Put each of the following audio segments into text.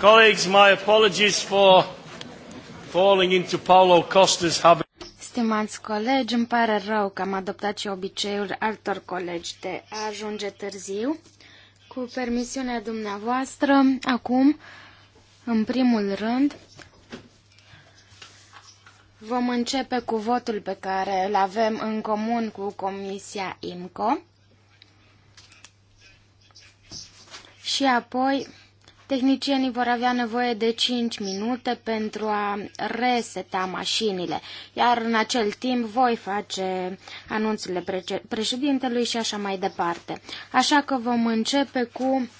Colleagues, my apologies for falling into Paulo Costa's habit. Stimați colegi, îmi pare rău că am adoptat și obiceiul altor colegi de a ajunge târziu. Cu permisiunea dumneavoastră, acum, în primul rând, vom începe cu votul pe care îl avem în comun cu Comisia IMCO. Și apoi Tehnicienii vor avea nevoie de 5 minute pentru a reseta mașinile, iar în acel timp voi face anunțurile președintelui și așa mai departe. Așa că vom începe cu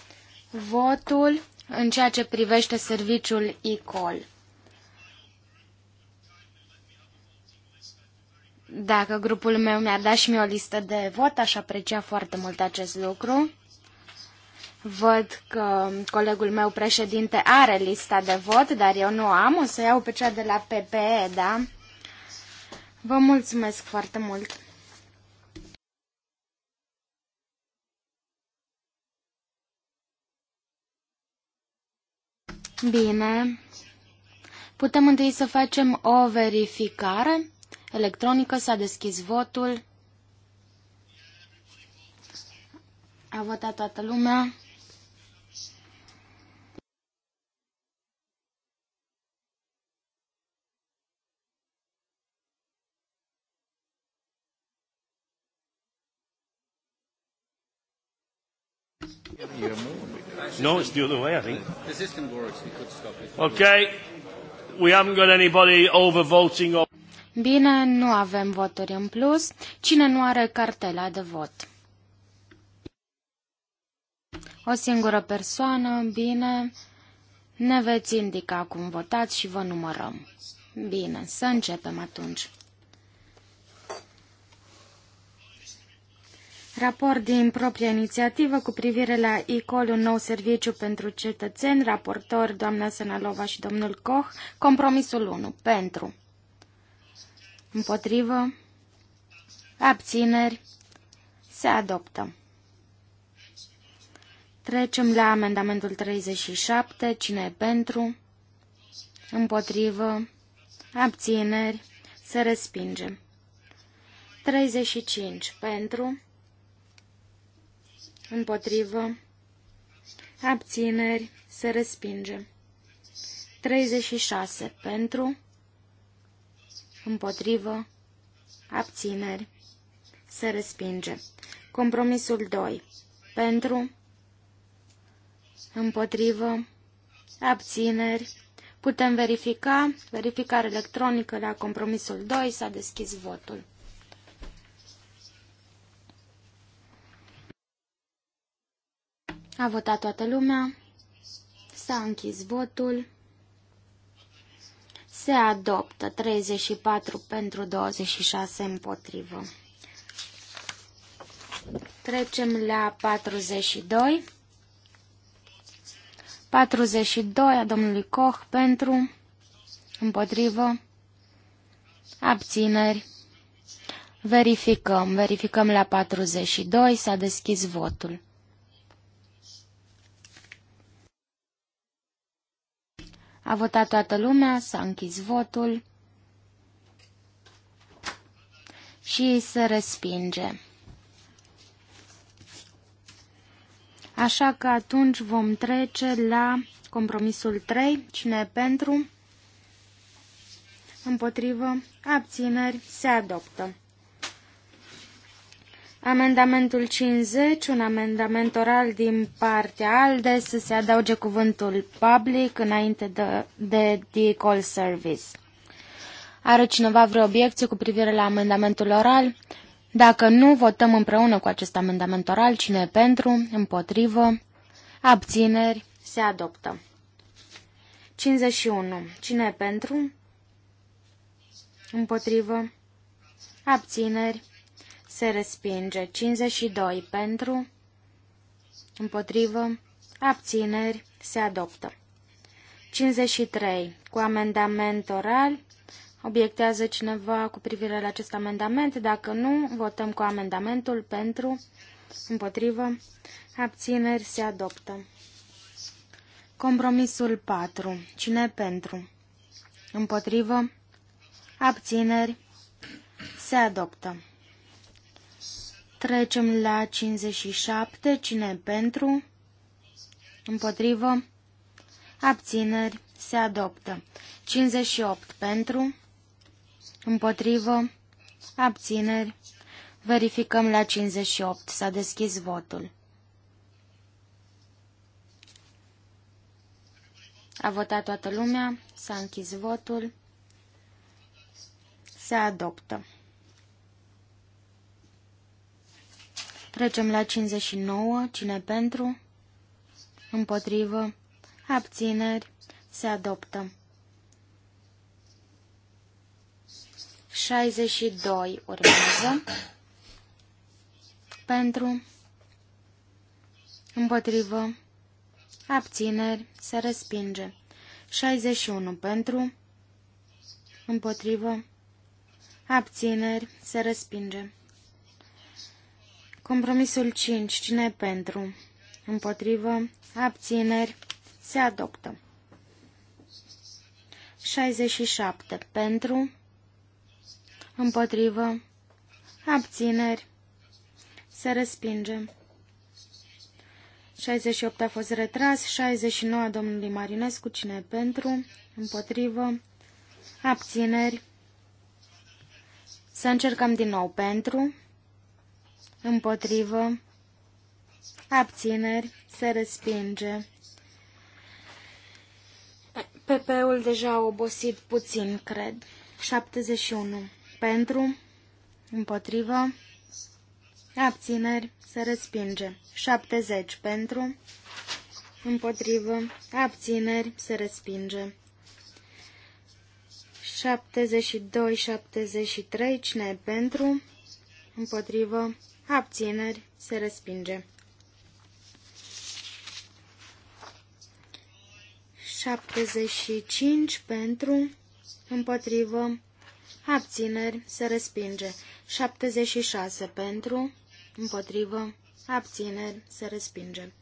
votul în ceea ce privește serviciul e-call. Dacă grupul meu mi-ar da și mie o listă de vot, aș aprecia foarte mult acest lucru. Văd că colegul meu președinte are lista de vot, dar eu nu am. O să iau pe cea de la PPE, da? Vă mulțumesc foarte mult! Bine. Putem întâi să facem o verificare. Electronică s-a deschis votul. A votat toată lumea. no, it's the other way, I think. The system works. We could stop it. Okay. We haven't got anybody over voting or... Bine, nu avem voturi în plus. Cine nu are cartela de vot? O singură persoană, bine. Ne veți indica cum votați și vă numărăm. Bine, să începem atunci. Raport din propria inițiativă cu privire la ICOL, un nou serviciu pentru cetățeni, raportor doamna Sănalova și domnul Koch, compromisul 1, pentru, împotrivă, abțineri, se adoptă. Trecem la amendamentul 37, cine e pentru, împotrivă, abțineri, se respinge. 35, pentru, împotrivă, abțineri, se respinge. 36 pentru, împotrivă, abțineri, se respinge. Compromisul 2 pentru, împotrivă, abțineri, putem verifica, verificare electronică la compromisul 2, s-a deschis votul. A votat toată lumea. S-a închis votul. Se adoptă 34 pentru 26 împotrivă. Trecem la 42. 42 a domnului Koch pentru, împotrivă, abțineri. Verificăm, verificăm la 42, s-a deschis votul. A votat toată lumea, s-a închis votul și se respinge. Așa că atunci vom trece la compromisul 3. Cine e pentru? Împotrivă? Abțineri? Se adoptă. Amendamentul 50, un amendament oral din partea ALDE să se adauge cuvântul public înainte de, de call service. Are cineva vreo obiecție cu privire la amendamentul oral? Dacă nu, votăm împreună cu acest amendament oral. Cine e pentru? Împotrivă? Abțineri? Se adoptă. 51. Cine e pentru? Împotrivă? Abțineri? se respinge. 52 pentru, împotrivă, abțineri, se adoptă. 53. Cu amendament oral, obiectează cineva cu privire la acest amendament? Dacă nu, votăm cu amendamentul pentru, împotrivă, abțineri, se adoptă. Compromisul 4. Cine pentru? Împotrivă? Abțineri? Se adoptă. Trecem la 57. Cine pentru? Împotrivă? Abțineri. Se adoptă. 58 pentru? Împotrivă? Abțineri. Verificăm la 58. S-a deschis votul. A votat toată lumea, s-a închis votul, se adoptă. Trecem la 59. Cine pentru? Împotrivă. Abțineri. Se adoptă. 62 urmează. Pentru. Împotrivă. Abțineri. Se respinge. 61 pentru. Împotrivă. Abțineri. Se respinge. Compromisul 5. Cine e pentru? Împotrivă. Abțineri. Se adoptă. 67. Pentru. Împotrivă. Abțineri. Se respinge. 68 a fost retras, 69 a domnului Marinescu, cine e pentru, împotrivă, abțineri. Să încercăm din nou pentru, împotrivă, abțineri, se respinge. PP-ul deja a obosit puțin, cred. 71. Pentru, împotrivă, abțineri, se respinge. 70. Pentru, împotrivă, abțineri, se respinge. 72-73, cine pentru, împotrivă, abțineri, se respinge. 75 pentru, împotrivă, abțineri, se respinge. 76 pentru, împotrivă, abțineri, se respinge.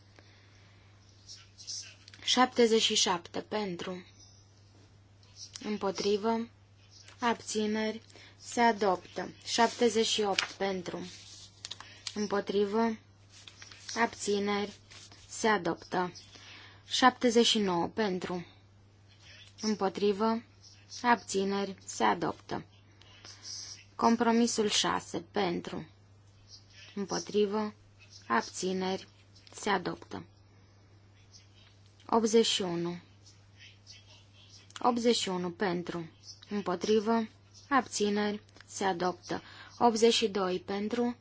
77 pentru, împotrivă, abțineri, se adoptă. 78 pentru, împotrivă, abțineri, se adoptă. 79 pentru, împotrivă, abțineri, se adoptă. Compromisul 6 pentru, împotrivă, abțineri, se adoptă. 81 81 pentru, împotrivă, abțineri, se adoptă. 82 pentru,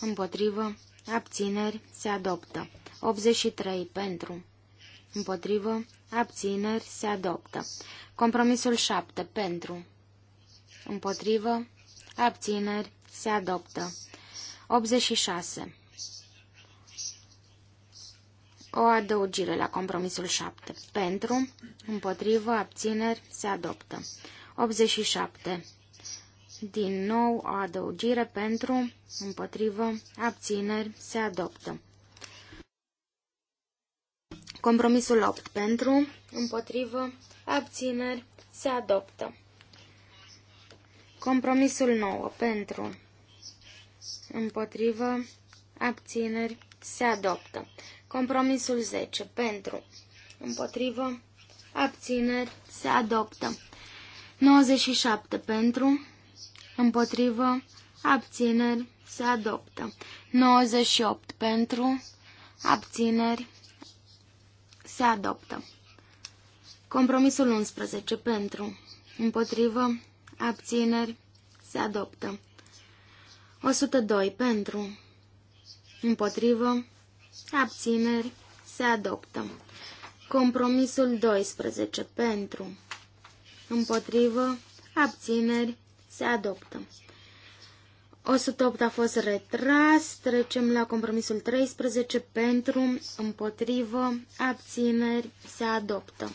împotrivă, abțineri, se adoptă. 83 pentru, împotrivă, abțineri, se adoptă. Compromisul 7 pentru, împotrivă, abțineri, se adoptă. 86. O adăugire la compromisul 7. Pentru, împotrivă, abțineri, se adoptă. 87. Din nou o adăugire pentru, împotrivă, abțineri se adoptă. Compromisul 8 pentru, împotrivă, abțineri se adoptă. Compromisul 9 pentru, împotrivă, abțineri se adoptă. Compromisul 10 pentru, împotrivă, abțineri se adoptă. 97 pentru, împotrivă, abțineri, se adoptă. 98 pentru, abțineri, se adoptă. Compromisul 11 pentru, împotrivă, abțineri, se adoptă. 102 pentru, împotrivă, abțineri, se adoptă. Compromisul 12 pentru, împotrivă, abțineri, se adoptă. 108 a fost retras, trecem la compromisul 13 pentru, împotrivă, abțineri, se adoptă.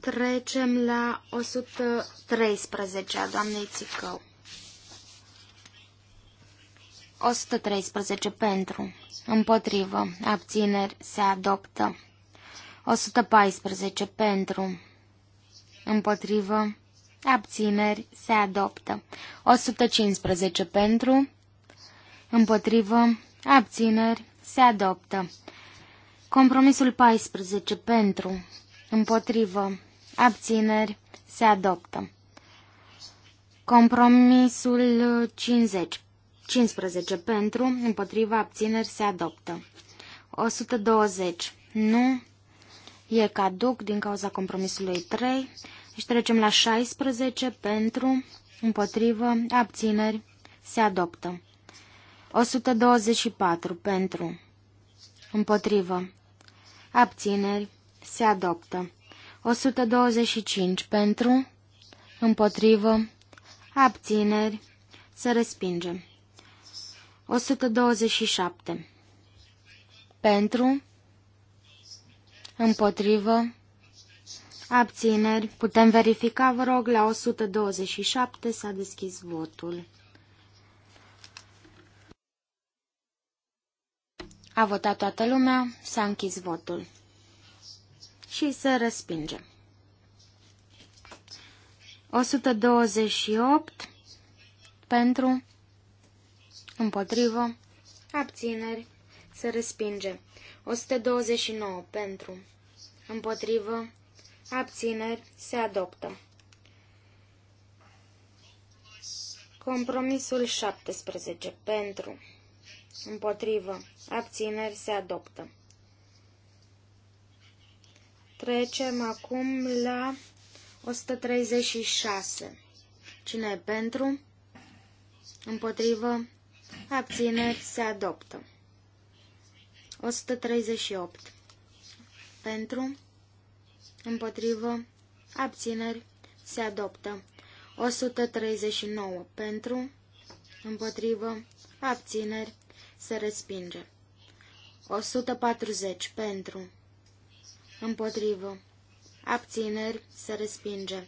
Trecem la 113 a doamnei Țicău. 113 pentru, împotrivă, abțineri, se adoptă. 114 pentru, împotrivă, abțineri, se adoptă. 115 pentru, împotrivă, abțineri, se adoptă. Compromisul 14 pentru, împotrivă, abțineri, se adoptă. Compromisul 50 15 pentru, împotriva abțineri se adoptă. 120. Nu. E caduc din cauza compromisului 3. Și deci trecem la 16 pentru, împotrivă, abțineri se adoptă. 124 pentru, împotrivă, abțineri se adoptă. 125 pentru, împotrivă, abțineri se respinge. 127. Pentru, împotrivă, abțineri. Putem verifica, vă rog, la 127 s-a deschis votul. A votat toată lumea, s-a închis votul și se respinge. 128 pentru împotrivă, abțineri, se respinge. 129 pentru, împotrivă, abțineri, se adoptă. Compromisul 17 pentru, împotrivă, abțineri, se adoptă. Trecem acum la 136. Cine e pentru? Împotrivă, Abțineri se adoptă. 138. Pentru, împotrivă, abțineri se adoptă. 139. Pentru, împotrivă, abțineri se respinge. 140. Pentru, împotrivă, abțineri se respinge.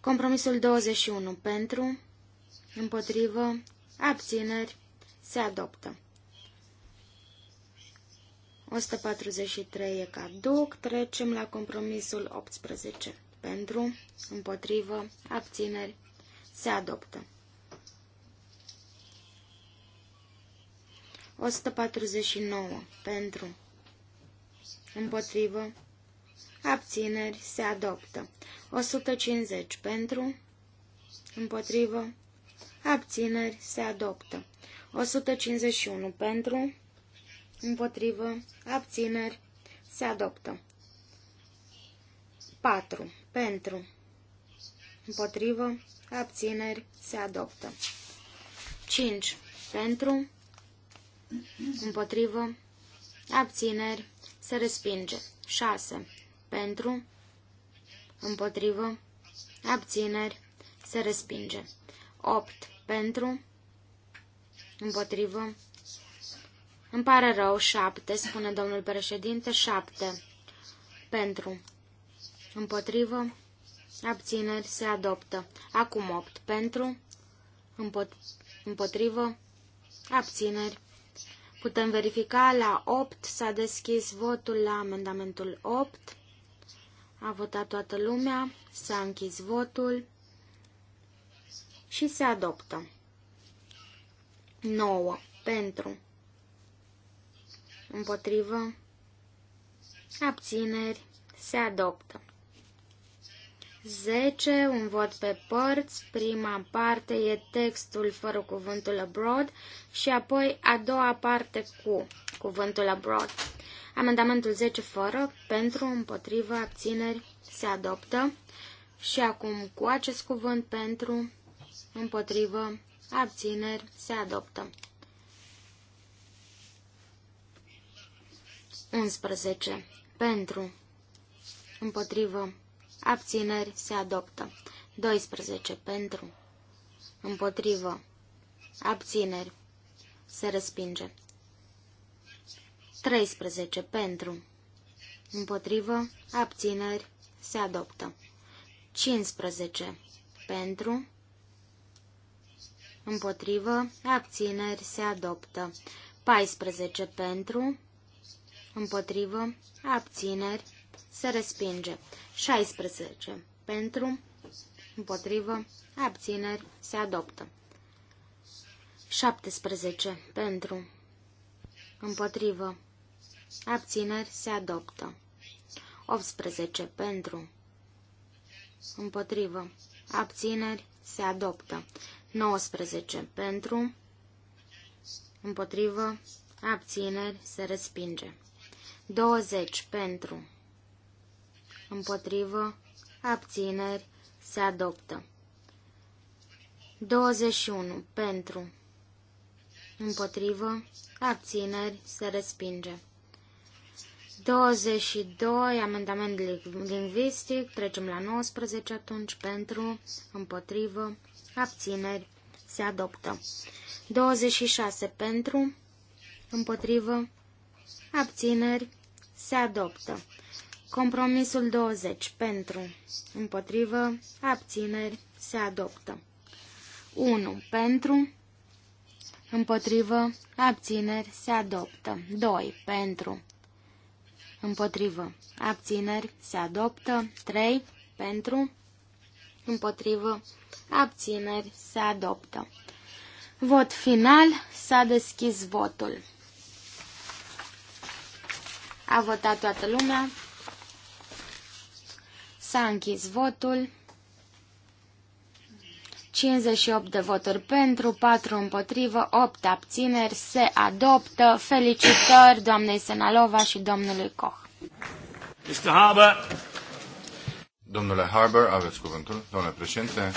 Compromisul 21. Pentru, împotrivă, Abțineri. Se adoptă. 143 e caduc. Trecem la compromisul 18. Pentru, împotrivă, abțineri. Se adoptă. 149. Pentru. Împotrivă. Abțineri. Se adoptă. 150. Pentru. Împotrivă. Abțineri se adoptă. 151 pentru, împotrivă, abțineri se adoptă. 4 pentru, împotrivă, abțineri se adoptă. 5 pentru, împotrivă, abțineri se respinge. 6 pentru, împotrivă, abțineri se respinge. 8 pentru, împotrivă. Îmi pare rău, 7, spune domnul președinte, 7 pentru, împotrivă. Abțineri se adoptă. Acum 8 pentru, împotrivă, abțineri. Putem verifica la 8, s-a deschis votul la amendamentul 8, a votat toată lumea, s-a închis votul și se adoptă. 9. Pentru. Împotrivă. Abțineri. Se adoptă. 10. Un vot pe părți. Prima parte e textul fără cuvântul abroad și apoi a doua parte cu cuvântul abroad. Amendamentul 10 fără, pentru, împotrivă, abțineri, se adoptă. Și acum cu acest cuvânt pentru, împotrivă, abțineri, se adoptă. 11. Pentru, împotrivă, abțineri, se adoptă. 12. Pentru, împotrivă, abțineri, se respinge. 13. Pentru, împotrivă, abțineri, se adoptă. 15. Pentru, împotrivă, abțineri se adoptă. 14 pentru, împotrivă, abțineri se respinge. 16 pentru, împotrivă, abțineri se adoptă. 17 pentru, împotrivă, abțineri se adoptă. 18 pentru, împotrivă, abțineri se adoptă. 19 pentru, împotrivă, abțineri, se respinge. 20 pentru, împotrivă, abțineri, se adoptă. 21 pentru, împotrivă, abțineri, se respinge. 22, amendament lingvistic, trecem la 19 atunci, pentru, împotrivă, Abțineri. Se adoptă. 26 pentru. Împotrivă. Abțineri. Se adoptă. Compromisul 20 pentru. Împotrivă. Abțineri. Se adoptă. 1 pentru. Împotrivă. Abțineri. Se adoptă. 2 pentru. Împotrivă. Abțineri. Se adoptă. 3 pentru împotrivă, abțineri, se adoptă. Vot final, s-a deschis votul. A votat toată lumea. S-a închis votul. 58 de voturi pentru, 4 împotrivă, 8 abțineri, se adoptă. Felicitări doamnei Senalova și domnului Koch. Mr. Domnule Harbour, aveți cuvântul. Domnule președinte,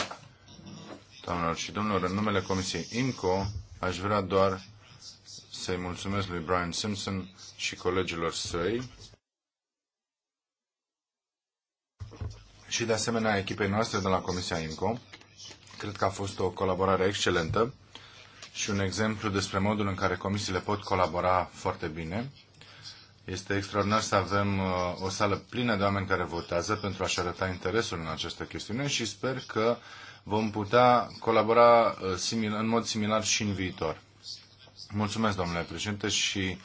doamnelor și domnilor, în numele Comisiei IMCO, aș vrea doar să-i mulțumesc lui Brian Simpson și colegilor săi și de asemenea echipei noastre de la Comisia IMCO. Cred că a fost o colaborare excelentă și un exemplu despre modul în care comisiile pot colabora foarte bine. Este extraordinar să avem uh, o sală plină de oameni care votează pentru a-și arăta interesul în această chestiune și sper că vom putea colabora uh, în mod similar și în viitor. Mulțumesc, domnule președinte, și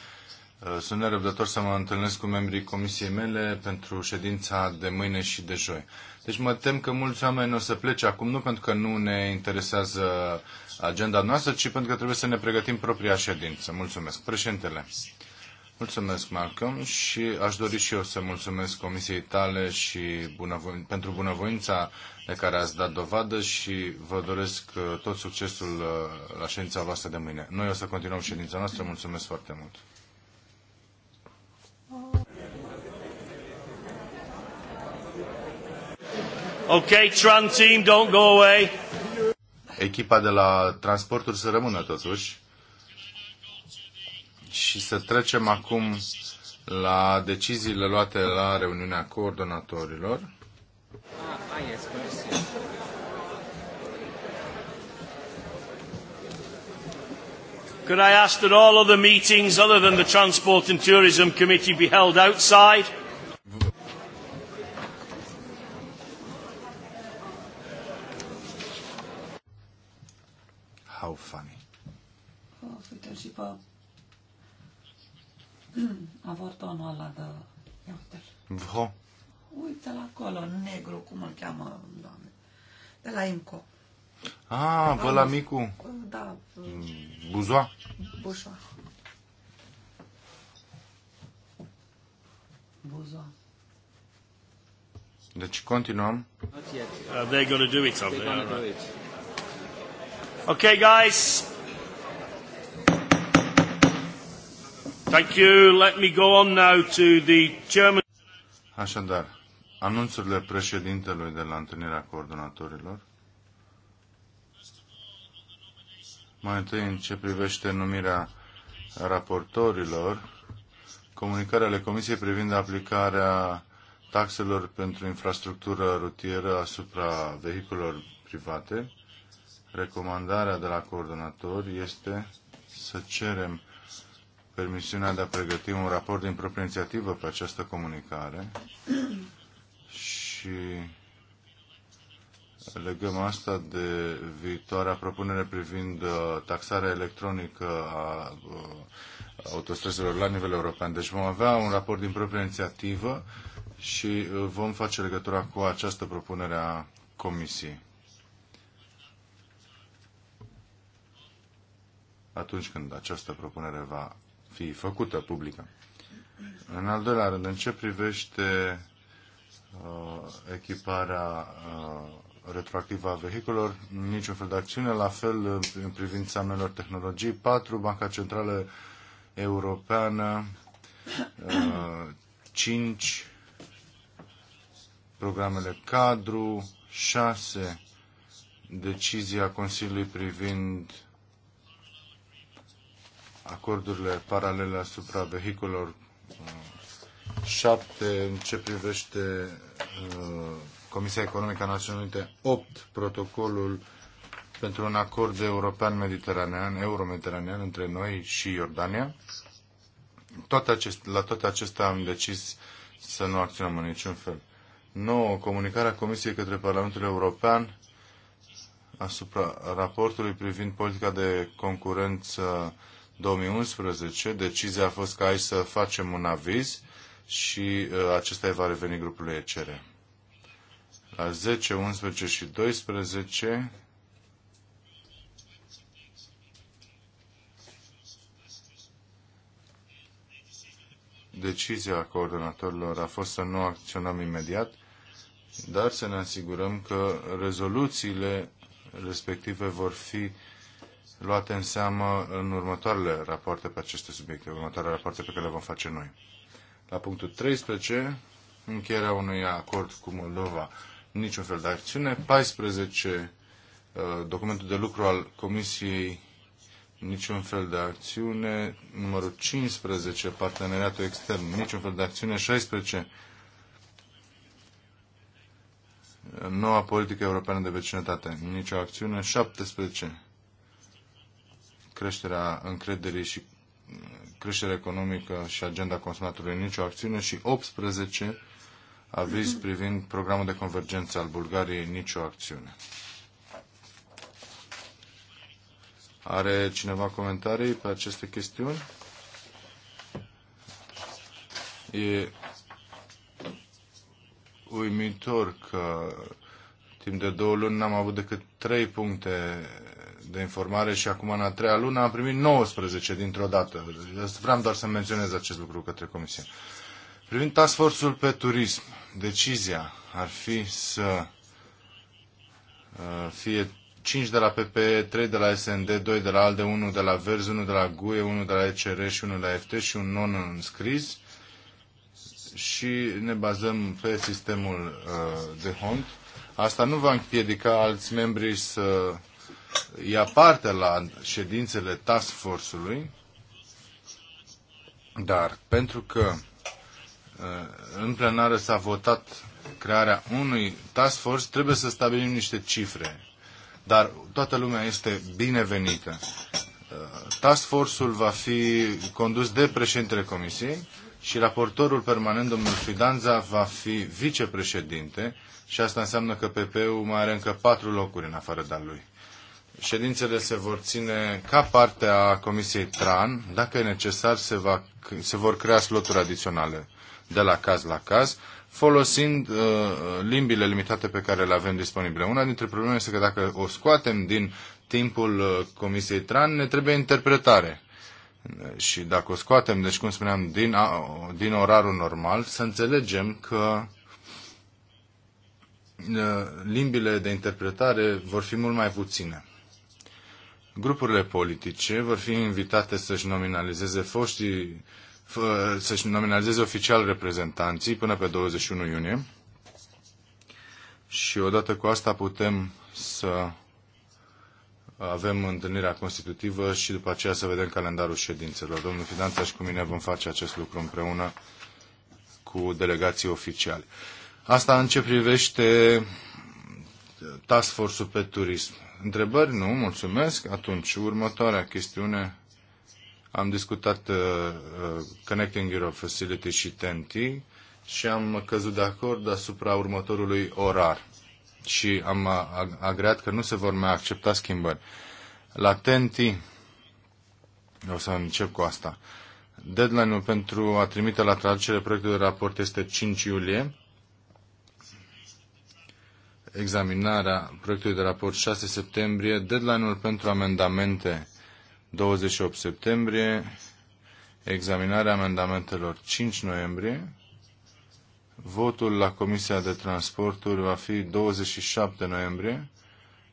uh, sunt nerăbdător să mă întâlnesc cu membrii comisiei mele pentru ședința de mâine și de joi. Deci mă tem că mulți oameni o să plece acum, nu pentru că nu ne interesează agenda noastră, ci pentru că trebuie să ne pregătim propria ședință. Mulțumesc. Președintele. Mulțumesc, Malcolm, și aș dori și eu să mulțumesc Comisiei tale și bunăvo- pentru bunăvoința de care ați dat dovadă și vă doresc uh, tot succesul uh, la ședința voastră de mâine. Noi o să continuăm ședința noastră. Mulțumesc foarte mult! Okay, Tran team, don't go away. Echipa de la transporturi să rămână totuși și să trecem acum la deciziile luate la reuniunea coordonatorilor. Could I ask that all other meetings other than the Transport and Tourism Committee be held outside? How funny. Oh, Avortonul ăla de... Ia uite-l. Vă? Uite-l acolo, negru, cum îl cheamă, doamne. De la IMCO. Ah, vă la micu. Da. Buzoa. Buzoa. Buzoa. Deci continuăm. Uh, they're gonna do it, something, they're gonna do it. Okay, guys. Thank you. Let me go on now to the chairman. Așadar, anunțurile președintelui de la întâlnirea coordonatorilor. Mai întâi, în ce privește numirea raportorilor, comunicarea ale Comisiei privind aplicarea taxelor pentru infrastructură rutieră asupra vehiculelor private, recomandarea de la coordonator este să cerem permisiunea de a pregăti un raport din proprie inițiativă pe această comunicare și legăm asta de viitoarea propunere privind uh, taxarea electronică a uh, autostrăzilor la nivel european. Deci vom avea un raport din proprie inițiativă și uh, vom face legătura cu această propunere a Comisiei. Atunci când această propunere va fi făcută publică. În al doilea rând, în ce privește uh, echiparea uh, retroactivă a vehiculor, niciun fel de acțiune. La fel, în privința noilor tehnologii, 4, Banca Centrală Europeană, uh, 5, programele cadru, 6, decizia Consiliului privind uh, acordurile paralele asupra vehiculor 7 în ce privește uh, Comisia Economică a Națiunilor Unite 8 protocolul pentru un acord european-mediteranean, euro-mediteranean între noi și Iordania. Toate acest, la toate acestea am decis să nu acționăm în niciun fel. 9. Comunicarea Comisiei către Parlamentul European asupra raportului privind politica de concurență 2011. Decizia a fost ca aici să facem un aviz și uh, acesta îi va reveni grupului ECR. La 10, 11 și 12 decizia coordonatorilor a fost să nu acționăm imediat, dar să ne asigurăm că rezoluțiile respective vor fi luate în seamă în următoarele rapoarte pe aceste subiecte, următoarele rapoarte pe care le vom face noi. La punctul 13, încheierea unui acord cu Moldova, niciun fel de acțiune. 14, uh, documentul de lucru al Comisiei, niciun fel de acțiune. Numărul 15, parteneriatul extern, niciun fel de acțiune. 16, noua politică europeană de vecinătate, nicio acțiune. 17, creșterea încrederii și mm, creșterea economică și agenda consumatorului nicio acțiune și 18 aviz mhm. privind programul de convergență al Bulgariei nicio acțiune. Are cineva comentarii pe aceste chestiuni? E uimitor că timp de două luni n-am avut decât trei puncte de informare și acum în a treia lună am primit 19 dintr-o dată. Vreau doar să menționez acest lucru către Comisie. Privind task force-ul pe turism, decizia ar fi să uh, fie 5 de la PPE, 3 de la SND, 2 de la ALDE, 1 de la Verzi, 1 de la GUE, 1 de la ECR și 1 de la FT și un non înscris și ne bazăm pe sistemul uh, de HONT. Asta nu va împiedica alți membri să ia parte la ședințele task force-ului, dar pentru că uh, în plenară s-a votat crearea unui task force, trebuie să stabilim niște cifre. Dar toată lumea este binevenită. Uh, task force-ul va fi condus de președintele Comisiei și raportorul permanent, domnul Fidanza, va fi vicepreședinte și asta înseamnă că PP-ul mai are încă patru locuri în afară de al lui. Ședințele se vor ține ca parte a Comisiei TRAN. Dacă e necesar, se, va, se vor crea sloturi adiționale de la caz la caz, folosind uh, limbile limitate pe care le avem disponibile. Una dintre probleme este că dacă o scoatem din timpul uh, Comisiei TRAN, ne trebuie interpretare. Și dacă o scoatem, deci cum spuneam, din, a, din orarul normal, să înțelegem că uh, limbile de interpretare vor fi mult mai puține grupurile politice vor fi invitate să-și nominalizeze foștii să-și nominalizeze oficial reprezentanții până pe 21 iunie și odată cu asta putem să avem întâlnirea constitutivă și după aceea să vedem calendarul ședințelor. Domnul Fidanța și cu mine vom face acest lucru împreună cu delegații oficiale. Asta în ce privește task force-ul pe turism întrebări? Nu, mulțumesc. Atunci, următoarea chestiune. Am discutat uh, uh Connecting Europe Facility și TNT și am căzut de acord asupra următorului orar și am agreat că nu se vor mai accepta schimbări. La TNT, o să încep cu asta, deadline-ul pentru a trimite la traducere proiectul de raport este 5 iulie examinarea proiectului de raport 6 septembrie, deadline-ul pentru amendamente 28 septembrie, examinarea amendamentelor 5 noiembrie, votul la Comisia de Transporturi va fi 27 noiembrie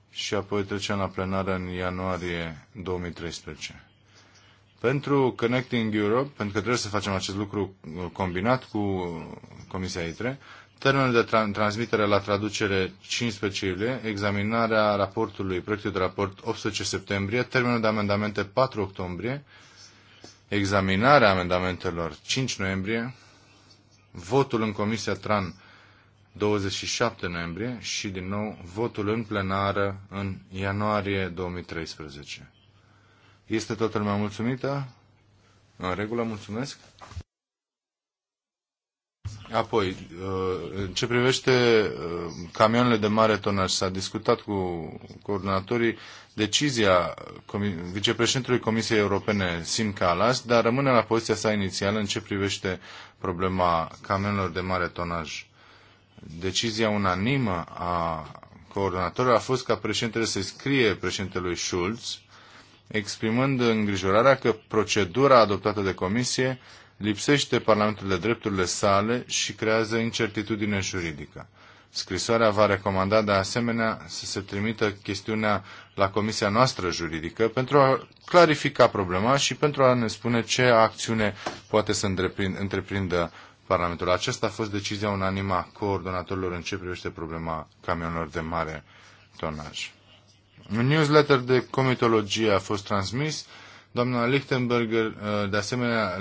și apoi trecem la plenară în ianuarie 2013. Pentru Connecting Europe, pentru că trebuie să facem acest lucru combinat cu Comisia ITRE, Termenul de tra- transmitere la traducere 15 iulie, examinarea raportului, proiectul de raport 18 septembrie, termenul de amendamente 4 octombrie, examinarea amendamentelor 5 noiembrie, votul în Comisia TRAN 27 noiembrie și, din nou, votul în plenară în ianuarie 2013. Este toată lumea mulțumită? În regulă, mulțumesc! Apoi, uh, în ce privește uh, camioanele de mare tonaj, s-a discutat cu coordonatorii decizia vicepreședintelui Comisiei Europene, Sim Calas, dar rămâne la poziția sa inițială în ce privește problema camionelor de mare tonaj. Decizia unanimă a coordonatorilor a fost ca președintele să scrie președintelui Schulz, exprimând îngrijorarea că procedura adoptată de Comisie lipsește Parlamentul de drepturile sale și creează incertitudine juridică. Scrisoarea va recomanda de asemenea să se trimită chestiunea la comisia noastră juridică pentru a clarifica problema și pentru a ne spune ce acțiune poate să întreprindă Parlamentul. Aceasta a fost decizia unanimă a coordonatorilor în ce privește problema camionelor de mare tonaj. Un newsletter de comitologie a fost transmis Doamna Lichtenberger, uh, de asemenea,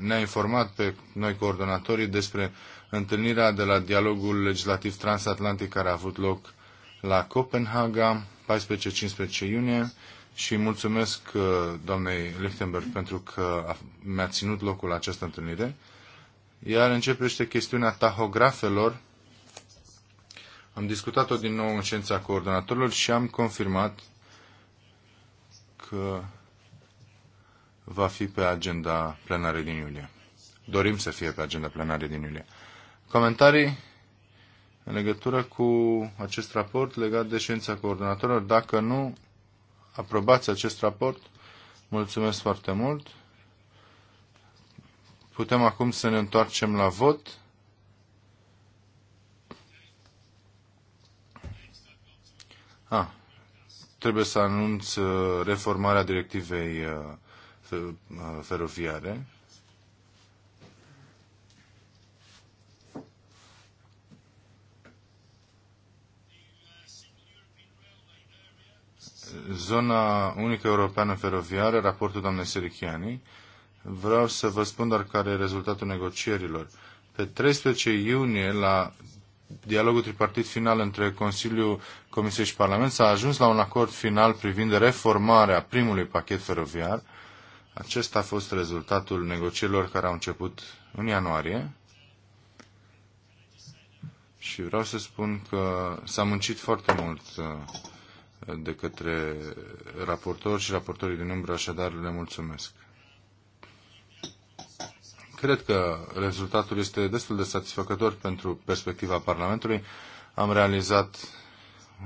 ne-a informat pe noi coordonatorii despre întâlnirea de la dialogul legislativ transatlantic care a avut loc la Copenhaga, 14-15 iunie, și mulțumesc uh, doamnei Lichtenberg pentru că mi-a ținut locul la această întâlnire. Iar începește chestiunea tahografelor. Am discutat-o din nou în ședința coordonatorilor și am confirmat că va fi pe agenda plenară din iulie. Dorim să fie pe agenda plenară din iulie. Comentarii în legătură cu acest raport legat de ședința coordonatorilor. Dacă nu aprobați acest raport, mulțumesc foarte mult. Putem acum să ne întoarcem la vot. A, ah, trebuie să anunț uh, reformarea directivei uh, Uh, feroviare. Zona unică europeană feroviară, raportul doamnei Serichiani, vreau să vă spun doar care e rezultatul negocierilor. Pe 13 iunie, la dialogul tripartit final între Consiliul Comisiei și Parlament s-a ajuns la un acord final privind reformarea primului pachet feroviar acesta a fost rezultatul negocierilor care au început în ianuarie și vreau să spun că s-a muncit foarte mult uh, de către raportori și raportorii din umbră, așadar le mulțumesc. Cred că rezultatul este destul de satisfăcător pentru perspectiva Parlamentului. Am realizat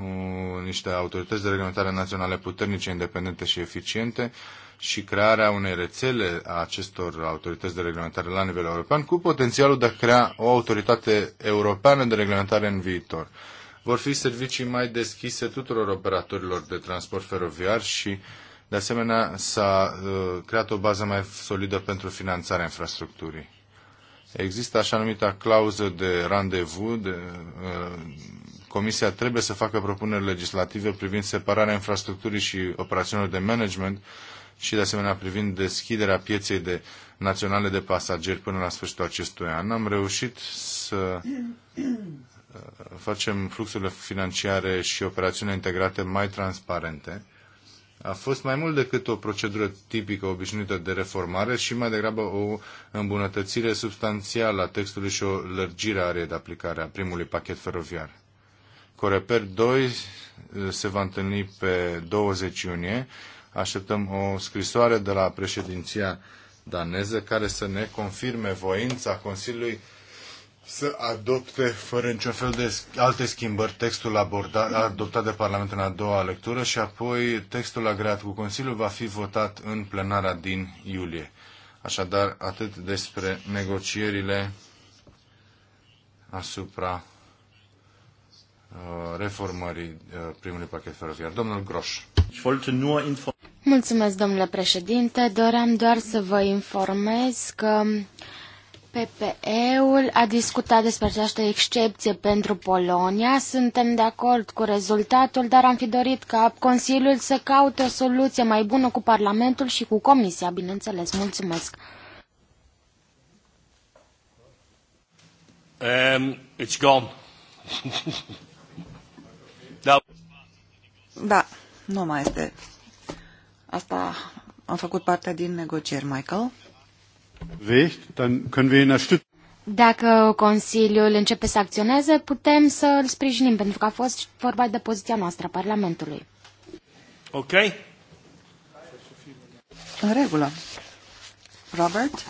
uh, niște autorități de reglementare naționale puternice, independente și eficiente, și crearea unei rețele a acestor autorități de reglementare la nivel european, cu potențialul de a crea o autoritate europeană de reglementare în viitor. Vor fi servicii mai deschise tuturor operatorilor de transport feroviar și, de asemenea, s-a uh, creat o bază mai solidă pentru finanțarea infrastructurii. Există așa numita clauză de randevu, de, uh, Comisia trebuie să facă propuneri legislative privind separarea infrastructurii și operațiunilor de management și de asemenea privind deschiderea pieței de naționale de pasageri până la sfârșitul acestui an, am reușit să uh, facem fluxurile financiare și operațiunile integrate mai transparente. A fost mai mult decât o procedură tipică obișnuită de reformare și mai degrabă o îmbunătățire substanțială a textului și o lărgire a arei de aplicare a primului pachet feroviar. Coreper 2 uh, se va întâlni pe 20 iunie Așteptăm o scrisoare de la președinția daneză care să ne confirme voința Consiliului să adopte fără niciun fel de alte schimbări textul abordat, adoptat de Parlament în a doua lectură și apoi textul agreat cu Consiliul va fi votat în plenara din iulie. Așadar, atât despre negocierile asupra uh, reformării uh, primului pachet feroviar. Domnul Groș. Mulțumesc, domnule președinte. Doream doar să vă informez că PPE-ul a discutat despre această excepție pentru Polonia. Suntem de acord cu rezultatul, dar am fi dorit ca Consiliul să caute o soluție mai bună cu Parlamentul și cu Comisia, bineînțeles. Mulțumesc. Um, it's gone. da. da. Nu mai este. Asta a făcut parte din negocieri, Michael. Dacă Consiliul începe să acționeze, putem să îl sprijinim, pentru că a fost vorba de poziția noastră a Parlamentului. Ok. În regulă. Robert?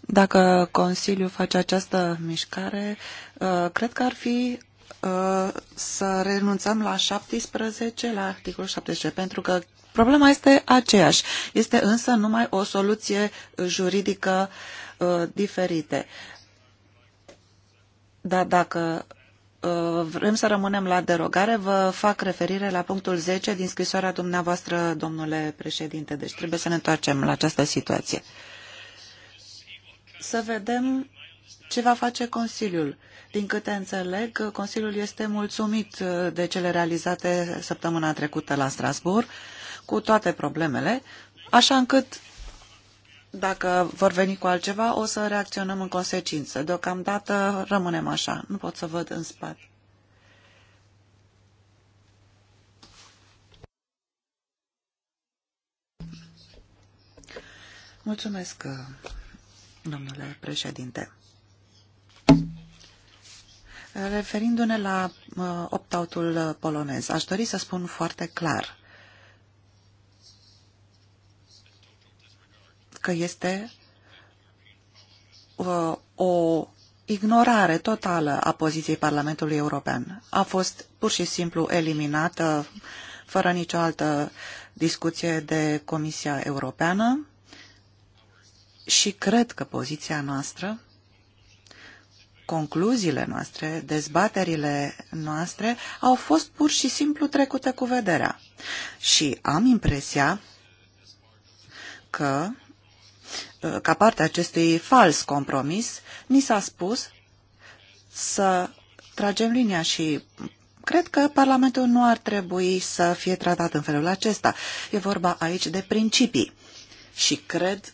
Dacă Consiliul face această mișcare, uh, cred că ar fi să renunțăm la 17, la articolul 17, pentru că problema este aceeași. Este însă numai o soluție juridică uh, diferită. Dar dacă uh, vrem să rămânem la derogare, vă fac referire la punctul 10 din scrisoarea dumneavoastră, domnule președinte. Deci trebuie să ne întoarcem la această situație. Să vedem ce va face Consiliul? Din câte înțeleg, Consiliul este mulțumit uh, de cele realizate săptămâna trecută la Strasbourg, cu toate problemele, așa încât dacă vor veni cu altceva, o să reacționăm în consecință. Deocamdată rămânem așa. Nu pot să văd în spate. Mulțumesc, uh, domnule președinte. Referindu-ne la uh, opt out uh, polonez, aș dori să spun foarte clar că este uh, o ignorare totală a poziției Parlamentului European. A fost pur și simplu eliminată fără nicio altă discuție de Comisia Europeană și cred că poziția noastră concluziile noastre, dezbaterile noastre au fost pur și simplu trecute cu vederea. Și am impresia că, ca parte a acestui fals compromis, ni s-a spus să tragem linia și cred că Parlamentul nu ar trebui să fie tratat în felul acesta. E vorba aici de principii și cred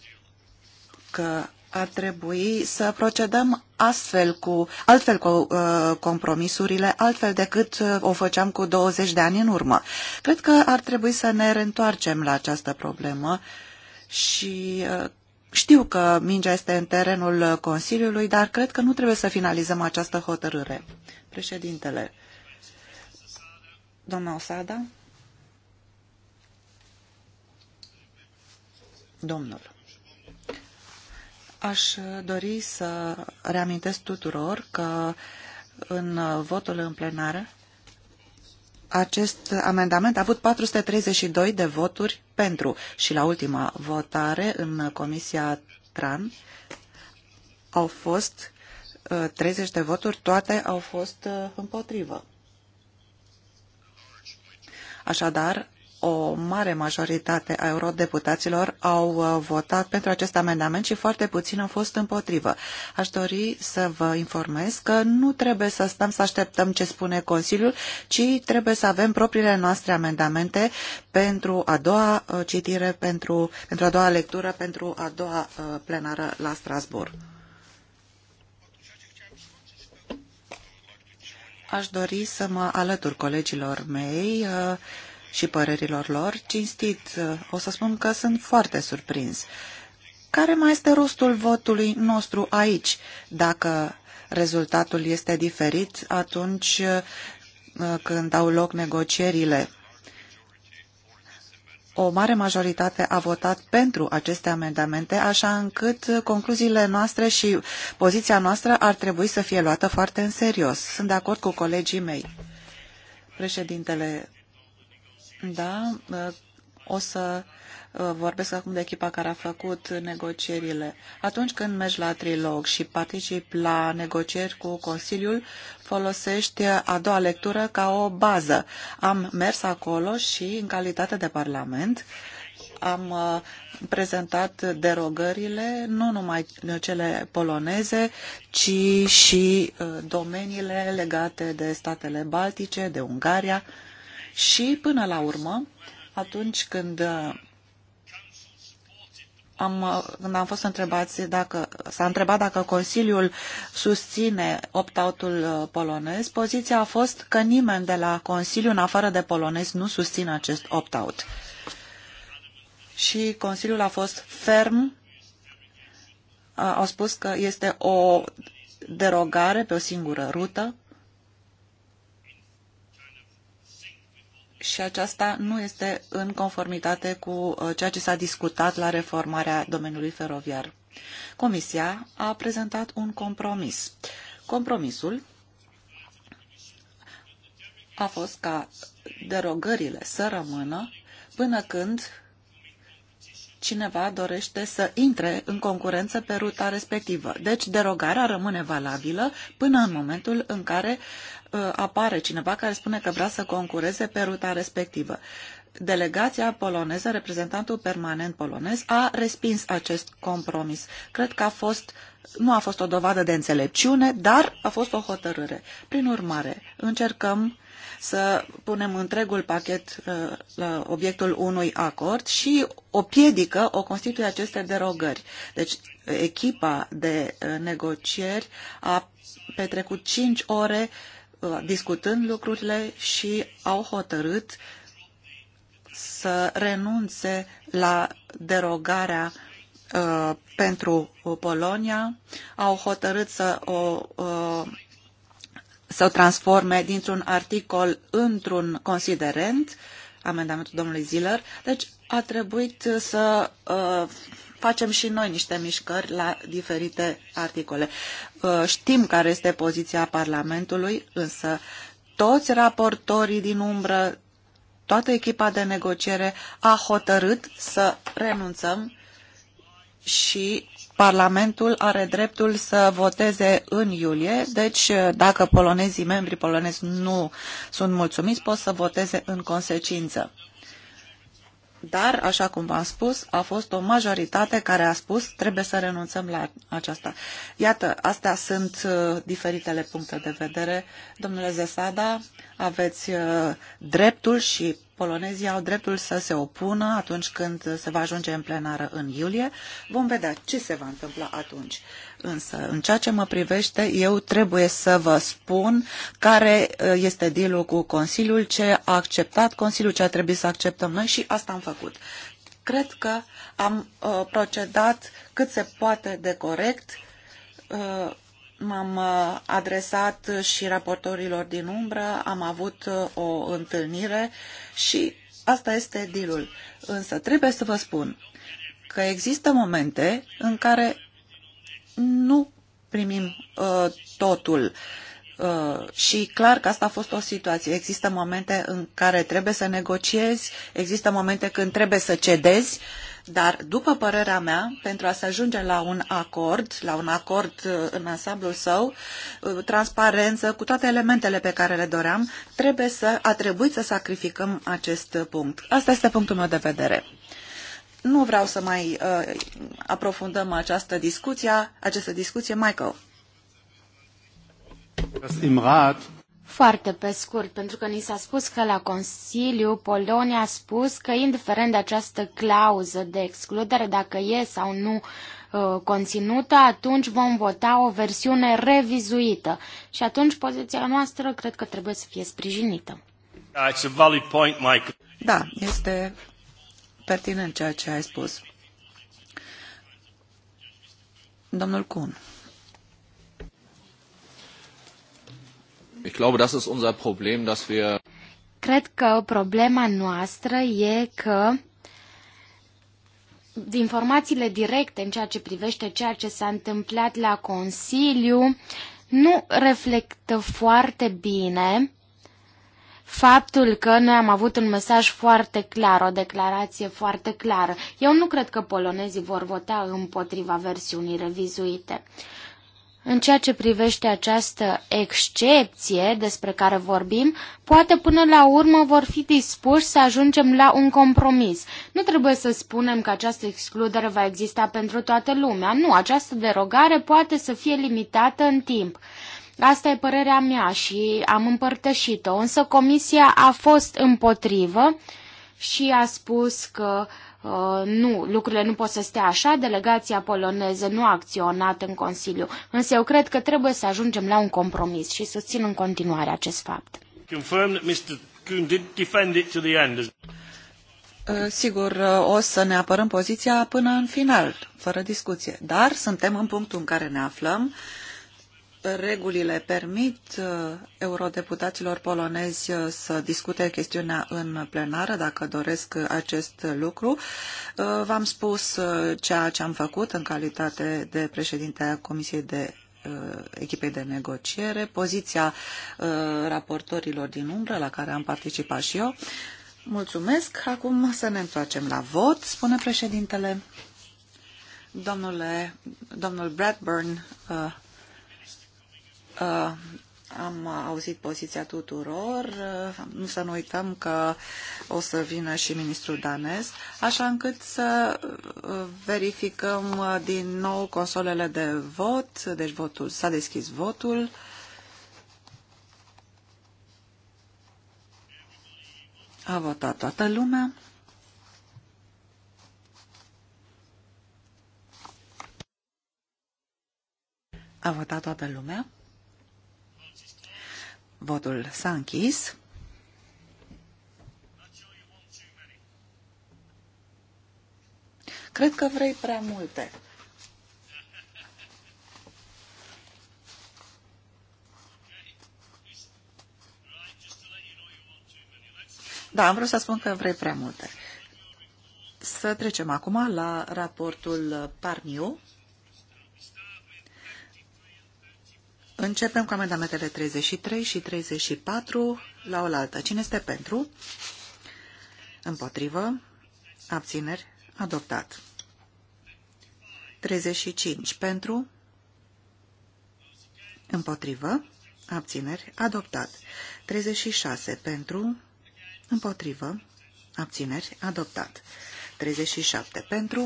că ar trebui să procedăm astfel cu, altfel cu uh, compromisurile, altfel decât uh, o făceam cu 20 de ani în urmă. Cred că ar trebui să ne reîntoarcem la această problemă și uh, știu că mingea este în terenul Consiliului, dar cred că nu trebuie să finalizăm această hotărâre. Președintele, doamna Osada, domnul. Aș dori să reamintesc tuturor că în votul în plenară acest amendament a avut 432 de voturi pentru și la ultima votare în Comisia TRAN au fost 30 uh, de voturi, toate au fost uh, împotrivă. Așadar, o mare majoritate a eurodeputaților au uh, votat pentru acest amendament și foarte puțin au fost împotrivă. Aș dori să vă informez că nu trebuie să stăm să așteptăm ce spune Consiliul, ci trebuie să avem propriile noastre amendamente pentru a doua uh, citire, pentru, pentru a doua lectură, pentru a doua uh, plenară la Strasbourg. Aș dori să mă alătur colegilor mei uh, și părerilor lor. Cinstit, o să spun că sunt foarte surprins. Care mai este rostul votului nostru aici? Dacă rezultatul este diferit atunci uh, când au loc negocierile. O mare majoritate a votat pentru aceste amendamente, așa încât concluziile noastre și poziția noastră ar trebui să fie luată foarte în serios. Sunt de acord cu colegii mei. Președintele, da, o să vorbesc acum de echipa care a făcut negocierile. Atunci când mergi la trilog și participi la negocieri cu Consiliul, folosești a doua lectură ca o bază. Am mers acolo și, în calitate de Parlament, am uh, prezentat derogările, nu numai cele poloneze, ci și uh, domeniile legate de statele baltice, de Ungaria, și, până la urmă, atunci când uh, am, uh, când am fost întrebați dacă, s-a întrebat dacă Consiliul susține opt-out-ul uh, polonez, poziția a fost că nimeni de la Consiliu, în afară de polonez, nu susține acest opt-out. Și Consiliul a fost ferm, au spus că este o derogare pe o singură rută și aceasta nu este în conformitate cu uh, ceea ce s-a discutat la reformarea domeniului feroviar. Comisia a prezentat un compromis. Compromisul a fost ca derogările să rămână până când cineva dorește să intre în concurență pe ruta respectivă. Deci derogarea rămâne valabilă până în momentul în care Uh, apare cineva care spune că vrea să concureze pe ruta respectivă. Delegația poloneză, reprezentantul permanent polonez, a respins acest compromis. Cred că a fost, nu a fost o dovadă de înțelepciune, dar a fost o hotărâre. Prin urmare, încercăm să punem întregul pachet uh, la obiectul unui acord și o piedică o constituie aceste derogări. Deci echipa de uh, negocieri a petrecut 5 ore uh, discutând lucrurile și au hotărât să renunțe la derogarea uh, pentru Polonia, au hotărât să o uh, să o transforme dintr-un articol într-un considerent, amendamentul domnului Ziller. Deci a trebuit să uh, facem și noi niște mișcări la diferite articole. Știm care este poziția Parlamentului, însă toți raportorii din umbră, toată echipa de negociere a hotărât să renunțăm și Parlamentul are dreptul să voteze în iulie, deci dacă polonezii, membrii polonezi nu sunt mulțumiți, pot să voteze în consecință. Dar, așa cum v-am spus, a fost o majoritate care a spus trebuie să renunțăm la aceasta. Iată, astea sunt uh, diferitele puncte de vedere. Domnule Zesada, aveți uh, dreptul și polonezii au dreptul să se opună atunci când se va ajunge în plenară în iulie. Vom vedea ce se va întâmpla atunci. Însă, în ceea ce mă privește, eu trebuie să vă spun care uh, este dealul cu Consiliul, ce a acceptat Consiliul, ce a trebuit să acceptăm noi și asta am făcut. Cred că am uh, procedat cât se poate de corect uh, M-am uh, adresat și raportorilor din umbră, am avut uh, o întâlnire și asta este dealul. Însă trebuie să vă spun că există momente în care nu primim uh, totul. Uh, și clar că asta a fost o situație. Există momente în care trebuie să negociezi, există momente când trebuie să cedezi, uh, dar, după părerea mea, pentru a se ajunge la un acord, la un acord uh, în ansamblul său, uh, transparență, cu toate elementele pe care le doream, trebuie să, a trebuit să sacrificăm acest punct. Asta este punctul meu de vedere. Nu vreau să mai uh, aprofundăm această discuție, această discuție, Michael. Foarte pe scurt, pentru că ni s-a spus că la Consiliu Polonia a spus că indiferent de această clauză de excludere, dacă e sau nu uh, conținută, atunci vom vota o versiune revizuită și atunci poziția noastră cred că trebuie să fie sprijinită. Da, este pertinent ceea ce ai spus. Domnul Kuhn. Ich glaube, das ist unser Problem, dass wir Cred că problema noastră e că informațiile directe în ceea ce privește ceea ce s-a întâmplat la Consiliu nu reflectă foarte bine faptul că noi am avut un mesaj foarte clar, o declarație foarte clară. Eu nu cred că polonezii vor vota împotriva versiunii revizuite. Uh, în ceea ce privește această excepție despre care vorbim, poate până la urmă vor fi dispuși să ajungem la un compromis. Nu trebuie să spunem că această excludere va exista pentru toată lumea. Nu, această derogare poate să fie limitată în timp. Asta e părerea mea și am împărtășit-o, însă comisia a fost împotrivă și a spus că uh, Uh, nu, lucrurile nu pot să stea așa, delegația poloneză nu a acționat în Consiliu, însă eu cred că trebuie să ajungem la un compromis și susțin în continuare acest fapt. Uh, sigur, uh, o să ne apărăm poziția până în final, fără discuție, dar suntem în punctul în care ne aflăm regulile permit uh, eurodeputaților polonezi uh, să discute chestiunea în plenară, dacă doresc acest lucru. Uh, v-am spus ceea ce am făcut în calitate de președinte a Comisiei de echipei de negociere, poziția raportorilor din umbră la care am participat și eu. Mulțumesc. Acum să ne întoarcem la vot, spune președintele. Domnule, domnul Bradburn Uh, am auzit poziția tuturor, uh, nu să nu uităm că o să vină și ministrul danez, așa încât să uh, verificăm din nou consolele de vot, deci votul s-a deschis votul. A votat toată lumea. A votat toată lumea. Votul s-a închis. Cred că vrei prea multe. Da, am vrut să spun că vrei prea multe. Să trecem acum la raportul Parniu. Începem cu amendamentele 33 și 34 la oaltă. Cine este pentru? Împotrivă. Abțineri. Adoptat. 35 pentru. Împotrivă. Abțineri. Adoptat. 36 pentru. Împotrivă. Abțineri. Adoptat. 37 pentru.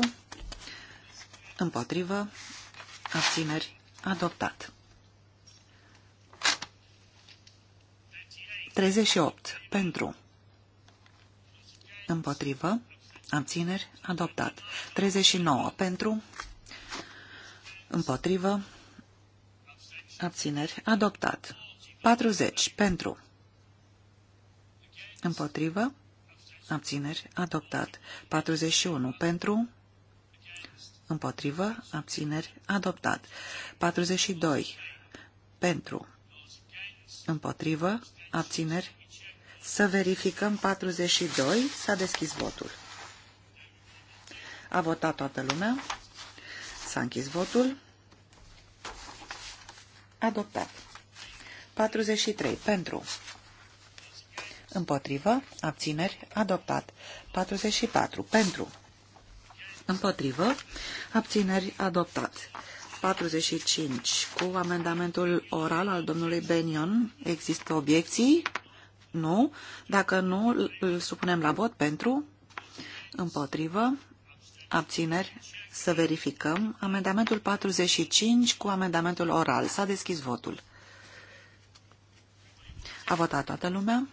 Împotrivă. Abțineri. Adoptat. 38. Pentru. Împotrivă. Abțineri. Adoptat. 39. Pentru. Împotrivă. Abțineri. Adoptat. 40. Pentru. Împotrivă. Abțineri. Adoptat. 41. Pentru. Împotrivă. Abțineri. Adoptat. 42. Pentru. Împotrivă abțineri. Să verificăm 42. S-a deschis votul. A votat toată lumea. S-a închis votul. Adoptat. 43. Pentru. Împotrivă. Abțineri. Adoptat. 44. Pentru. Împotrivă. Abțineri. Adoptat. 45 cu amendamentul oral al domnului Benion. Există obiecții? Nu. Dacă nu, îl supunem la vot pentru, împotrivă, abțineri, să verificăm. Amendamentul 45 cu amendamentul oral. S-a deschis votul. A votat toată lumea?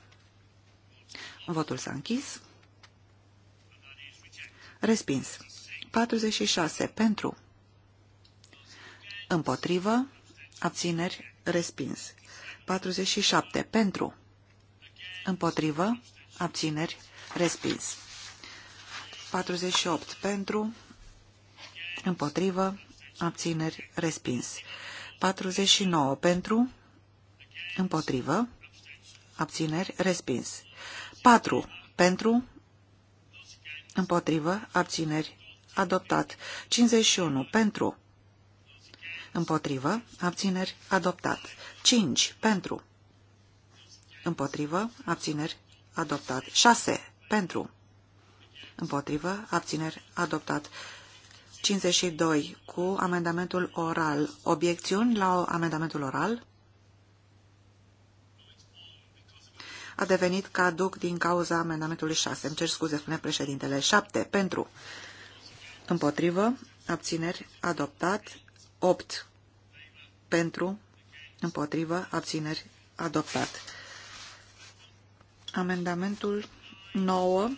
Votul s-a închis. Respins. 46 pentru. Împotrivă. Abțineri. Respins. 47. Pentru. Împotrivă. Abțineri. Respins. 48. Pentru. Împotrivă. Abțineri. Respins. 49. Pentru. Împotrivă. Abțineri. Respins. 4. Pentru. Împotrivă. Abțineri. Adoptat. 51. Pentru. Împotrivă. Abțineri. Adoptat. 5. Pentru. Împotrivă. Abțineri. Adoptat. 6. Pentru. Împotrivă. Abțineri. Adoptat. 52. Cu amendamentul oral. Obiecțiuni la amendamentul oral? A devenit caduc din cauza amendamentului 6. Îmi cer scuze, spune președintele. 7. Pentru. Împotrivă. Abțineri. Adoptat. 8 pentru, împotrivă, abțineri, adoptat. Amendamentul 9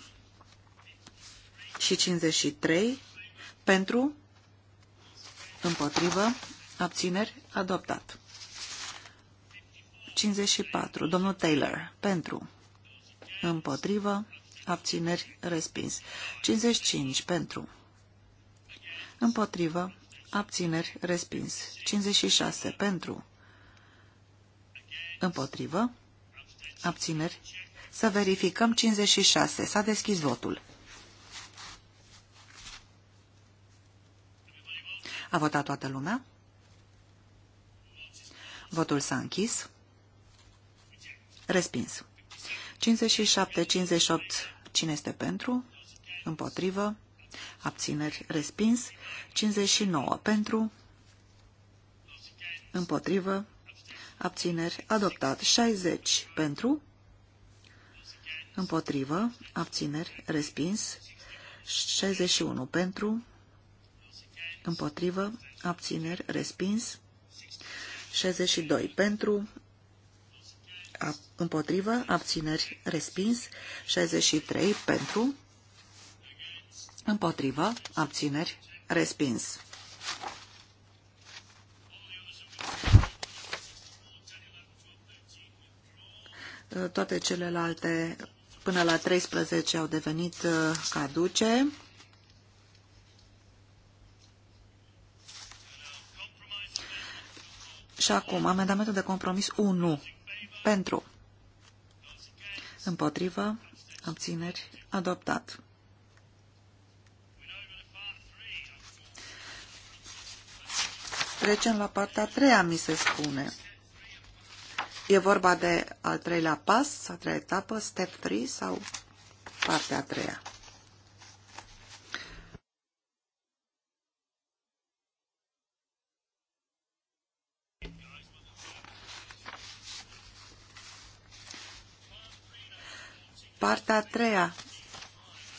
și 53 pentru, împotrivă, abțineri, adoptat. 54. Domnul Taylor, pentru, împotrivă, abțineri, respins. 55. Pentru, împotrivă, abțineri, respins. 56 pentru, împotrivă, abțineri. Să verificăm 56. S-a deschis votul. A votat toată lumea? Votul s-a închis. Respins. 57-58. Cine este pentru? Împotrivă? abțineri respins, 59 pentru, împotrivă, abțineri adoptat, 60 pentru, împotrivă, abțineri respins, 61 pentru, împotrivă, abțineri respins, 62 pentru, împotrivă, abțineri respins, 63 pentru, Împotrivă. Abțineri. Respins. Toate celelalte până la 13 au devenit uh, caduce. Și acum, amendamentul de compromis 1. Pentru. Împotrivă. Abțineri. Adoptat. trecem la partea a treia, mi se spune. E vorba de al treilea pas, a treia etapă, step 3 sau partea a treia. Partea a treia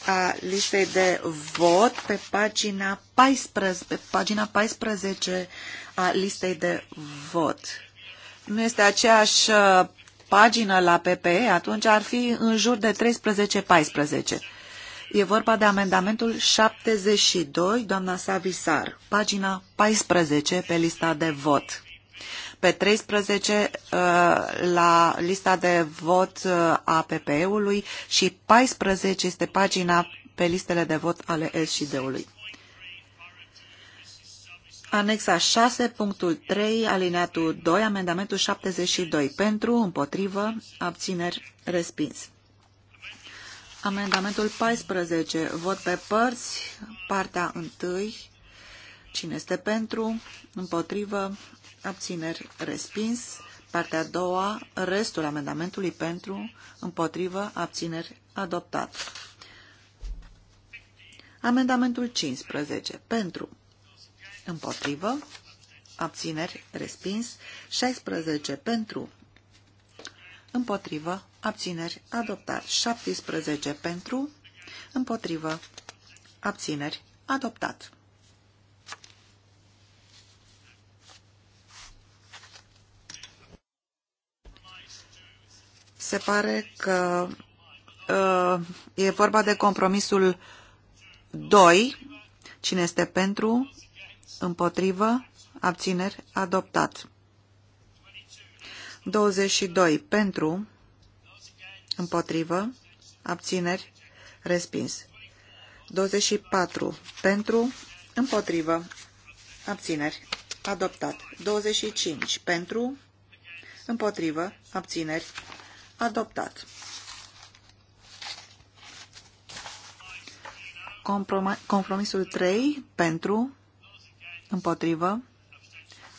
a listei de vot pe pagina 14, pe pagina 14 a listei de vot. Nu este aceeași uh, pagină la PPE, atunci ar fi în jur de 13-14. E vorba de amendamentul 72, doamna Savisar, pagina 14 pe lista de vot pe 13 uh, la lista de vot uh, a PPE-ului și 14 este pagina pe listele de vot ale S și D-ului. Anexa 6, punctul 3, alineatul 2, amendamentul 72. Pentru, împotrivă, abțineri, respins. Amendamentul 14, vot pe părți, partea 1. Cine este pentru, împotrivă, abțineri, respins. Partea a doua, restul amendamentului pentru, împotrivă, abțineri, adoptat. Amendamentul 15, pentru, împotrivă, abțineri, respins. 16, pentru, împotrivă, abțineri, adoptat. 17, pentru, împotrivă, abțineri, adoptat. Se pare că uh, e vorba de compromisul 2. Cine este pentru, împotrivă, abțineri, adoptat. 22. Pentru, împotrivă, abțineri, respins. 24. Pentru, împotrivă, abțineri, adoptat. 25. Pentru, împotrivă, abțineri, adoptat. Compromisul 3 pentru, împotrivă,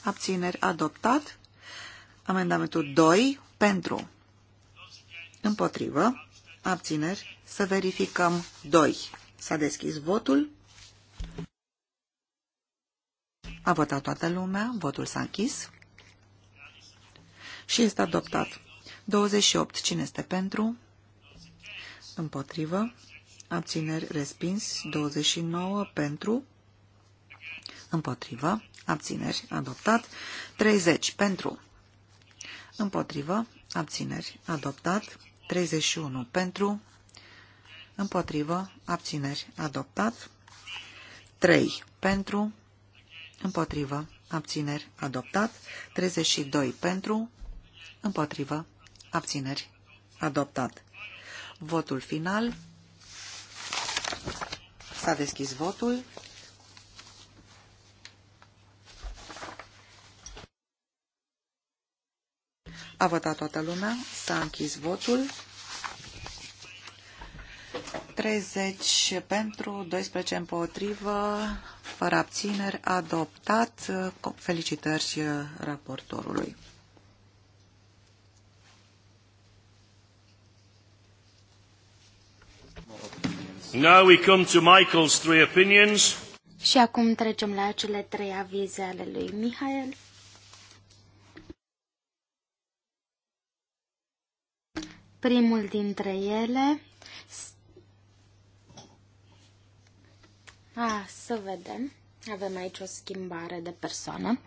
abțineri adoptat. Amendamentul 2 pentru, împotrivă, abțineri. Să verificăm 2. S-a deschis votul. A votat toată lumea, votul s-a închis și este adoptat. 28. Cine este pentru? Împotrivă. Abțineri respins. 29 pentru. Împotrivă. Abțineri adoptat. 30 pentru. Împotrivă. Abțineri adoptat. 31 pentru. Împotrivă. Abțineri adoptat. 3 pentru. Împotrivă. Abțineri adoptat. 32 pentru. Împotrivă. Abțineri. Adoptat. Votul final. S-a deschis votul. A votat toată lumea. S-a închis votul. 30 pentru, 12 împotrivă, fără abțineri, adoptat. Felicitări și raportorului. Now we come to Michael's three opinions. Și acum trecem la cele trei avize ale lui Mihail. Primul dintre ele... A, să vedem. Avem aici o schimbare de persoană.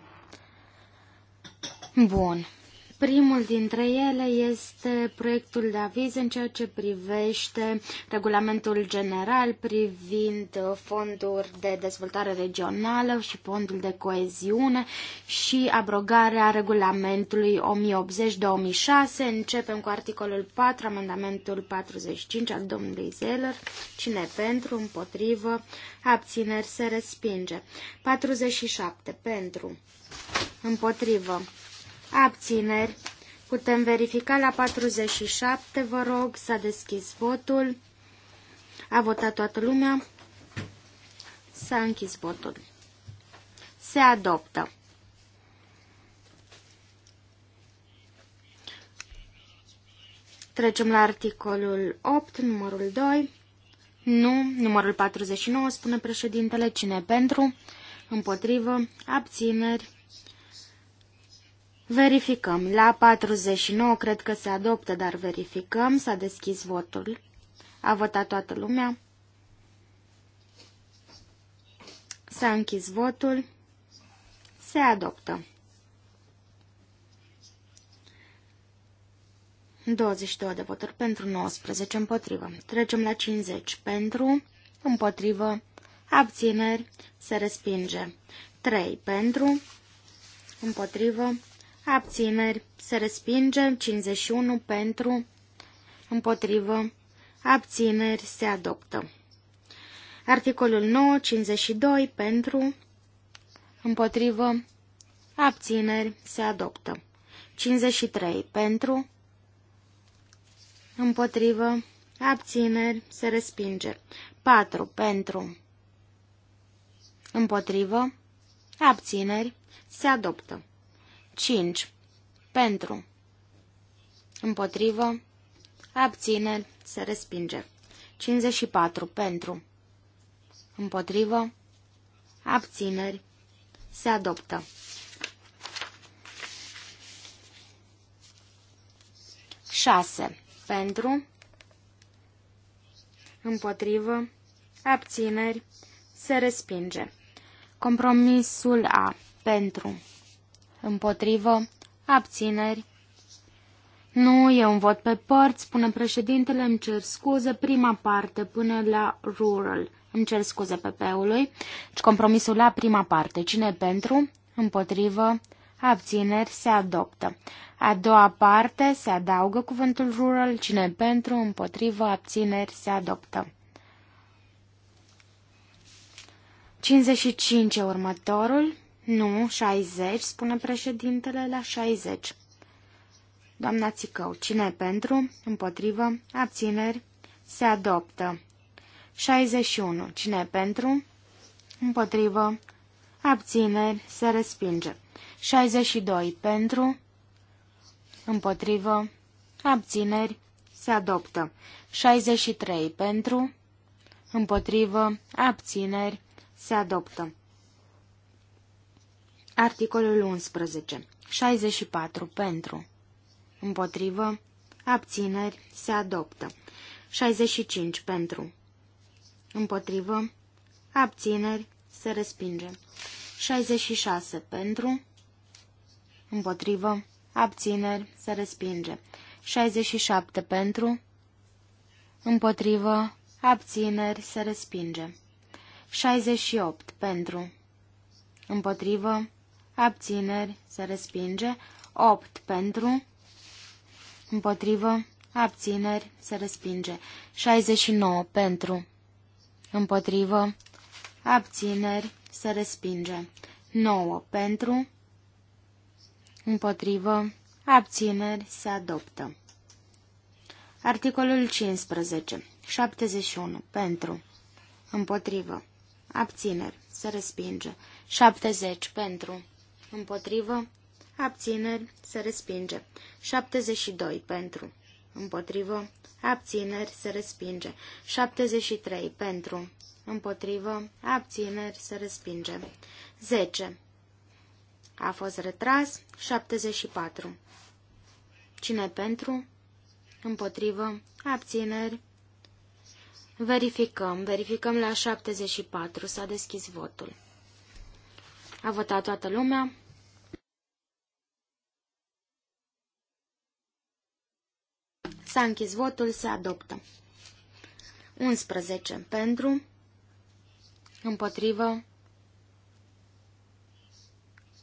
Bun. Primul dintre ele este proiectul de aviz în ceea ce privește regulamentul general privind fonduri de dezvoltare regională și fondul de coeziune și abrogarea regulamentului 1080-2006. Începem cu articolul 4, amendamentul 45 al domnului Zeller. Cine pentru, împotrivă, abțineri se respinge. 47 pentru, împotrivă. Abțineri. Putem verifica la 47, vă rog, s-a deschis votul. A votat toată lumea. S-a închis votul. Se adoptă. Trecem la articolul 8, numărul 2. Nu, numărul 49, spune președintele, cine pentru, împotrivă, abțineri, Verificăm. La 49 cred că se adoptă, dar verificăm. S-a deschis votul. A votat toată lumea. S-a închis votul. Se adoptă. 22 de voturi pentru 19 împotrivă. Trecem la 50 pentru, împotrivă, abțineri, se respinge. 3 pentru, împotrivă, Abțineri. Se respinge. 51 pentru. Împotrivă. Abțineri. Se adoptă. Articolul 9. 52 pentru. Împotrivă. Abțineri. Se adoptă. 53 pentru. Împotrivă. Abțineri. Se respinge. 4 pentru. Împotrivă. Abțineri. Se adoptă. 5. Pentru. Împotrivă. Abțineri. Se respinge. 54. Pentru. Împotrivă. Abțineri. Se adoptă. 6. Pentru. Împotrivă. Abțineri. Se respinge. Compromisul A. Pentru împotrivă, abțineri. Nu, e un vot pe părți, spune președintele, îmi cer scuze, prima parte până la rural. Îmi cer scuze PP-ului. Deci compromisul la prima parte. Cine e pentru? Împotrivă. Abțineri se adoptă. A doua parte se adaugă cuvântul rural. Cine e pentru? Împotrivă. Abțineri se adoptă. 55 următorul. Nu, 60, spune președintele la 60. Doamna Țicău, cine pentru? Împotrivă? Abțineri? Se adoptă. 61. Cine pentru? Împotrivă? Abțineri? Se respinge. 62. Pentru? Împotrivă? Abțineri? Se adoptă. 63. Pentru? Împotrivă? Abțineri? Se adoptă. Articolul 11. 64. Pentru. Împotrivă. Abțineri. Se adoptă. 65. Pentru. Împotrivă. Abțineri. Se respinge. 66. Pentru. Împotrivă. Abțineri. Se respinge. 67. Pentru. Împotrivă. Abțineri. Se respinge. 68. Pentru. Împotrivă abțineri, se respinge, 8 pentru, împotrivă, abțineri, se respinge, 69 pentru, împotrivă, abțineri, se respinge, 9 pentru, împotrivă, abțineri, se adoptă. Articolul 15, 71 pentru, împotrivă, abțineri, se respinge, 70 pentru, împotrivă, abțineri, se respinge. 72 pentru, împotrivă, abțineri, se respinge. 73 pentru, împotrivă, abțineri, se respinge. 10. A fost retras 74. Cine pentru? Împotrivă, abțineri. Verificăm, verificăm la 74. S-a deschis votul. A votat toată lumea. S-a închis votul, se adoptă. 11 pentru, împotrivă,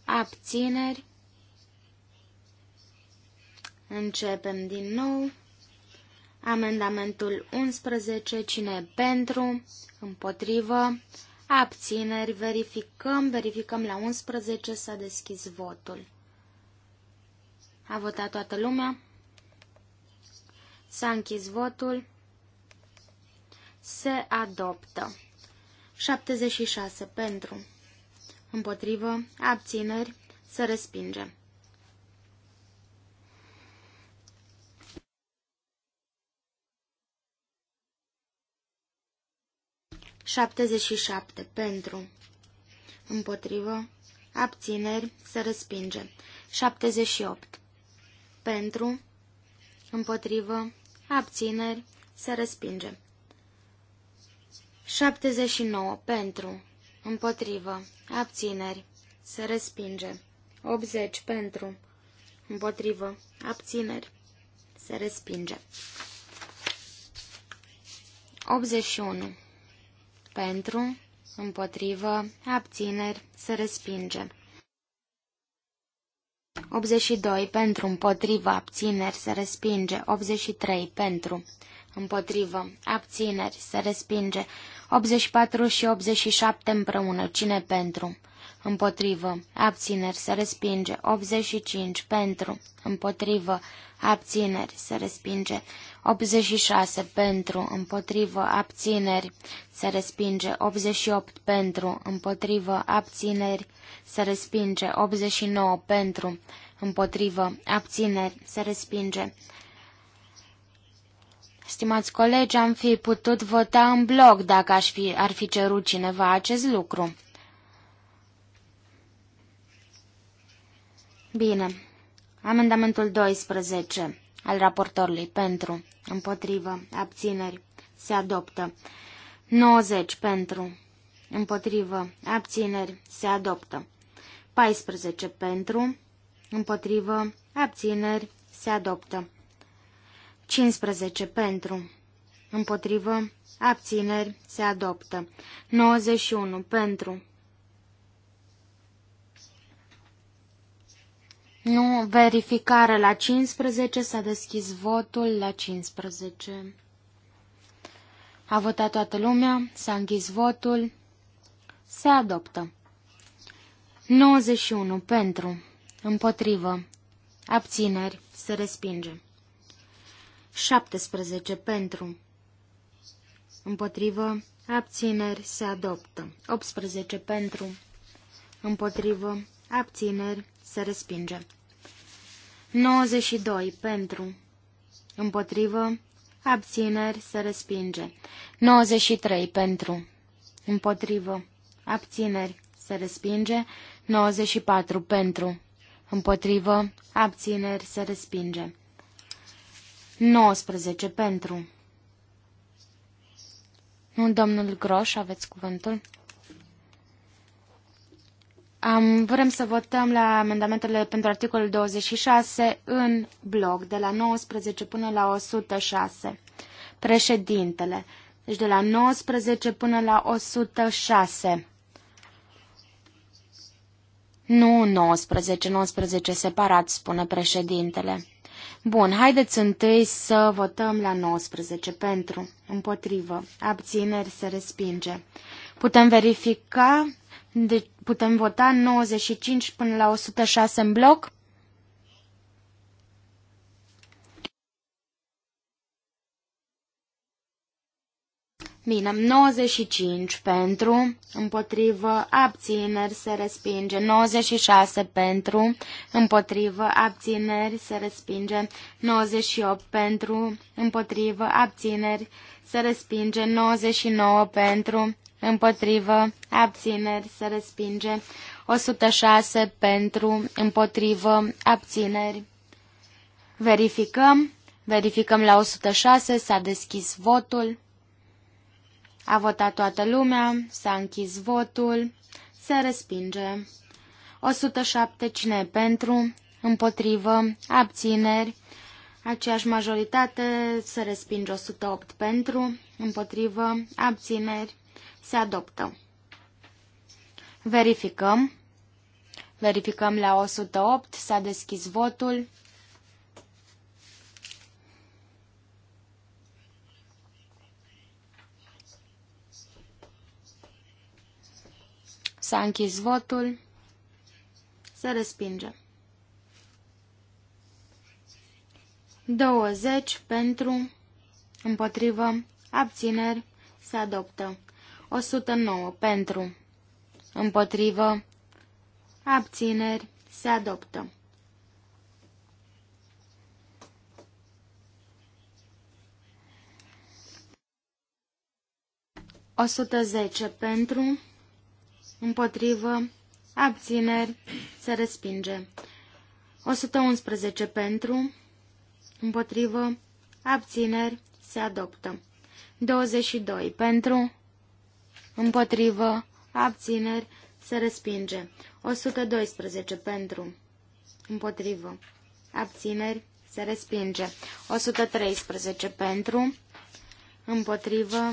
abțineri, începem din nou, amendamentul 11, cine pentru, împotrivă, abțineri, verificăm, verificăm la 11, s-a deschis votul. A votat toată lumea? S-a închis votul. Se adoptă. 76 pentru. Împotrivă. Abțineri. Se respinge. Șaptezeci și șapte pentru. Împotrivă. Abțineri. Se respinge. 78. Pentru. Împotrivă abțineri, se respinge. 79. Pentru, împotrivă, abțineri, se respinge. 80. Pentru, împotrivă, abțineri, se respinge. 81. Pentru, împotrivă, abțineri, se respinge. 82 pentru, împotriva, abțineri, se respinge. 83 pentru, împotrivă, abțineri, se respinge. 84 și 87 împreună, cine pentru? împotrivă, abțineri, se respinge, 85 pentru, împotrivă, abțineri, se respinge, 86 pentru, împotrivă, abțineri, se respinge, 88 pentru, împotrivă, abțineri, se respinge, 89 pentru, împotrivă, abțineri, se respinge. Stimați colegi, am fi putut vota în bloc dacă aș fi, ar fi cerut cineva acest lucru. Bine. Amendamentul 12 al raportorului pentru, împotrivă, abțineri, se adoptă. 90 pentru, împotrivă, abțineri, se adoptă. 14 pentru, împotrivă, abțineri, se adoptă. 15 pentru, împotrivă, abțineri, se adoptă. 91 pentru, Nu, verificare la 15, s-a deschis votul la 15. A votat toată lumea, s-a închis votul, se adoptă. 91 pentru, împotrivă, abțineri, se respinge. 17 pentru, împotrivă, abțineri, se adoptă. 18 pentru, împotrivă, abțineri, se respinge. 92. Pentru. Împotrivă. Abțineri. Se respinge. 93. Pentru. Împotrivă. Abțineri. Se respinge. 94. Pentru. Împotrivă. Abțineri. Se respinge. 19. Pentru. Nu, domnul Groș, aveți cuvântul. Am, vrem să votăm la amendamentele pentru articolul 26 în bloc, de la 19 până la 106. Președintele. Deci de la 19 până la 106. Nu 19, 19 separat, spune președintele. Bun, haideți întâi să votăm la 19 pentru, împotrivă, abțineri se respinge. Putem verifica de- putem vota 95 până la 106 în bloc. Bine, 95 pentru, împotrivă, abțineri se respinge, 96 pentru, împotrivă, abțineri se respinge, 98 pentru, împotrivă, abțineri se respinge, 99 pentru, împotrivă, abțineri, se respinge. 106 pentru, împotrivă, abțineri. Verificăm. Verificăm la 106, s-a deschis votul. A votat toată lumea, s-a închis votul, se respinge. 107 cine pentru, împotrivă, abțineri. Aceeași majoritate se respinge 108 pentru, împotrivă, abțineri. Se adoptă. Verificăm. Verificăm la 108. S-a deschis votul. S-a închis votul. Se respinge. 20 pentru, împotrivă, abțineri, se adoptă. 109 pentru, împotrivă, abțineri, se adoptă. O sută zece pentru, împotrivă, abțineri, se respinge. o sută unsprezece pentru, împotrivă, abțineri, se adoptă. douăzeci și doi pentru, împotrivă, abțineri, se respinge. 112 pentru, împotrivă, abțineri, se respinge. 113 pentru, împotrivă,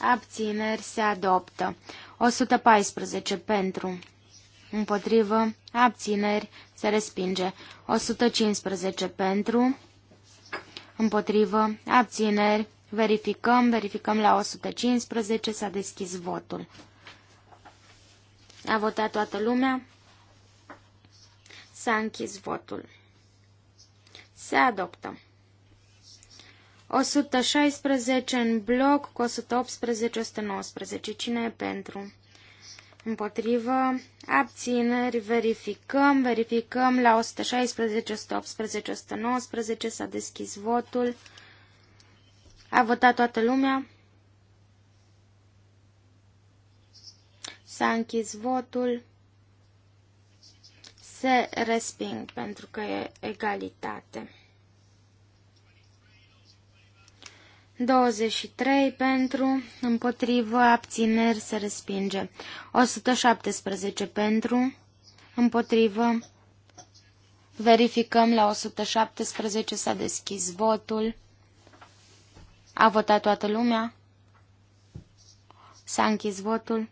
abțineri, se adoptă. 114 pentru, împotrivă, abțineri, se respinge. 115 pentru, împotrivă, abțineri, Verificăm, verificăm la 115, s-a deschis votul. A votat toată lumea. S-a închis votul. Se adoptă. 116 în bloc cu 118, 119. Cine e pentru? Împotrivă. Abțineri. Verificăm. Verificăm la 116, 118, 119. S-a deschis votul. A votat toată lumea? S-a închis votul. Se resping pentru că e egalitate. 23 pentru, împotrivă, abțineri, se respinge. 117 pentru, împotrivă, verificăm la 117 s-a deschis votul. A votat toată lumea? S-a închis votul?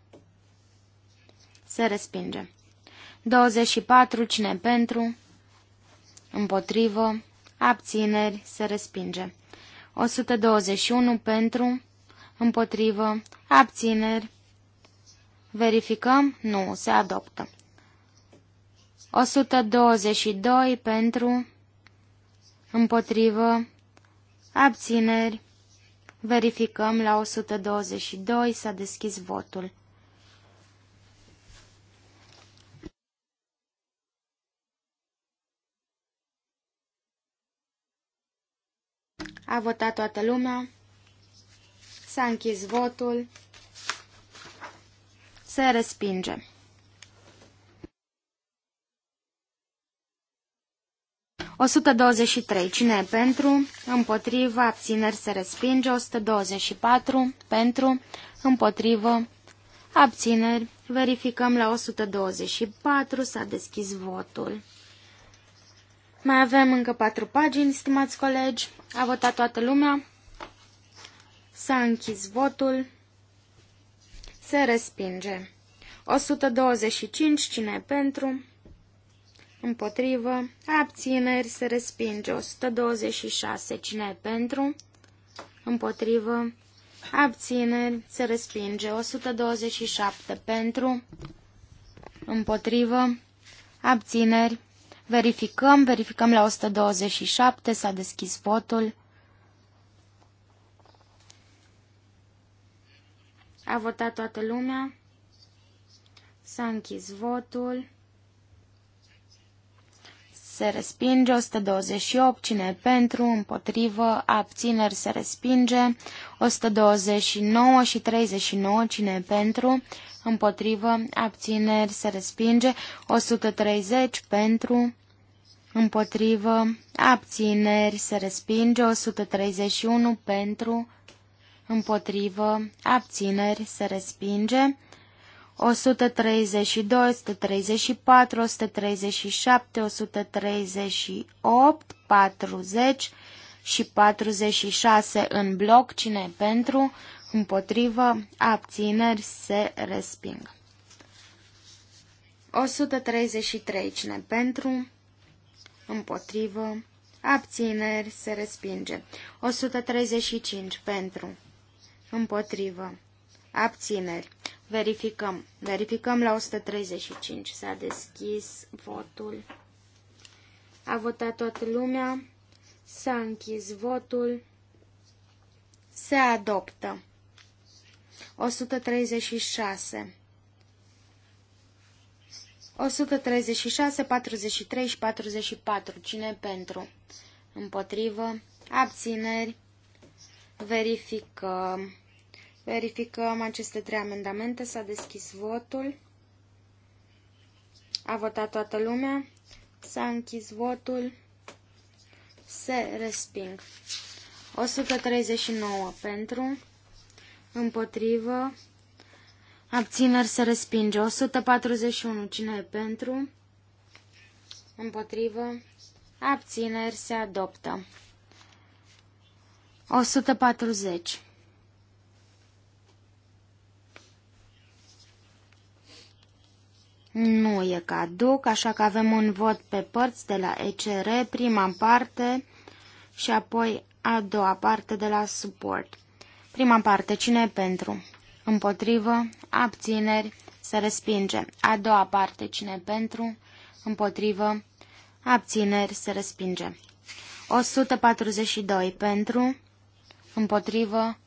Se respinge. 24. Cine pentru? Împotrivă. Abțineri. Se respinge. 121 pentru. Împotrivă. Abțineri. Verificăm? Nu. Se adoptă. 122 pentru. Împotrivă. Abțineri. Verificăm la 122, s-a deschis votul. A votat toată lumea. S-a închis votul. Se respinge. 123. Cine e pentru? Împotrivă. Abțineri se respinge. 124. Pentru. Împotrivă. Abțineri. Verificăm la 124. S-a deschis votul. Mai avem încă patru pagini, stimați colegi. A votat toată lumea. S-a închis votul. Se respinge. 125. Cine e pentru? Împotrivă. Abțineri se respinge. 126. Cine e pentru? Împotrivă. Abțineri se respinge. 127. Pentru? Împotrivă. Abțineri. Verificăm. Verificăm la 127. S-a deschis votul. A votat toată lumea. S-a închis votul se respinge, 128, cine e pentru, împotrivă, abțineri, se respinge, 129 și 39, cine e pentru, împotrivă, abțineri, se respinge, 130 pentru, împotrivă, abțineri, se respinge, 131 pentru, împotrivă, abțineri, se respinge, 132, 134, 137, 138, 40 și 46 în bloc. Cine pentru? Împotrivă? Abțineri se resping. 133. Cine pentru? Împotrivă? Abțineri se respinge. 135. Pentru? Împotrivă. Abțineri. Verificăm. Verificăm la 135. S-a deschis votul. A votat toată lumea. S-a închis votul. Se adoptă. 136. 136, 43 și 44. Cine pentru? Împotrivă. Abțineri. Verificăm. Verificăm aceste trei amendamente. S-a deschis votul. A votat toată lumea. S-a închis votul. Se resping. 139 pentru. Împotrivă. Abțineri se respinge. 141. Cine e pentru? Împotrivă. Abțineri se adoptă. 140. Nu e caduc, așa că avem un vot pe părți de la ECR, prima parte și apoi a doua parte de la SUPORT. Prima parte, cine e pentru? Împotrivă, abțineri, se respinge. A doua parte, cine e pentru? Împotrivă, abțineri, se respinge. 142 pentru, împotrivă,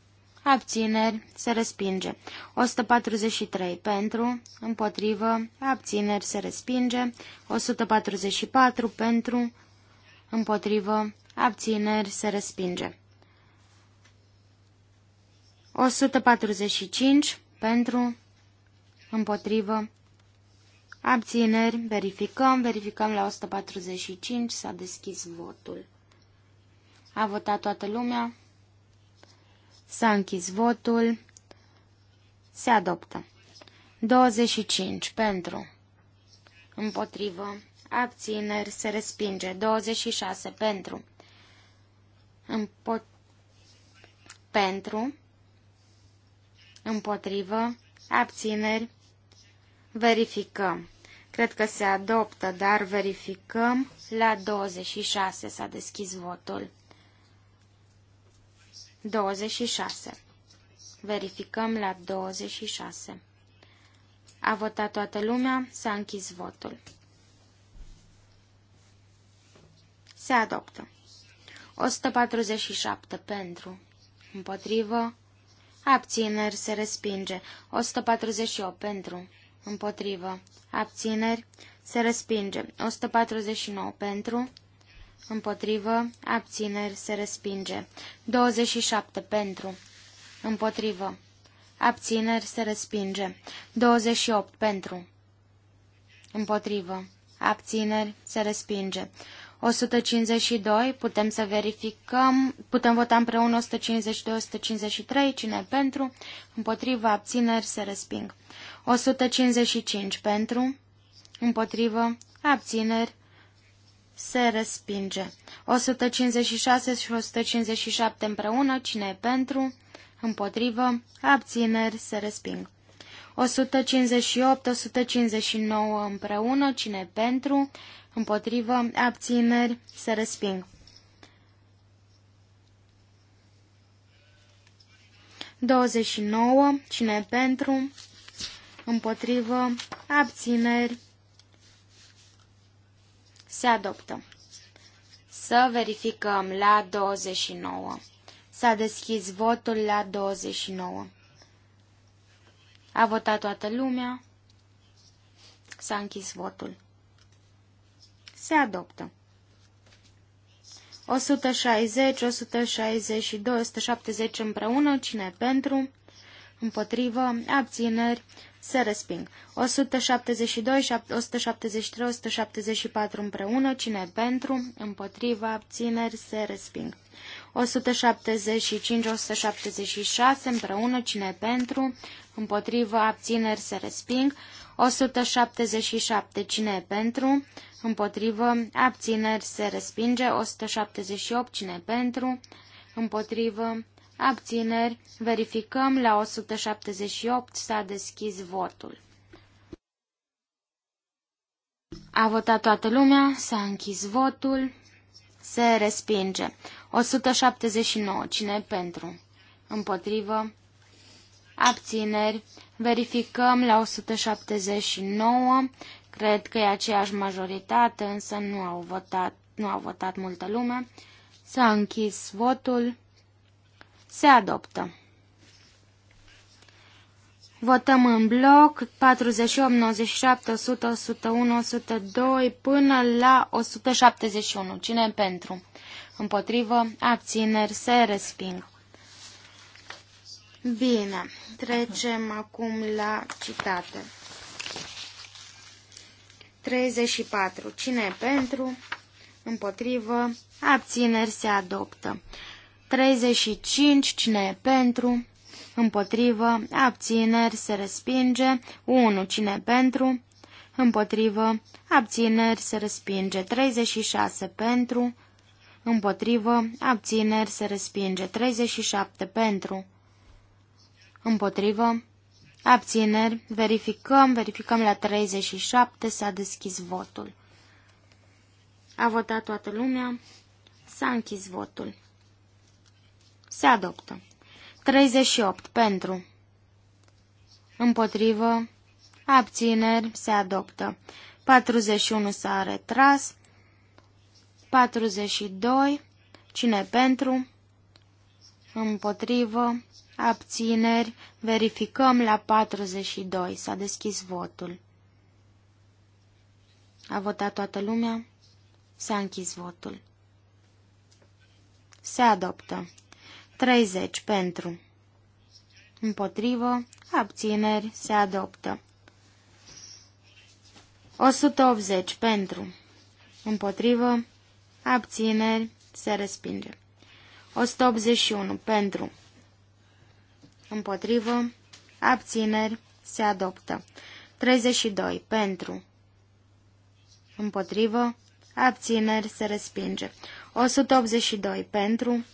abțineri, se respinge. 143 pentru, împotrivă, abțineri, se respinge. 144 pentru, împotrivă, abțineri, se respinge. 145 pentru, împotrivă, abțineri, verificăm, verificăm la 145, s-a deschis votul. A votat toată lumea. S-a închis votul. Se adoptă. 25 pentru. Împotrivă. Abțineri se respinge. 26 pentru. Împo pentru. Împotrivă. Abțineri. Verificăm. Cred că se adoptă, dar verificăm. La 26 s-a deschis votul. 26. Verificăm la 26. A votat toată lumea, s-a închis votul. Se adoptă. 147 pentru, împotrivă, abțineri se respinge. 148 pentru, împotrivă, abțineri se respinge. 149 pentru, împotrivă, abțineri, se respinge. 27 pentru, împotrivă, abțineri, se respinge. 28 pentru, împotrivă, abțineri, se respinge. 152, putem să verificăm, putem vota împreună 152-153, cine pentru, împotrivă, abțineri, se resping. 155 pentru, împotrivă, abțineri, se respinge. 156 și 157 împreună, cine e pentru, împotrivă, abțineri, se resping. 158, 159 împreună, cine e pentru, împotrivă, abțineri, se resping. 29, cine e pentru, împotrivă, abțineri, se adoptă. Să verificăm la 29. S-a deschis votul la 29. A votat toată lumea. S-a închis votul. Se adoptă. 160, 162, 170 împreună. Cine pentru? împotrivă, abțineri, se resping. 172, 173, 174 împreună, cine pentru, împotriva, abțineri, se resping. 175, 176 împreună, cine pentru, împotrivă, abțineri, se resping. 177, cine pentru, împotrivă, abțineri, se respinge. 178, cine pentru, împotrivă, Abțineri. Verificăm la 178 s-a deschis votul. A votat toată lumea, s-a închis votul, se respinge. 179. Cine pentru? Împotrivă. Abțineri. Verificăm la 179. Cred că e aceeași majoritate, însă nu au votat, nu au votat multă lume. S-a închis votul. Se adoptă. Votăm în bloc 48, 97, 100, 101, 102 până la 171. Cine e pentru? Împotrivă? Abțineri? Se resping. Bine, trecem acum la citate. 34. Cine e pentru? Împotrivă? Abțineri? Se adoptă. 35, cine e pentru, împotrivă, abțineri, se respinge, 1, cine e pentru, împotrivă, abțineri, se respinge, 36 pentru, împotrivă, abțineri, se respinge, 37 pentru, împotrivă, abțineri, verificăm, verificăm la 37, s-a deschis votul. A votat toată lumea, s-a închis votul. Se adoptă. 38. Pentru. Împotrivă. Abțineri. Se adoptă. 41 s-a retras. 42. Cine pentru? Împotrivă. Abțineri. Verificăm la 42. S-a deschis votul. A votat toată lumea? S-a închis votul. Se adoptă. 30 pentru. Împotrivă, abțineri, se adoptă. 180 pentru. Împotrivă, abțineri, se respinge. 181 pentru. Împotrivă, abțineri, se adoptă. 32 pentru. Împotrivă, abțineri, se respinge. 182 pentru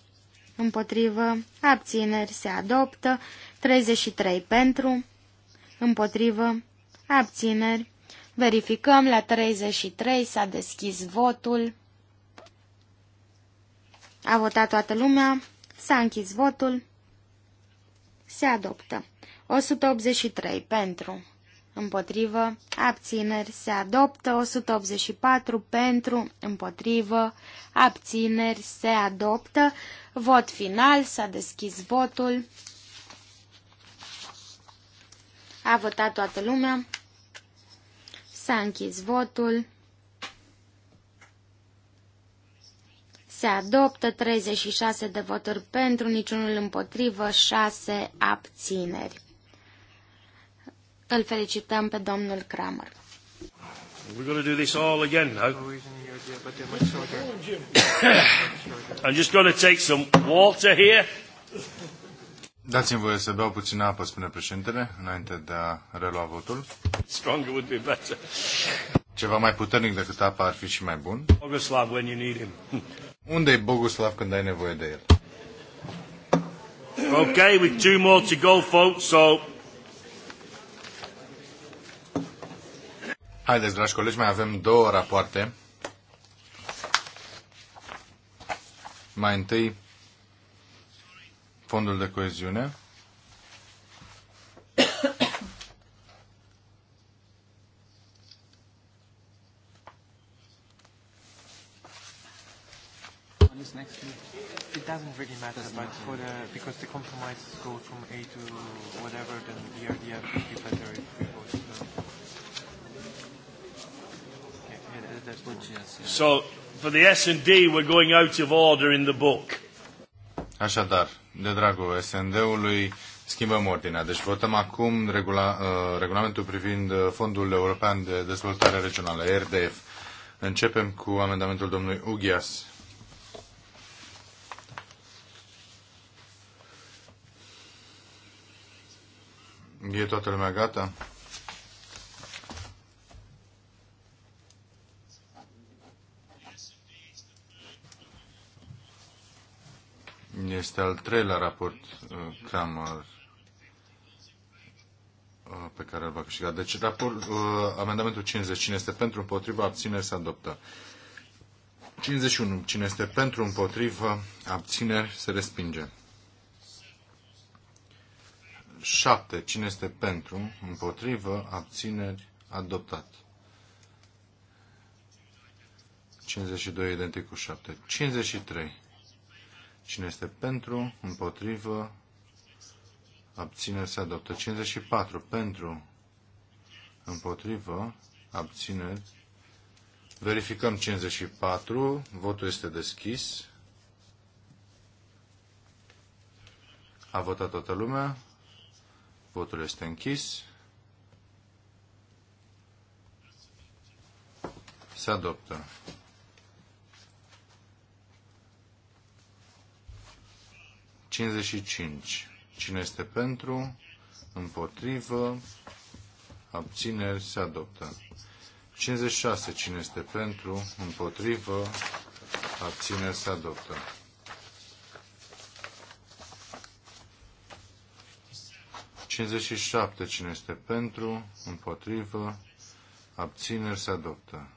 împotrivă, abțineri se adoptă, 33 pentru, împotrivă, abțineri. Verificăm la 33 s-a deschis votul. A votat toată lumea, s-a închis votul, se adoptă. 183 pentru, împotrivă, abțineri se adoptă, 184 pentru, împotrivă, abțineri se adoptă, vot final, s-a deschis votul, a votat toată lumea, s-a închis votul, se adoptă 36 de voturi pentru, niciunul împotrivă, 6 abțineri. Îl felicităm pe domnul Kramer. We're going to do this all again now. I'm just going to take some water here. Dați-mi voie să beau puțină apă, spune președintele, înainte de a relua votul. Stronger would be better. Ceva mai puternic decât apa ar fi și mai bun. Boguslav when you need him. Unde e Boguslav când ai nevoie de el? Okay, with two more to go, folks, so Haideți, dragi colegi, mai avem două rapoarte. Mai întâi, fondul de coeziune. doesn't really matter, but for the because the compromises go from A to whatever, then the idea would be better if. So, for the S&D, we're going out of order in the book. Așadar, de dragul SND-ului, schimbăm ordinea. Deci votăm acum regula, uh, regulamentul privind uh, Fondul European de Dezvoltare Regională, RDF. Începem cu amendamentul domnului Ugias. E toată lumea gata? Este al treilea raport uh, Kramer uh, pe care îl va câștiga. Deci raport, uh, amendamentul 50. Cine este pentru, împotriva, abțineri se adoptă. 51. Cine este pentru, împotrivă, abțineri, se respinge. 7. Cine este pentru, împotrivă, abțineri, adoptat. 52 identic cu 7. 53. Cine este pentru? Împotrivă? Abțineri se adoptă. 54. Pentru? Împotrivă? Abțineri. Verificăm 54. Votul este deschis. A votat toată lumea. Votul este închis. Se adoptă. 55. Cine este pentru? Împotrivă? Abțineri? Se adoptă. 56. Cine este pentru? Împotrivă? Abțineri? Se adoptă. 57. Cine este pentru? Împotrivă? Abțineri? Se adoptă.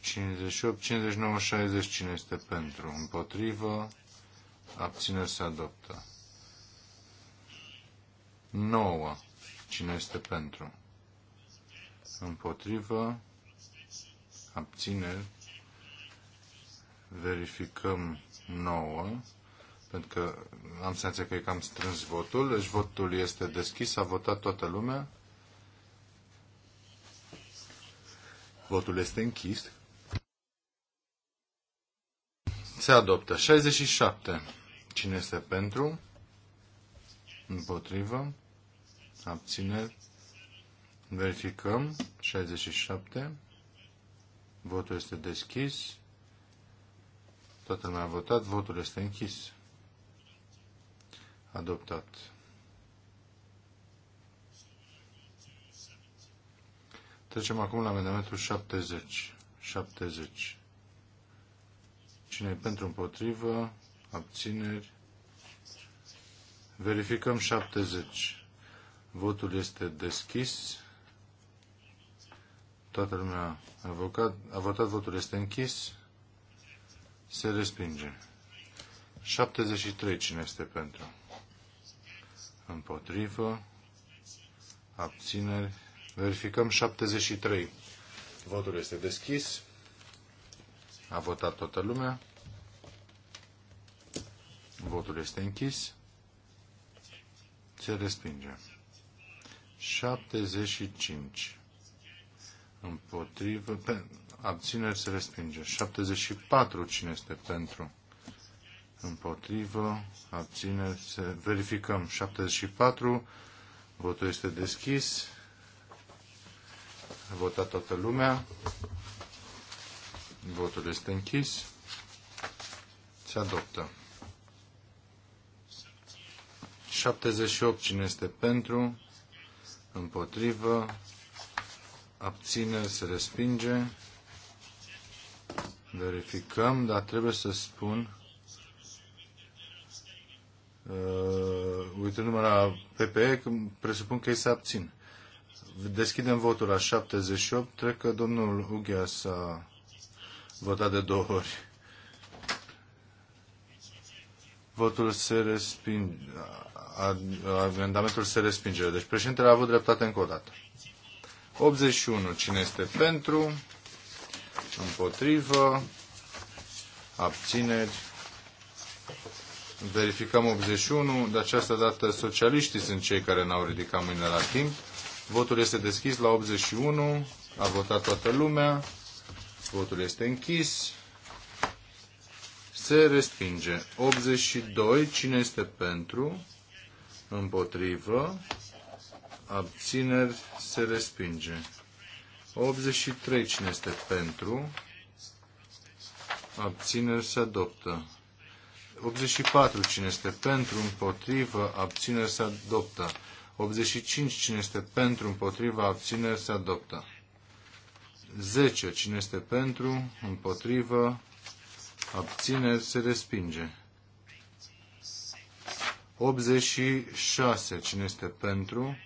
58, 59, 60. Cine este pentru? Împotrivă? abțineri se adoptă. 9. Cine este pentru? Împotrivă, abțineri, verificăm 9, pentru că am senzația că e cam strâns votul, deci votul este deschis, a votat toată lumea. Votul este închis se adoptă. 67. Cine este pentru? Împotrivă. Abțineri. Verificăm. 67. Votul este deschis. Toată lumea a votat. Votul este închis. Adoptat. Trecem acum la amendamentul 70. 70. Cine e pentru împotrivă? Abțineri. Verificăm 70. Votul este deschis. Toată lumea a votat. A votat votul este închis. Se respinge. 73. Cine este pentru? Împotrivă. Abțineri. Verificăm 73. Votul este deschis. A votat toată lumea. Votul este închis. Se respinge. 75. Împotrivă. Pe, abțineri se respinge. 74. Cine este pentru? Împotrivă. Abțineri se... Verificăm. 74. Votul este deschis. A votat toată lumea. Votul este închis. Se adoptă. 78. Cine este pentru? Împotrivă. abține, se respinge. Verificăm, dar trebuie să spun uh, uitându-mă la PPE, presupun că ei se abțin. Deschidem votul la 78. Cred că domnul Ughea s-a votat de două ori. Votul se respinge. Amendamentul se respinge. Deci președintele a avut dreptate încă o dată. 81. Cine este pentru? Împotrivă? Abțineri? Verificăm 81. De această dată socialiștii sunt cei care n-au ridicat mâinile la timp. Votul este deschis la 81. A votat toată lumea. Votul este închis. Se respinge. 82. Cine este pentru? Împotrivă. Abțineri. Se respinge. 83. Cine este pentru? Abțineri. Se adoptă. 84. Cine este pentru? Împotrivă. Abțineri. Se adoptă. 85. Cine este pentru? Împotrivă. Abțineri. Se adoptă. 10. Cine este pentru? Împotrivă? Abțineri? Se respinge. 86. Cine este pentru?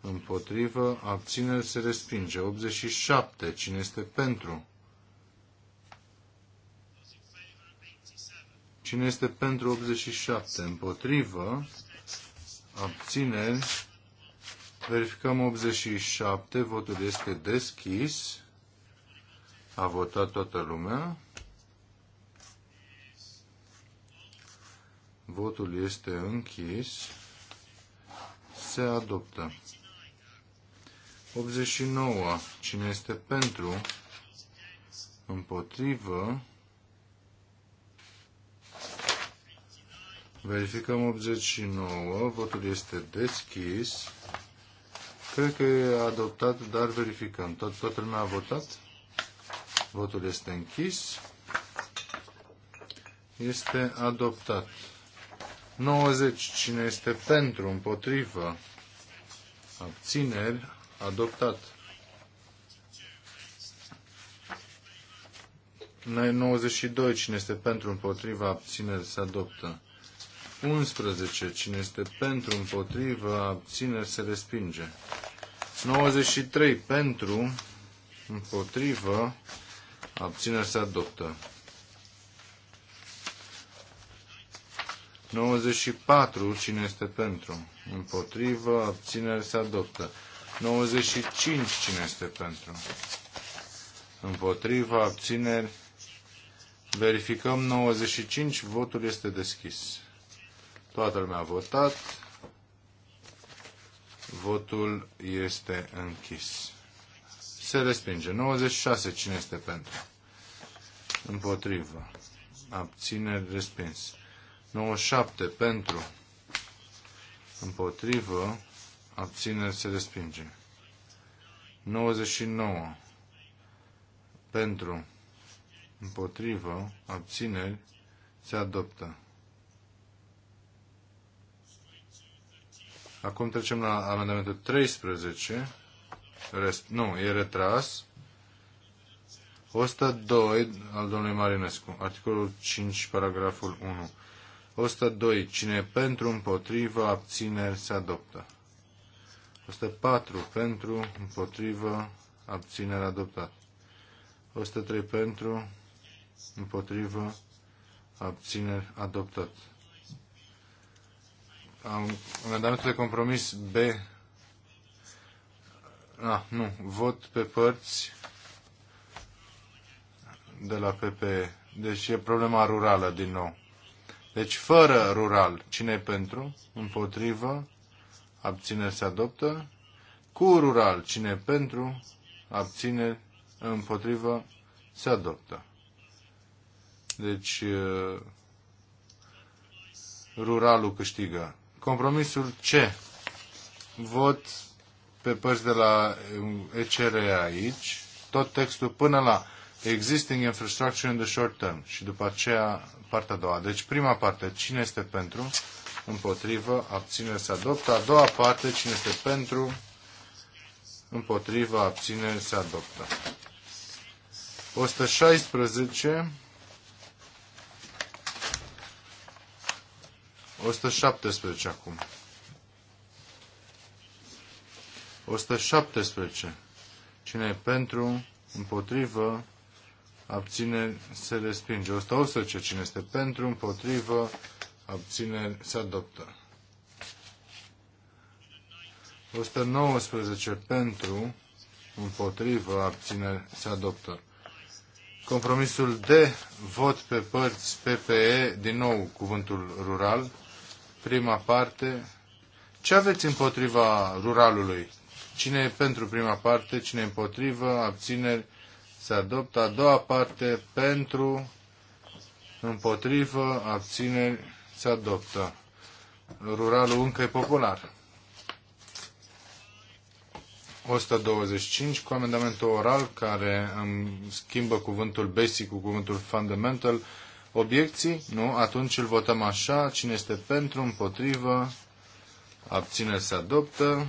Împotrivă? Abțineri? Se respinge. 87. Cine este pentru? Cine este pentru 87? Împotrivă? Abțineri? Verificăm 87. Votul este deschis. A votat toată lumea. Votul este închis. Se adoptă. 89. Cine este pentru? Împotrivă. Verificăm 89. Votul este deschis. Cred că e adoptat, dar verificăm. Tot, toată lumea a votat. Votul este închis. Este adoptat. 90. Cine este pentru, împotrivă, abțineri, adoptat. 92. Cine este pentru, împotrivă, abțineri, se adoptă. 11. Cine este pentru, împotrivă, abțineri, se respinge. 93. Pentru, împotrivă, abțineri, se adoptă. 94. Cine este pentru, împotrivă, abțineri, se adoptă. 95. Cine este pentru, împotrivă, abțineri, verificăm 95. Votul este deschis. Toată lumea a votat. Votul este închis. Se respinge. 96. Cine este pentru? Împotrivă. Abțineri respins. 97. Pentru. Împotrivă. Abțineri se respinge. 99. Pentru. Împotrivă. Abțineri se adoptă. Acum trecem la amendamentul 13. Rest, nu, e retras. 102 al domnului Marinescu, articolul 5, paragraful 1. 102. Cine pentru, împotrivă, abțineri, se adoptă. 104. Pentru, împotrivă, abțineri adoptat. 103. Pentru, împotrivă, abțineri, adoptat. Amendamentul de compromis B. Ah, nu. Vot pe părți de la PP. Deci e problema rurală din nou. Deci fără rural, cine e pentru? Împotrivă? Abțineri se adoptă. Cu rural, cine e pentru? Abțineri împotrivă se adoptă. Deci ruralul câștigă. Compromisul C. Vot pe părți de la um, ECR aici, tot textul până la existing infrastructure in the short term și după aceea partea a doua. Deci prima parte, cine este pentru, împotrivă, abținere se adoptă. A doua parte, cine este pentru, împotrivă, abținere se adoptă. 116 117 acum. 117. Cine e pentru, împotrivă, abține se respinge. 118. Cine este pentru, împotrivă, abține se adoptă. 119 pentru, împotrivă, abține se adoptă. Compromisul de vot pe părți PPE, din nou cuvântul rural, prima parte. Ce aveți împotriva ruralului? Cine e pentru prima parte, cine e împotrivă, abțineri, se adoptă. A doua parte, pentru, împotrivă, abțineri, se adoptă. Ruralul încă e popular. 125 cu amendamentul oral care îmi schimbă cuvântul basic cu cuvântul fundamental Obiecții? Nu. Atunci îl votăm așa. Cine este pentru, împotrivă, abține, se adoptă.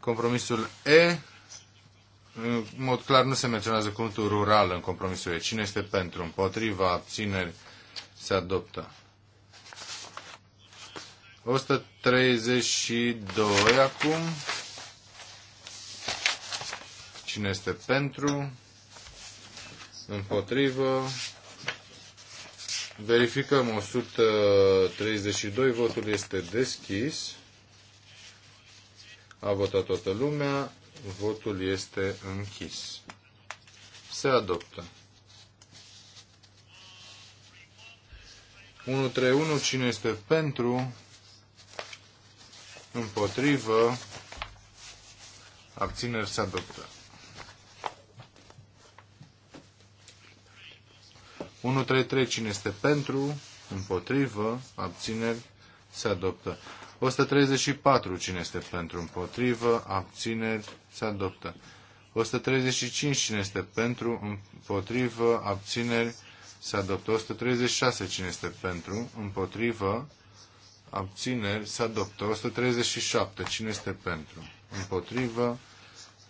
Compromisul E. În mod clar nu se menționează cuvântul rural în compromisul E. Cine este pentru, împotrivă, abțineri se adoptă. 132 acum. Cine este pentru? împotrivă. Verificăm 132, votul este deschis. A votat toată lumea, votul este închis. Se adoptă. 131, cine este pentru, împotrivă, abțineri se adoptă. 133 cine este pentru, împotrivă, abțineri, se adoptă. 134 cine este pentru, împotrivă, abțineri, se adoptă. 135 cine este pentru, împotrivă, abțineri, se adoptă. 136 cine este pentru, împotrivă, abțineri, se adoptă. 137 cine este pentru, împotrivă,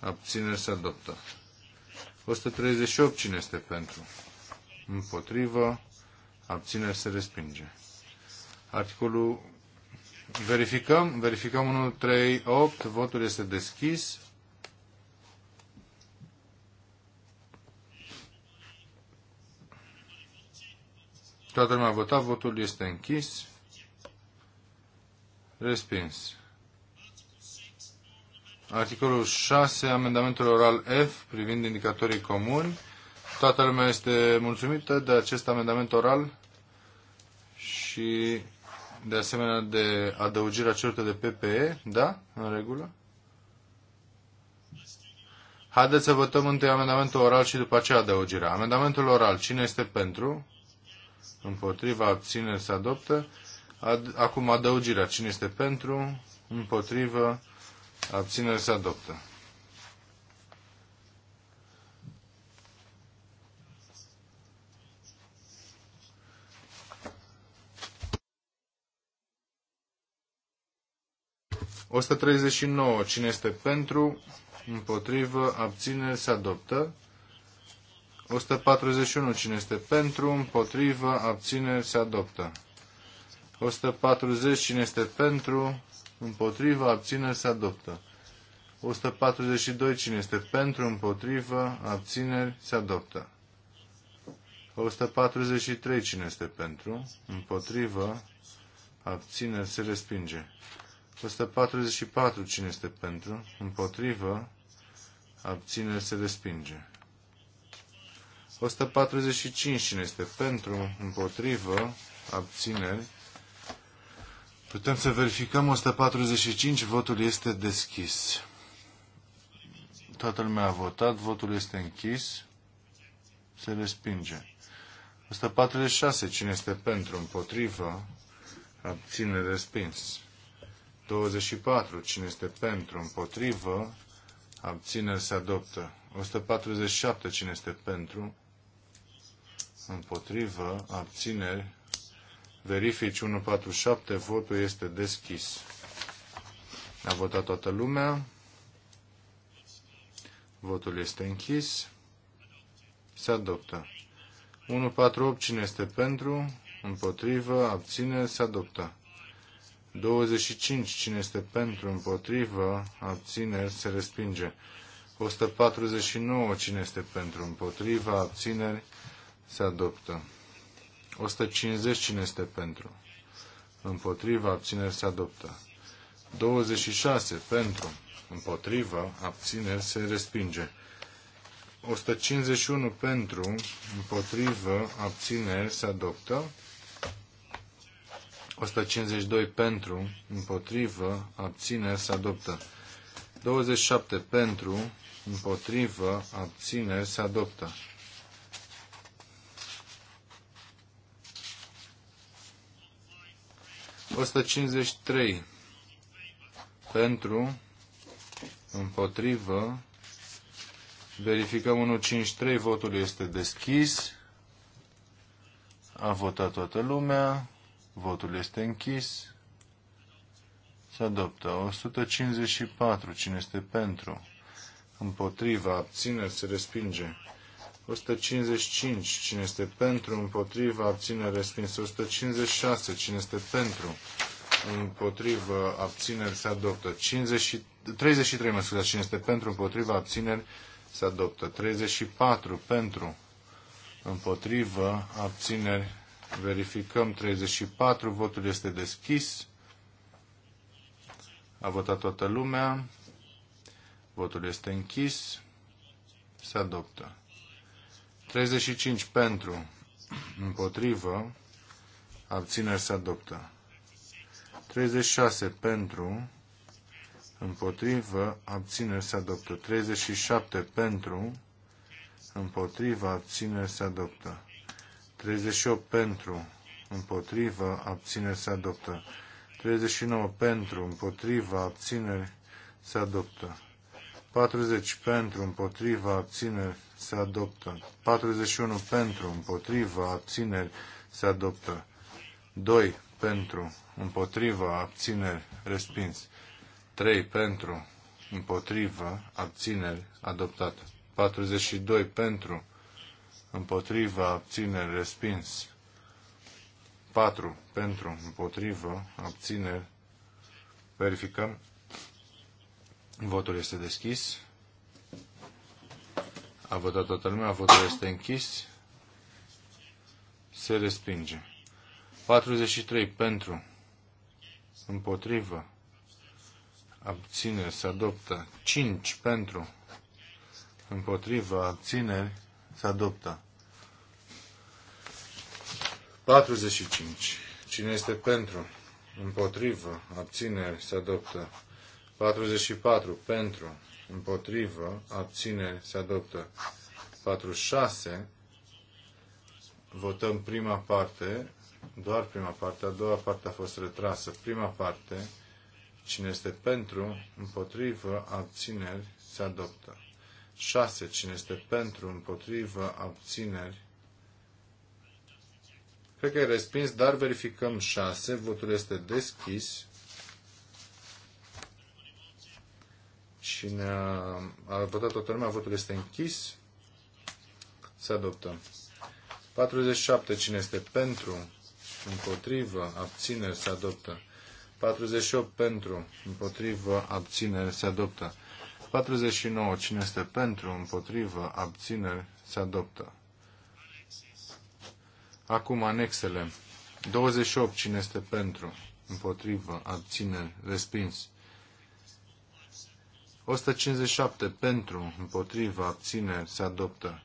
abțineri, se adoptă. 138 cine este pentru, împotrivă, abțineri se respinge. Articolul verificăm, verificăm 1, 3, 8, votul este deschis. Toată lumea a votat, votul este închis. Respins. Articolul 6, amendamentul oral F privind indicatorii comuni. Toată lumea este mulțumită de acest amendament oral și de asemenea de adăugirea certă de PPE, da? În regulă? Haideți să votăm întâi amendamentul oral și după aceea adăugirea. Amendamentul oral, cine este pentru? Împotriva, abține, se adoptă. Ad, acum adăugirea, cine este pentru? Împotrivă, abține, se adoptă. 139. Cine este pentru? Împotrivă. Abțineri. Se adoptă. 141. Cine este pentru? Împotrivă. Abțineri. Se adoptă. 140. Cine este pentru? Împotrivă. Abțineri. Se adoptă. 142. Cine este pentru? Împotrivă. Abțineri. Se adoptă. 143. Cine este pentru? Împotrivă. Abțineri. Se respinge. 144. Cine este pentru? Împotrivă. Abțineri se respinge. 145. Cine este pentru? Împotrivă. Abțineri. Putem să verificăm 145. Votul este deschis. Toată lumea a votat. Votul este închis. Se respinge. 146. Cine este pentru? Împotrivă. Abține respins. 24 Cine este pentru? Împotrivă. Abțineri se adoptă. 147. Cine este pentru? Împotrivă. Abțineri. Verifici 147. Votul este deschis. A votat toată lumea. Votul este închis. Se adoptă. 148. Cine este pentru? Împotrivă. Abține. Se adoptă. 25. Cine este pentru, împotrivă, abțineri, se respinge. 149. Cine este pentru, împotrivă, abțineri, se adoptă. 150. Cine este pentru, împotrivă, abțineri, se adoptă. 26. Pentru, împotrivă, abțineri, se respinge. 151 pentru, împotrivă, abțineri, se adoptă. 152 pentru, împotrivă, abțineri, se adoptă. 27 pentru, împotrivă, abțineri, se adoptă. Osta pentru, împotrivă, verificăm 153, votul este deschis, a votat toată lumea, Votul este închis. Se adoptă. 154. Cine este pentru? Împotriva. Abțineri. Se respinge. 155. Cine este pentru? Împotriva. Abțineri. Respins. 156. Cine este pentru? Împotriva Abțineri. Se adoptă. 50, 33. Mă scuzați. Cine este pentru? Împotriva. Abțineri. Se adoptă. 34. Pentru. Împotrivă. Abțineri Verificăm 34, votul este deschis. A votat toată lumea. Votul este închis. Se adoptă. 35 pentru, împotrivă, abțineri se adoptă. 36 pentru, împotrivă, abțineri se adoptă. 37 pentru, împotrivă, abțineri se adoptă. 38 pentru, împotrivă, abțineri se adoptă. 39 pentru, împotrivă, abțineri se adoptă. 40 pentru, împotrivă, abțineri se adoptă. 41 pentru, împotrivă, abțineri se adoptă. 2 pentru, împotrivă, abțineri, respins. 3 pentru, împotrivă, abțineri, adoptat. 42 pentru, împotrivă, abțineri, respins. 4. Pentru, împotrivă, abțineri, verificăm. Votul este deschis. A votat toată lumea, votul este închis. Se respinge. 43. Pentru, împotrivă, abțineri, se adoptă. 5. Pentru, împotrivă, abțineri, se adoptă. 45. Cine este pentru? Împotrivă. Abțineri. Se adoptă. 44. Pentru. Împotrivă. Abțineri. Se adoptă. 46. Votăm prima parte. Doar prima parte. A doua parte a fost retrasă. Prima parte. Cine este pentru? Împotrivă. Abțineri. Se adoptă. 6. Cine este pentru, împotrivă, abțineri. Cred că e respins, dar verificăm 6. Votul este deschis. Cine a, a votat toată lumea, votul este închis. Se adoptă. 47. Cine este pentru, împotrivă, abțineri, se adoptă. 48 pentru, împotrivă, abțineri, se adoptă. 49. Cine este pentru, împotrivă, abțineri, se adoptă. Acum anexele. 28. Cine este pentru, împotrivă, abțineri, respins. 157. Pentru, împotrivă, abțineri, se adoptă.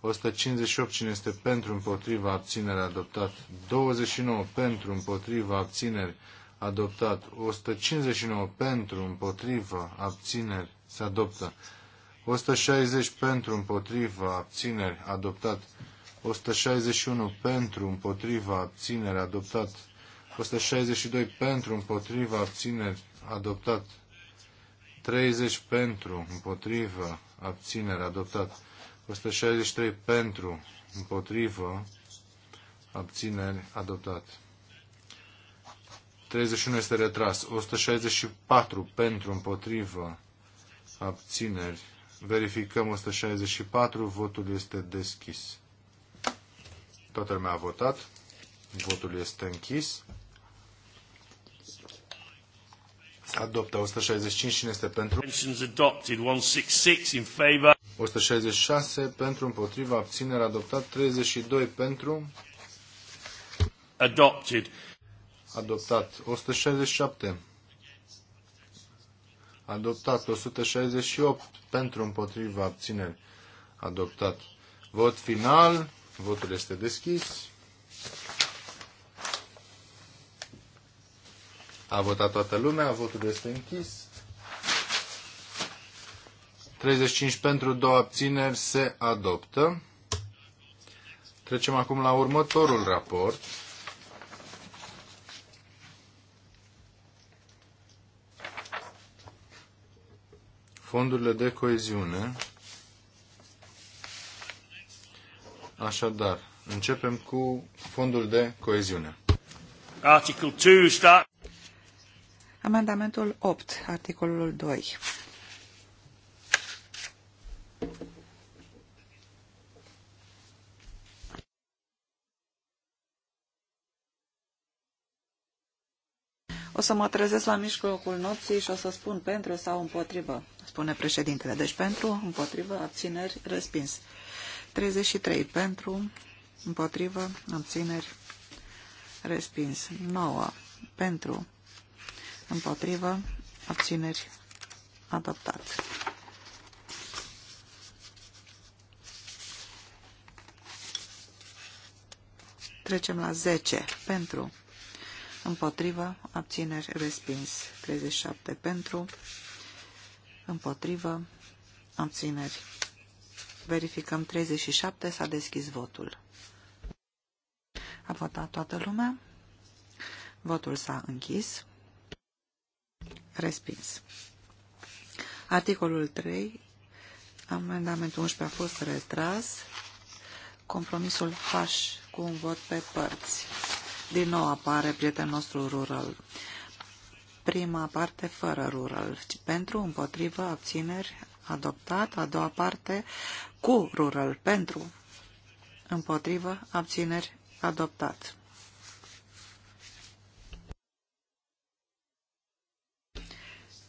158. Cine este pentru, împotrivă, abțineri, adoptat. 29. Pentru, împotrivă, abțineri, adoptat 159 pentru, împotrivă, abțineri, se adoptă. 160 pentru, împotriva, abțineri, adoptat. 161 pentru, împotriva, abțineri, adoptat. 162 pentru, împotriva, abțineri, adoptat. 30 pentru, împotriva abțineri adoptat. 163 pentru, împotriva abțineri, adoptat. 31 este retras. 164 pentru, împotriva abțineri. Verificăm 164, votul este deschis. Toată lumea a votat, votul este închis. Adoptă 165, cine este pentru? 166 pentru, împotriva, abținere, adoptat 32 pentru. Adoptat 167 adoptat. 168 pentru împotriva abțineri adoptat. Vot final. Votul este deschis. A votat toată lumea, votul este închis. 35 pentru, 2 abțineri, se adoptă. Trecem acum la următorul raport. fondurile de coeziune. Așadar, începem cu fondul de coeziune. Article 2, start. Amendamentul 8, articolul 2. să mă trezesc la mijlocul nopții și o să spun pentru sau împotrivă, spune președintele. Deci pentru, împotrivă, abțineri, respins. 33 pentru, împotrivă, abțineri, respins. 9 pentru, împotrivă, abțineri, adoptat. Trecem la 10 pentru împotrivă, abțineri, respins. 37 pentru, împotrivă, abțineri. Verificăm 37, s-a deschis votul. A votat toată lumea. Votul s-a închis. Respins. Articolul 3. Amendamentul 11 a fost retras. Compromisul H cu un vot pe părți. Din nou apare prietenul nostru rural. Prima parte fără rural. Pentru, împotrivă, abțineri, adoptat. A doua parte cu rural. Pentru, împotrivă, abțineri, adoptat.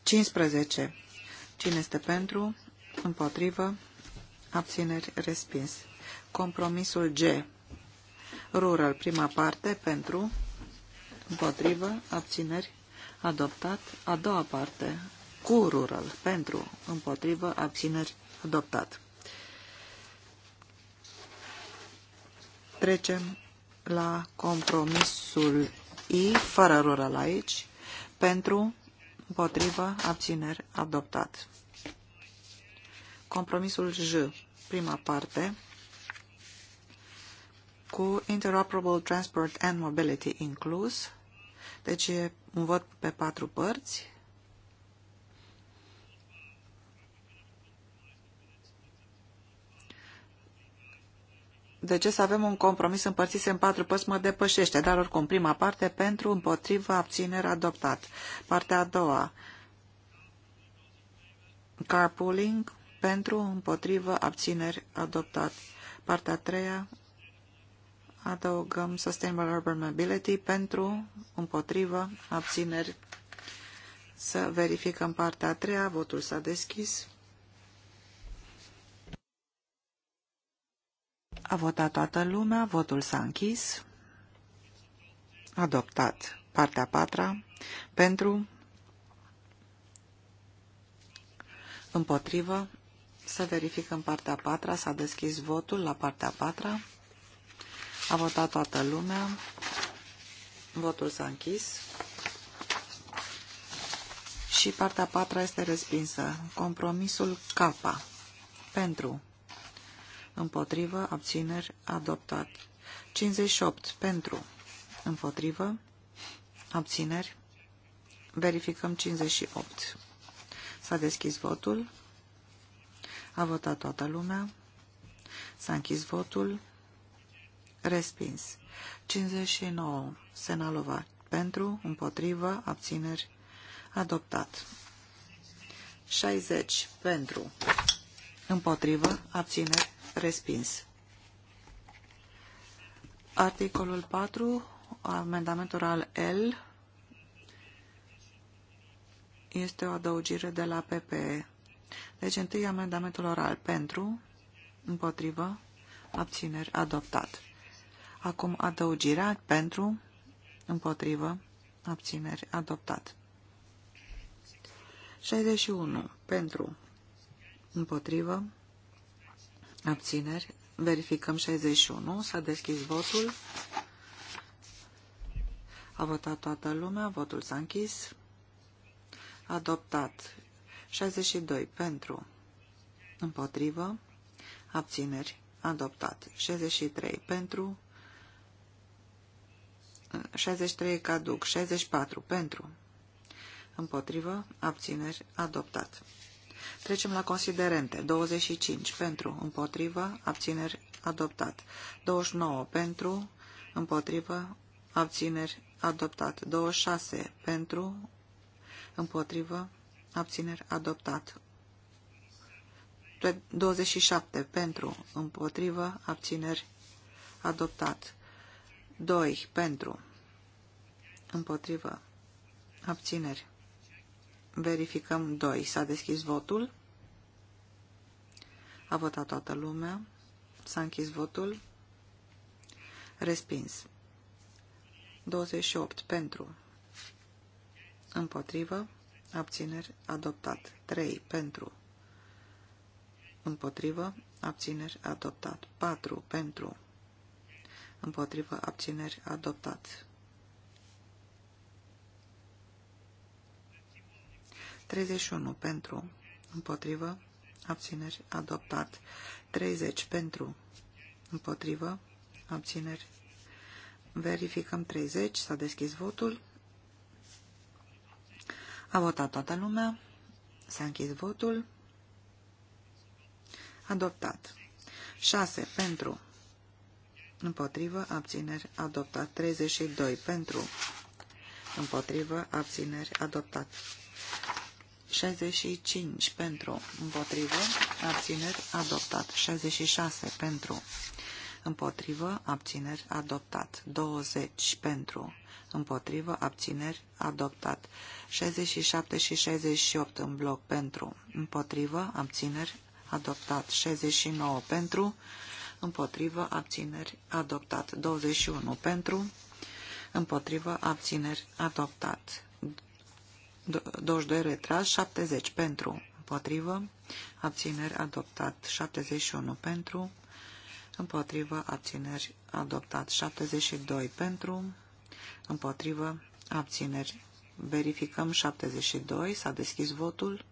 Cincisprezece. Cine este pentru? Împotrivă? Abțineri respins. Compromisul G. Rural, prima parte, pentru, împotrivă, abțineri, adoptat. A doua parte, cu rural, pentru, împotrivă, abțineri, adoptat. Trecem la compromisul I, fără rural aici, pentru, împotrivă, abțineri, adoptat. Compromisul J, prima parte, cu Interoperable Transport and Mobility inclus. Deci e un vot pe patru părți. de deci ce să avem un compromis împărțit în patru părți mă depășește, dar oricum prima parte pentru, împotrivă, abținere, adoptat. Partea a doua, carpooling, pentru, împotrivă, abțineri, adoptat. Partea a treia, adăugăm Sustainable Urban Mobility pentru, împotrivă, abțineri. Să verificăm partea a treia, votul s-a deschis. A votat toată lumea, votul s-a închis. Adoptat partea a patra pentru, împotrivă, să verificăm partea a patra, s-a deschis votul la partea a patra. A votat toată lumea. Votul s-a închis. Și partea a patra este respinsă. Compromisul K. Pentru. Împotrivă. Abțineri. Adoptat. 58. Pentru. Împotrivă. Abțineri. Verificăm 58. S-a deschis votul. A votat toată lumea. S-a închis votul. Respins. 59. Senalova. Pentru, împotrivă, abțineri. Adoptat. 60. Pentru. Împotrivă, abțineri. Respins. Articolul 4. Amendamentul oral L. Este o adăugire de la PPE. Deci întâi amendamentul oral. Pentru, împotrivă, abțineri. Adoptat. Acum adăugirea pentru, împotrivă, abțineri, adoptat. 61. Pentru, împotrivă, abțineri, verificăm 61, s-a deschis votul, a votat toată lumea, votul s-a închis, adoptat 62 pentru, împotrivă, abțineri, adoptat 63 pentru, 63 caduc, 64 pentru, împotrivă, abțineri, adoptat. Trecem la considerente. 25 pentru, împotrivă, abțineri, adoptat. 29 pentru, împotrivă, abțineri, adoptat. 26 pentru, împotrivă, abțineri, adoptat. 27 pentru, împotrivă, abțineri, adoptat. 2. Pentru. Împotrivă. Abțineri. Verificăm 2. S-a deschis votul. A votat toată lumea. S-a închis votul. Respins. 28. Pentru. Împotrivă. Abțineri. Adoptat. 3. Pentru. Împotrivă. Abțineri. Adoptat. 4. Pentru împotrivă, abțineri, adoptat. unu pentru, împotrivă, abțineri, adoptat. Treizeci pentru, împotrivă, abțineri. Verificăm 30, s-a deschis votul. A votat toată lumea, s-a închis votul. Adoptat. 6 pentru, împotrivă, abțineri, adoptat. 32 pentru, împotrivă, abțineri, adoptat. 65 pentru, împotrivă, abțineri, adoptat. 66 pentru, împotrivă, abțineri, adoptat. 20 pentru, împotrivă, abțineri, adoptat. 67 și 68 în bloc pentru, împotrivă, abțineri, adoptat. 69 pentru, împotrivă, abțineri, adoptat. 21 pentru, împotrivă, abțineri, adoptat. 22 retras, 70 pentru, împotrivă, abțineri, adoptat. 71 pentru, împotrivă, abțineri, adoptat. 72 pentru, împotrivă, abțineri. Verificăm 72, s-a deschis votul.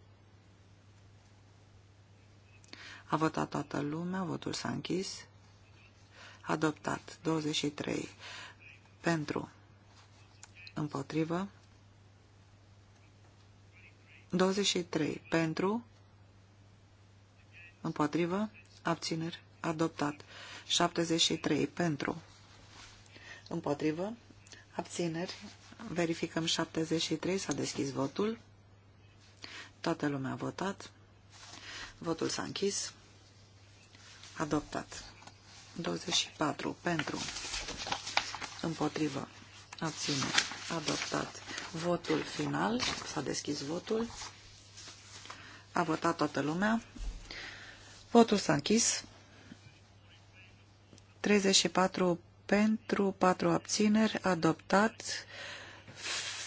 A votat toată lumea, votul s-a închis. Adoptat. 23. Pentru. Împotrivă. 23. Pentru. Împotrivă. Abțineri. Adoptat. 73. Pentru. Împotrivă. Abțineri. Verificăm 73. S-a deschis votul. Toată lumea a votat. Votul s-a închis. Adoptat. 24. Pentru. Împotrivă. Abține. Adoptat. Votul final. S-a deschis votul. A votat toată lumea. Votul s-a închis. 34 pentru, 4 abțineri, adoptat.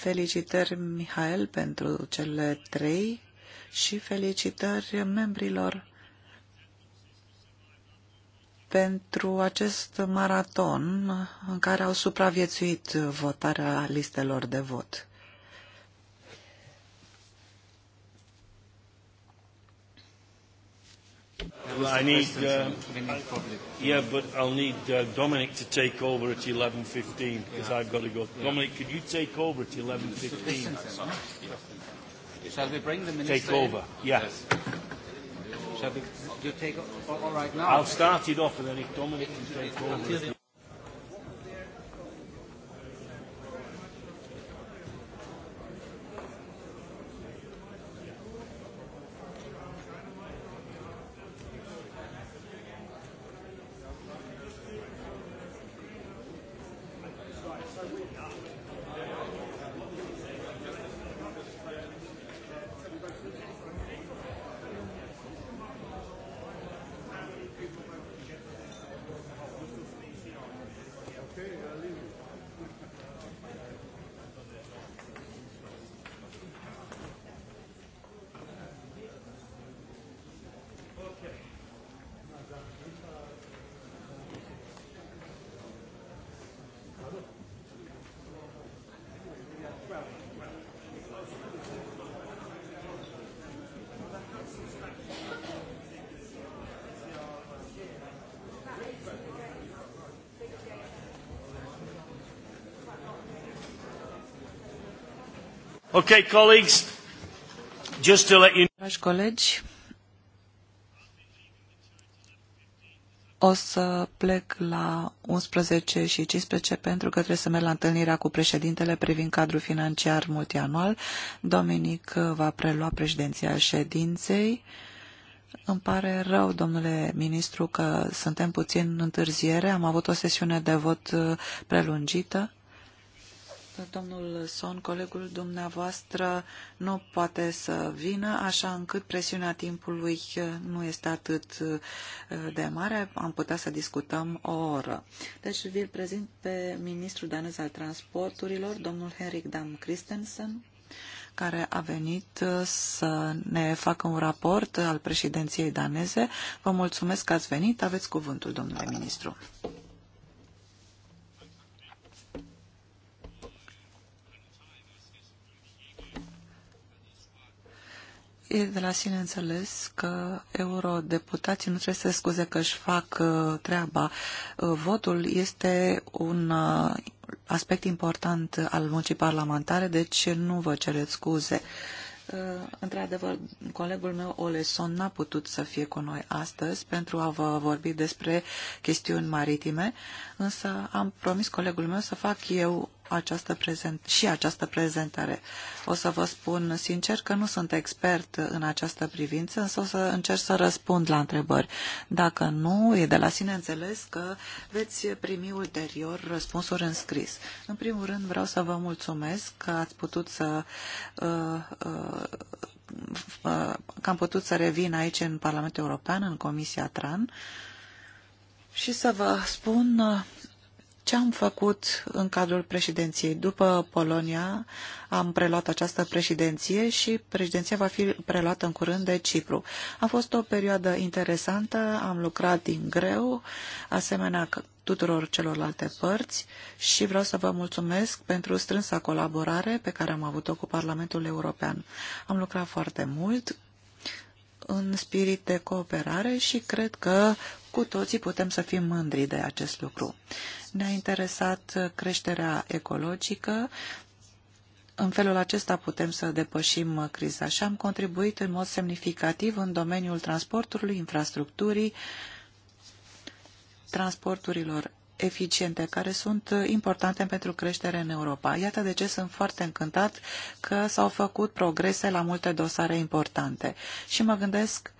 Felicitări, Mihael, pentru cele trei și felicitări membrilor pentru acest maraton în care au supraviețuit votarea listelor de vot. I need, uh, yeah, but I'll need uh, Dominic to take over at 11.15 because yeah. I've got to go. Yeah. Dominic, could you take over at 11.15? Shall we bring the minister Take over, yes. Yeah. Shall we... You take all right now. I'll start it off and then if Dominic can take over. Okay, colleagues, just to let you... Dragi colegi, o să plec la 11 și 15 pentru că trebuie să merg la întâlnirea cu președintele privind cadrul financiar multianual. Dominic va prelua președinția ședinței. Îmi pare rău, domnule ministru, că suntem puțin în întârziere. Am avut o sesiune de vot uh, prelungită. Domnul Son, colegul dumneavoastră nu poate să vină, așa încât presiunea timpului eh, nu este atât eh, de mare. Am putea să discutăm o oră. Deci vi-l prezint pe ministrul danez al transporturilor, domnul Henrik Dam Christensen care a venit eh, să ne facă un raport al președinției daneze. Vă mulțumesc că ați venit. Aveți cuvântul, domnule ministru. E de la sine înțeles că eurodeputații nu trebuie să scuze că își fac uh, treaba. Uh, votul este un uh, aspect important al muncii parlamentare, deci nu vă cereți scuze. Într-adevăr, colegul meu, Oleson, n-a putut să fie cu noi astăzi pentru a vă vorbi despre chestiuni maritime, însă am promis colegul meu să fac eu această prezent și această prezentare. O să vă spun sincer că nu sunt expert în această privință, însă o să încerc să răspund la întrebări. Dacă nu, e de la sine înțeles că veți primi ulterior răspunsuri în scris. În primul rând vreau să vă mulțumesc că ați putut să uh, uh, uh că am putut să revin aici în Parlamentul European, în Comisia TRAN și să vă spun uh, ce am făcut în cadrul președinției? După Polonia am preluat această președinție și președinția va fi preluată în curând de Cipru. A fost o perioadă interesantă, am lucrat din greu, asemenea tuturor celorlalte părți și vreau să vă mulțumesc pentru strânsa colaborare pe care am avut-o cu Parlamentul European. Am lucrat foarte mult în spirit de cooperare și cred că cu toții putem să fim mândri de acest lucru. Ne-a interesat creșterea ecologică, în felul acesta putem să depășim criza și am contribuit în mod semnificativ în domeniul transportului, infrastructurii, transporturilor eficiente, care sunt importante pentru creștere în Europa. Iată de ce sunt foarte încântat că s-au făcut progrese la multe dosare importante. Și mă gândesc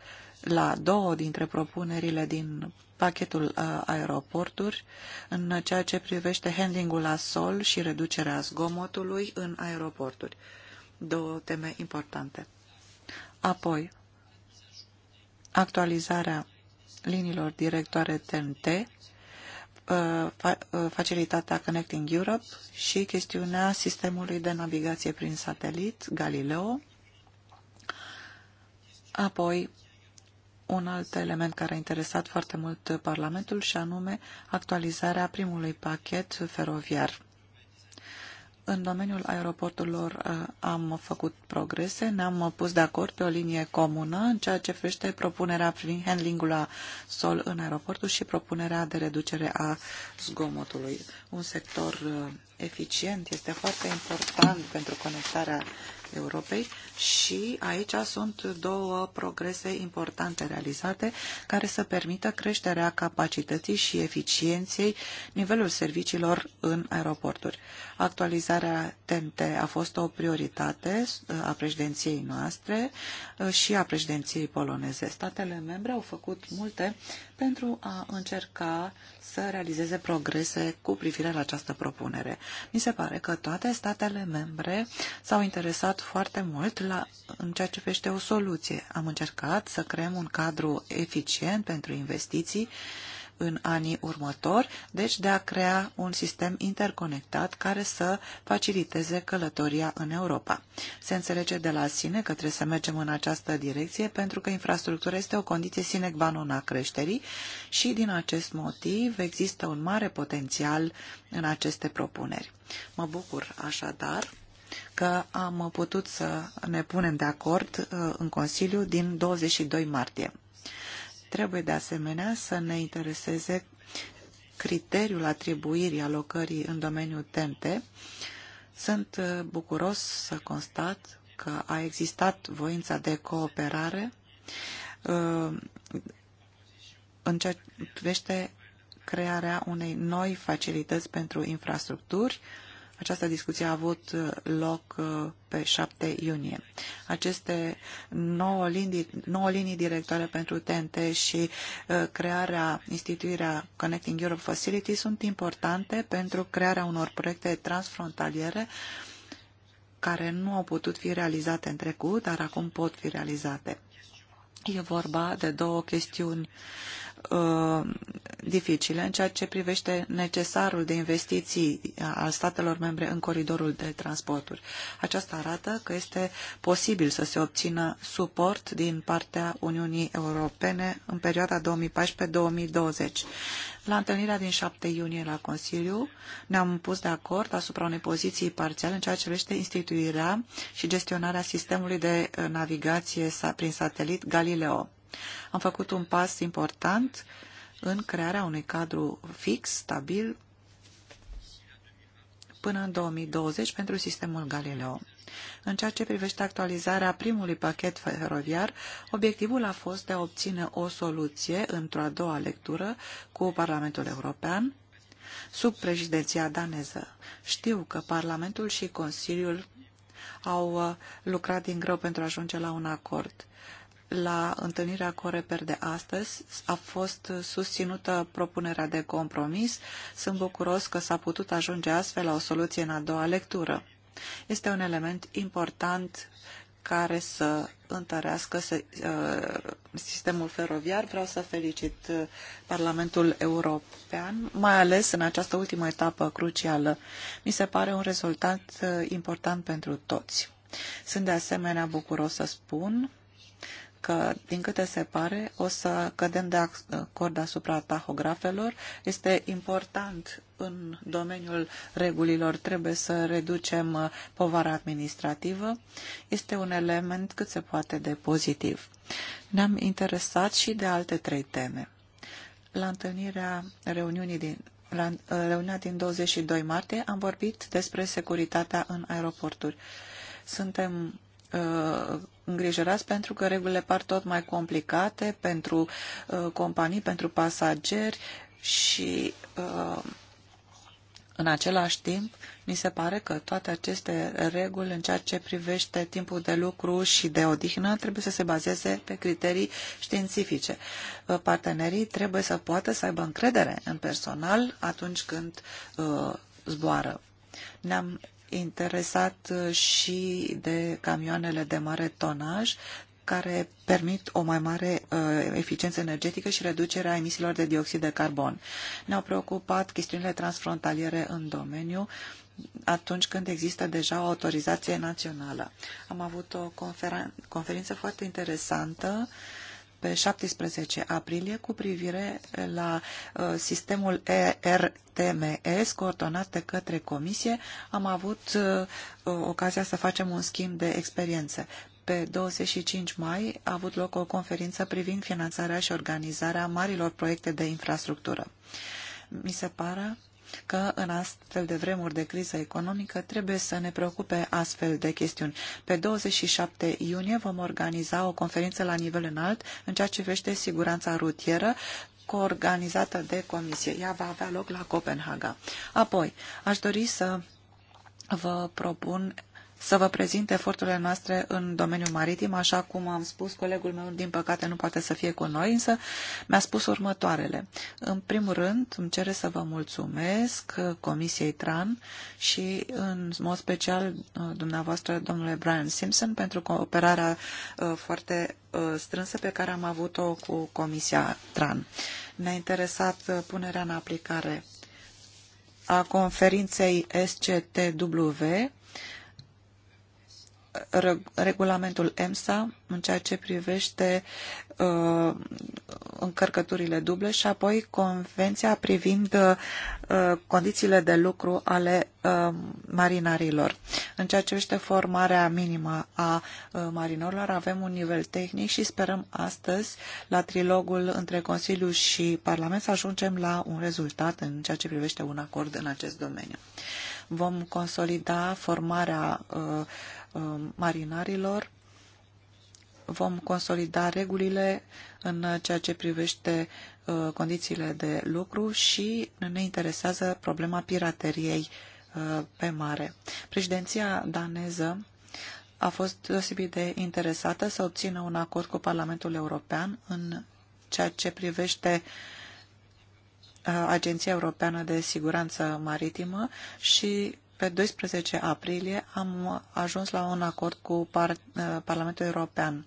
la două dintre propunerile din pachetul uh, aeroporturi în ceea ce privește handlingul la sol și reducerea zgomotului în aeroporturi. Două teme importante. Apoi, actualizarea liniilor directoare TNT, uh, uh, facilitatea Connecting Europe și chestiunea sistemului de navigație prin satelit, Galileo, apoi un alt element care a interesat foarte mult Parlamentul și anume actualizarea primului pachet feroviar. În domeniul aeroporturilor uh, am făcut progrese, ne-am pus de acord pe o linie comună în ceea ce privește propunerea privind handlingul la sol în aeroportul și propunerea de reducere a zgomotului. Un sector uh, eficient este foarte important pentru conectarea Europei și aici sunt două progrese importante realizate care să permită creșterea capacității și eficienței nivelul serviciilor în aeroporturi. Actualizarea TNT a fost o prioritate uh, a președinției noastre uh, și a președinției poloneze. Statele membre au făcut multe pentru a încerca să realizeze progrese cu privire la această propunere. Mi se pare că toate statele membre s-au interesat foarte mult la, în ceea ce privește o soluție. Am încercat să creăm un cadru eficient pentru investiții în anii următori, deci de a crea un sistem interconectat care să faciliteze călătoria în Europa. Se înțelege de la sine că trebuie să mergem în această direcție pentru că infrastructura este o condiție sine qua non a creșterii și din acest motiv există un mare potențial în aceste propuneri. Mă bucur așadar că am putut să ne punem de acord uh, în Consiliu din 22 martie. Trebuie de asemenea să ne intereseze criteriul atribuirii alocării în domeniul TNT. Sunt uh, bucuros să constat că a existat voința de cooperare uh, în ceea ce privește crearea unei noi facilități pentru infrastructuri, această discuție a avut uh, loc uh, pe 7 iunie. Aceste nouă linii, nouă linii directoare pentru TNT și uh, crearea, instituirea Connecting Europe Facility sunt importante pentru crearea unor proiecte transfrontaliere care nu au putut fi realizate în trecut, dar acum pot fi realizate. E vorba de două chestiuni Uh, dificile în ceea ce privește necesarul de investiții uh, al statelor membre în coridorul de transporturi. Aceasta arată că este posibil să se obțină suport din partea Uniunii Europene în perioada 2014-2020. La întâlnirea din 7 iunie la Consiliu ne-am pus de acord asupra unei poziții parțiale în ceea ce privește instituirea și gestionarea sistemului de uh, navigație prin satelit Galileo. Am făcut un pas important în crearea unui cadru fix, stabil, până în 2020 pentru sistemul Galileo. În ceea ce privește actualizarea primului pachet feroviar, obiectivul a fost de a obține o soluție într-o a doua lectură cu Parlamentul European, sub președinția daneză. Știu că Parlamentul și Consiliul au uh, lucrat din greu pentru a ajunge la un acord la întâlnirea Coreper de astăzi a fost susținută propunerea de compromis. Sunt bucuros că s-a putut ajunge astfel la o soluție în a doua lectură. Este un element important care să întărească uh, sistemul feroviar. Vreau să felicit uh, Parlamentul European, mai ales în această ultimă etapă crucială. Mi se pare un rezultat uh, important pentru toți. Sunt de asemenea bucuros să spun că, din câte se pare, o să cădem de acord asupra tahografelor. Este important în domeniul regulilor, trebuie să reducem uh, povara administrativă. Este un element cât se poate de pozitiv. Ne-am interesat și de alte trei teme. La întâlnirea reuniunii din la uh, reuniunea din 22 martie am vorbit despre securitatea în aeroporturi. Suntem uh, îngrijorați pentru că regulile par tot mai complicate pentru uh, companii, pentru pasageri și uh, în același timp, mi se pare că toate aceste reguli în ceea ce privește timpul de lucru și de odihnă trebuie să se bazeze pe criterii științifice. Uh, partenerii trebuie să poată să aibă încredere în personal atunci când uh, zboară. Ne-am interesat uh, și de camioanele de mare tonaj care permit o mai mare uh, eficiență energetică și reducerea emisiilor de dioxid de carbon. Ne-au preocupat chestiunile transfrontaliere în domeniu atunci când există deja o autorizație națională. Am avut o conferință foarte interesantă uh, pe 17 aprilie cu privire la uh, sistemul ERTMS coordonat de către Comisie. Am avut uh, ocazia să facem un schimb de experiențe pe 25 mai a avut loc o conferință privind finanțarea și organizarea marilor proiecte de infrastructură. Mi se pare că în astfel de vremuri de criză economică trebuie să ne preocupe astfel de chestiuni. Pe 27 iunie vom organiza o conferință la nivel înalt în ceea ce vește siguranța rutieră coorganizată de comisie. Ea va avea loc la Copenhaga. Apoi, aș dori să vă propun să vă prezint eforturile noastre în domeniul maritim, așa cum am spus, colegul meu, din păcate, nu poate să fie cu noi, însă mi-a spus următoarele. În primul rând, îmi cere să vă mulțumesc Comisiei TRAN și, în mod special, dumneavoastră, domnule Brian Simpson, pentru cooperarea uh, foarte uh, strânsă pe care am avut-o cu Comisia TRAN. Ne-a interesat uh, punerea în aplicare a conferinței SCTW regulamentul EMSA în ceea ce privește uh, încărcăturile duble și apoi convenția privind uh, condițiile de lucru ale uh, marinarilor. În ceea ce privește formarea minimă a uh, marinarilor avem un nivel tehnic și sperăm astăzi la trilogul între Consiliu și Parlament să ajungem la un rezultat în ceea ce privește un acord în acest domeniu. Vom consolida formarea uh, Um, marinarilor. Vom consolida regulile în ceea ce privește uh, condițiile de lucru și ne interesează problema pirateriei uh, pe mare. Președinția daneză a fost deosebit de interesată să obțină un acord cu Parlamentul European în ceea ce privește uh, Agenția Europeană de Siguranță Maritimă și pe 12 aprilie am ajuns la un acord cu par eh, Parlamentul European.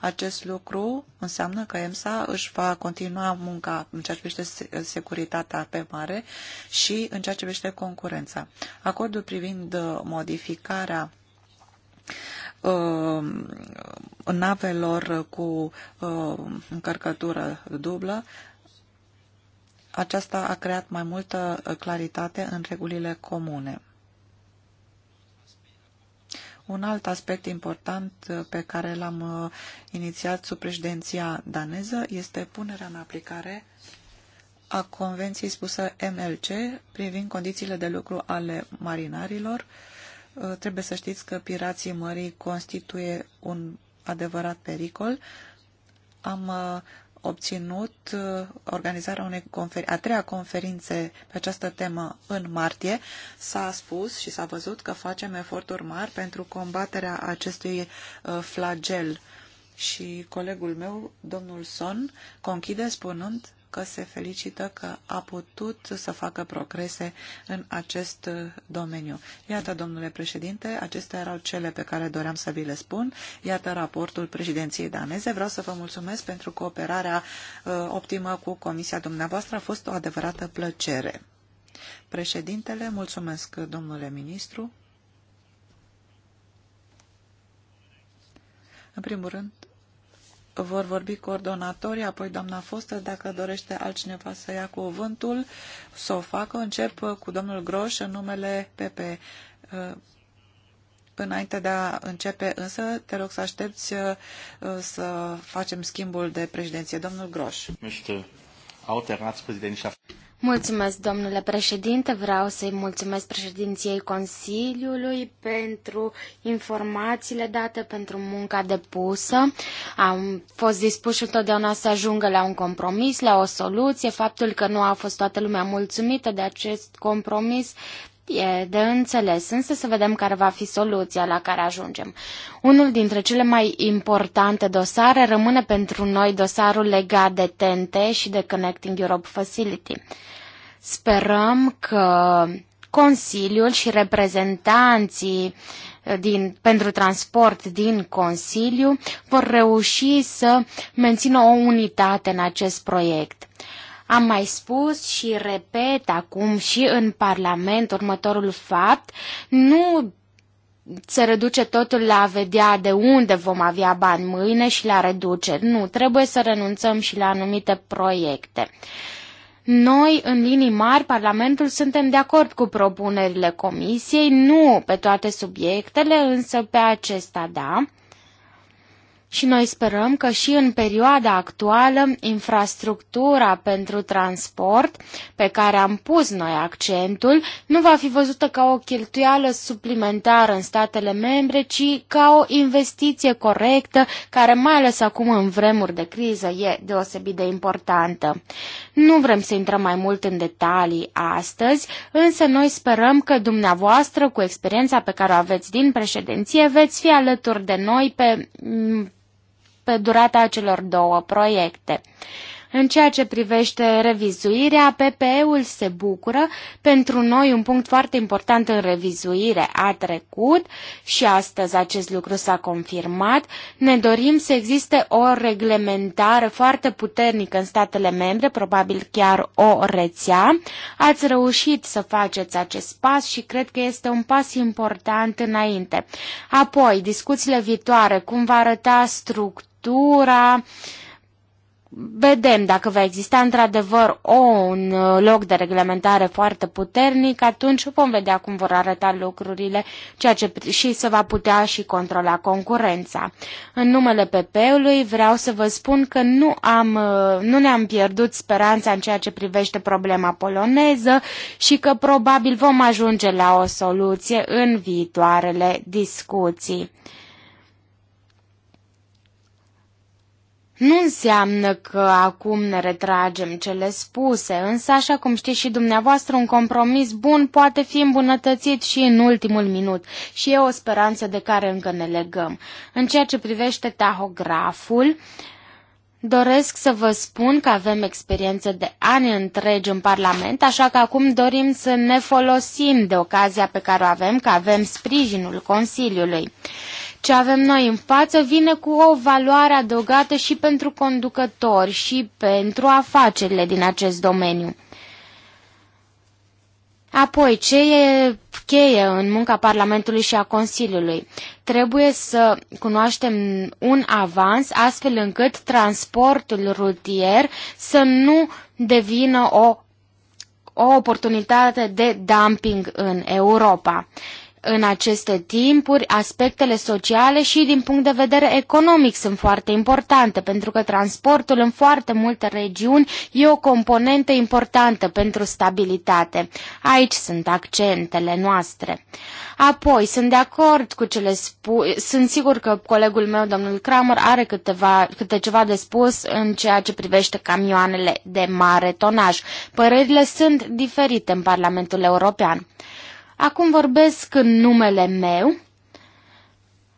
Acest lucru înseamnă că EMSA își va continua munca în ceea ce privește securitatea pe mare și în ceea ce privește concurența. Acordul privind modificarea uh, navelor cu uh, încărcătură dublă aceasta a creat mai multă claritate în regulile comune. Un alt aspect important uh, pe care l-am uh, inițiat sub președinția daneză este punerea în aplicare a convenției spusă MLC privind condițiile de lucru ale marinarilor. Uh, trebuie să știți că pirații mării constituie un adevărat pericol. Am obținut uh, organizarea unei a treia conferințe pe această temă în martie. S-a spus și s-a văzut că facem eforturi mari pentru combaterea acestui uh, flagel. Și colegul meu, domnul Son, conchide spunând că se felicită că a putut să facă progrese în acest domeniu. Iată, domnule președinte, acestea erau cele pe care doream să vi le spun. Iată raportul președinției daneze. Vreau să vă mulțumesc pentru cooperarea uh, optimă cu comisia dumneavoastră. A fost o adevărată plăcere. Președintele, mulțumesc, domnule ministru. În primul rând, vor vorbi coordonatorii, apoi doamna Foster, dacă dorește altcineva să ia cuvântul, să o facă. Încep cu domnul Groș în numele PP. Uh, înainte de a începe, însă, te rog să aștepți uh, să facem schimbul de președinție. Domnul Groș. Mulțumesc, domnule președinte. Vreau să-i mulțumesc președinției Consiliului pentru informațiile date, pentru munca depusă. Am fost dispuși întotdeauna să ajungă la un compromis, la o soluție. Faptul că nu a fost toată lumea mulțumită de acest compromis E de înțeles, însă să vedem care va fi soluția la care ajungem. Unul dintre cele mai importante dosare rămâne pentru noi dosarul legat de TNT și de Connecting Europe Facility. Sperăm că Consiliul și reprezentanții eh, din, pentru transport din Consiliu vor reuși să mențină o unitate în acest proiect. Am mai spus și repet acum și în Parlament următorul fapt, nu se reduce totul la a vedea de unde vom avea bani mâine și la reduceri. Nu, trebuie să renunțăm și la anumite proiecte. Noi, în linii mari, Parlamentul suntem de acord cu propunerile Comisiei, nu pe toate subiectele, însă pe acesta da. Și noi sperăm că și în perioada actuală infrastructura pentru transport, pe care am pus noi accentul, nu va fi văzută ca o cheltuială suplimentară în statele membre, ci ca o investiție corectă, care mai ales acum în vremuri de criză e deosebit de importantă. Nu vrem să intrăm mai mult în detalii astăzi, însă noi sperăm că dumneavoastră, cu experiența pe care o aveți din președinție, veți fi alături de noi pe, pe durata acelor două proiecte. În ceea ce privește revizuirea, PPE-ul se bucură. Pentru noi un punct foarte important în revizuire a trecut și astăzi acest lucru s-a confirmat. Ne dorim să existe o reglementare foarte puternică în statele membre, probabil chiar o rețea. Ați reușit să faceți acest pas și cred că este un pas important înainte. Apoi, discuțiile viitoare, cum va arăta structura, structura, vedem dacă va exista într-adevăr o, un uh, loc de reglementare foarte puternic, atunci vom vedea cum vor arăta lucrurile ceea ce, și se va putea și controla concurența. În numele PP-ului vreau să vă spun că nu, am, uh, nu ne-am pierdut speranța în ceea ce privește problema poloneză și că probabil vom ajunge la o soluție în viitoarele discuții. Nu înseamnă că acum ne retragem cele spuse, însă, așa cum știți și dumneavoastră, un compromis bun poate fi îmbunătățit și în ultimul minut și e o speranță de care încă ne legăm. În ceea ce privește tahograful, Doresc să vă spun că avem experiență de ani întregi în Parlament, așa că acum dorim să ne folosim de ocazia pe care o avem, că avem sprijinul Consiliului ce avem noi în față vine cu o valoare adăugată și pentru conducători și pentru afacerile din acest domeniu. Apoi, ce e cheie în munca Parlamentului și a Consiliului? Trebuie să cunoaștem un avans astfel încât transportul rutier să nu devină o, o oportunitate de dumping în Europa în aceste timpuri, aspectele sociale și din punct de vedere economic sunt foarte importante, pentru că transportul în foarte multe regiuni e o componentă importantă pentru stabilitate. Aici sunt accentele noastre. Apoi, sunt de acord cu cele spui. sunt sigur că colegul meu, domnul Kramer, are câteva, câte ceva de spus în ceea ce privește camioanele de mare tonaj. Părerile sunt diferite în Parlamentul European. Acum vorbesc în numele meu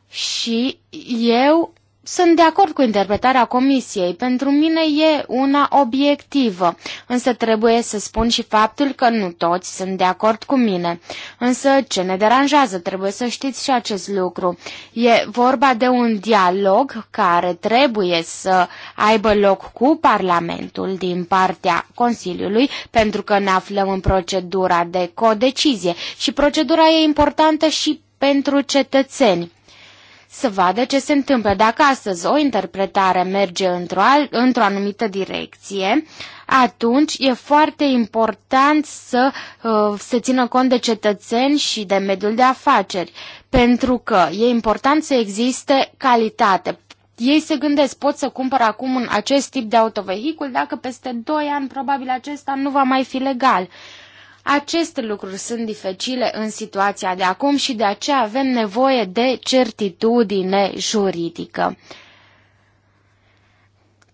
și eu sunt de acord cu interpretarea comisiei. Pentru mine e una obiectivă, însă trebuie să spun și faptul că nu toți sunt de acord cu mine. Însă ce ne deranjează, trebuie să știți și acest lucru. E vorba de un dialog care trebuie să aibă loc cu Parlamentul din partea Consiliului, pentru că ne aflăm în procedura de codecizie și procedura e importantă și pentru cetățeni să vadă ce se întâmplă. Dacă astăzi o interpretare merge într-o, într-o anumită direcție, atunci e foarte important să uh, se țină cont de cetățeni și de mediul de afaceri, pentru că e important să existe calitate. Ei se gândesc, pot să cumpăr acum acest tip de autovehicul dacă peste 2 ani probabil acesta nu va mai fi legal. Aceste lucruri sunt dificile în situația de acum și de aceea avem nevoie de certitudine juridică.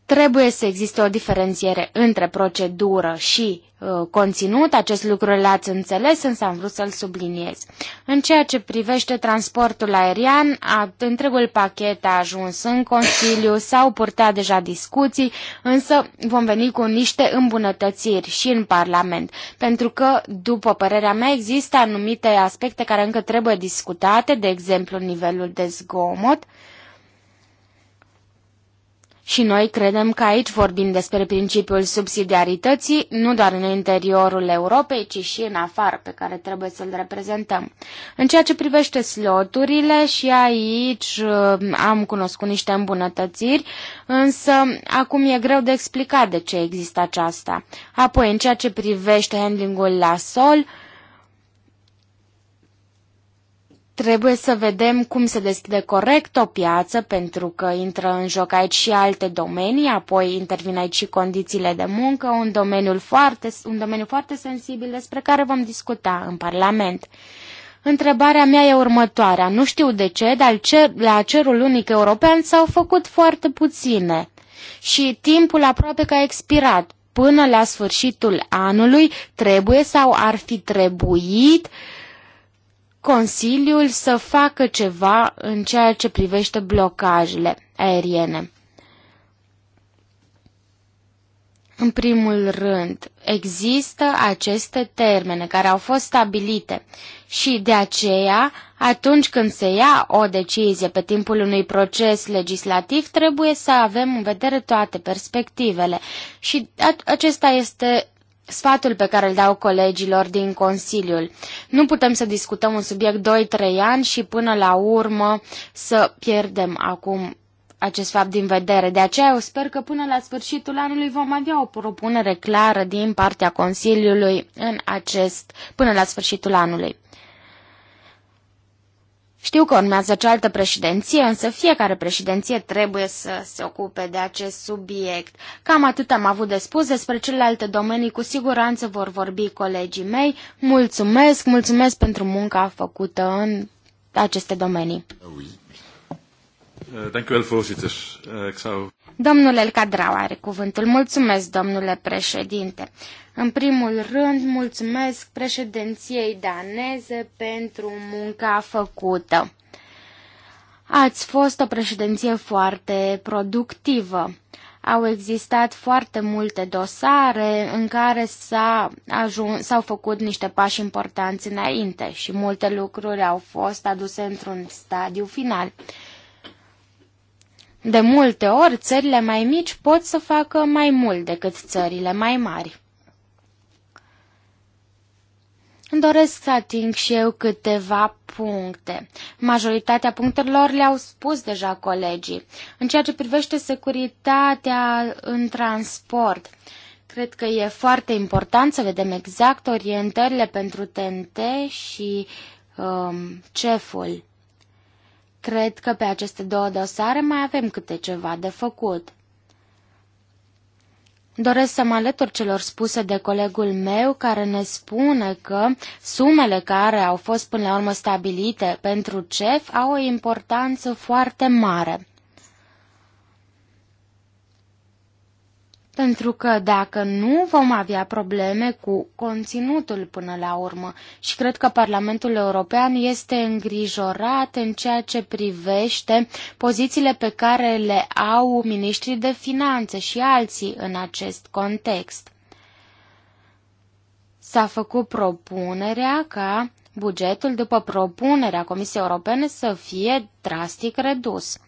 Trebuie să existe o diferențiere între procedură și uh, conținut, acest lucru l-ați înțeles, însă am vrut să-l subliniez. În ceea ce privește transportul aerian, a, întregul pachet a ajuns în Consiliu, s-au purtat deja discuții, însă vom veni cu niște îmbunătățiri și în Parlament, pentru că, după părerea mea, există anumite aspecte care încă trebuie discutate, de exemplu nivelul de zgomot, și noi credem că aici vorbim despre principiul subsidiarității, nu doar în interiorul Europei, ci și în afară, pe care trebuie să-l reprezentăm. În ceea ce privește sloturile, și aici uh, am cunoscut niște îmbunătățiri, însă acum e greu de explicat de ce există aceasta. Apoi, în ceea ce privește handlingul la sol, Trebuie să vedem cum se deschide corect o piață, pentru că intră în joc aici și alte domenii, apoi intervin aici și condițiile de muncă, un domeniu foarte, un domeniu foarte sensibil despre care vom discuta în Parlament. Întrebarea mea e următoarea. Nu știu de ce, dar cer, la cerul unic european s-au făcut foarte puține și timpul aproape că a expirat. Până la sfârșitul anului trebuie sau ar fi trebuit uh, Consiliul să facă ceva în ceea ce privește blocajele aeriene. În primul rând, există aceste termene care au fost stabilite și de aceea, atunci când se ia o decizie pe timpul unui proces legislativ, trebuie să avem în vedere toate perspectivele și acesta este sfatul pe care îl dau colegilor din Consiliul. Nu putem să discutăm un subiect 2-3 ani și până la urmă să pierdem acum acest fapt din vedere. De aceea eu sper că până la sfârșitul anului vom avea o propunere clară din partea Consiliului în acest, până la sfârșitul anului. Știu că urmează cealaltă președinție, însă fiecare președinție trebuie să se ocupe de acest subiect. Cam atât am avut de spus despre celelalte domenii, cu siguranță vor vorbi colegii mei. Mulțumesc, mulțumesc pentru munca făcută în aceste domenii. Ah euh, dank u wel, voorzitter. Euh, Domnul El Cadrau are cuvântul. Mulțumesc, domnule președinte. În primul rând, mulțumesc președinției daneze pentru munca făcută. Ați fost o președinție foarte productivă. Au existat foarte multe dosare în care s-a ajuns, s-au făcut niște pași importanți înainte și multe lucruri au fost aduse într-un stadiu final. De multe ori, țările mai mici pot să facă mai mult decât țările mai mari. Îmi doresc să ating și eu câteva puncte. Majoritatea punctelor le-au spus deja colegii. În ceea ce privește securitatea în transport, cred că e foarte important să vedem exact orientările pentru TNT și um, ceful. Cred că pe aceste două dosare mai avem câte ceva de făcut. Doresc să mă alătur celor spuse de colegul meu care ne spune că sumele care au fost până la urmă stabilite pentru CEF au o importanță foarte mare. Pentru că dacă nu vom avea probleme cu conținutul până la urmă și cred că Parlamentul European este îngrijorat în ceea ce privește pozițiile pe care le au ministrii de finanțe și alții în acest context. S-a făcut propunerea ca bugetul după propunerea Comisiei Europene să fie drastic redus.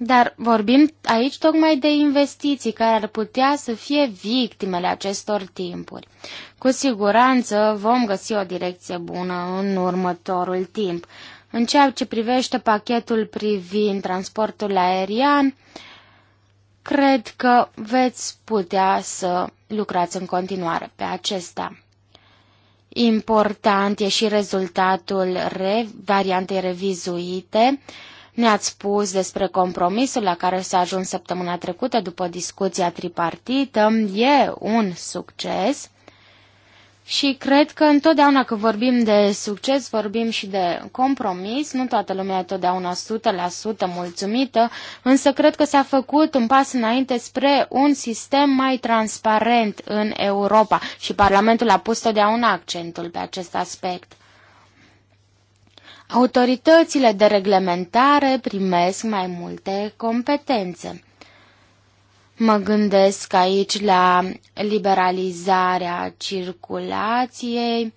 Dar vorbim aici tocmai de investiții care ar putea să fie victimele acestor timpuri. Cu siguranță vom găsi o direcție bună în următorul timp. În ceea ce privește pachetul privind transportul aerian, cred că veți putea să lucrați în continuare pe acesta. Important e și rezultatul re- variantei revizuite, ne-ați spus despre compromisul la care s-a ajuns săptămâna trecută după discuția tripartită. E un succes. Și cred că întotdeauna când vorbim de succes, vorbim și de compromis. Nu toată lumea e totdeauna 100% mulțumită, însă cred că s-a făcut un pas înainte spre un sistem mai transparent în Europa și Parlamentul a pus totdeauna accentul pe acest aspect. Autoritățile de reglementare primesc mai multe competențe. Mă gândesc aici la liberalizarea circulației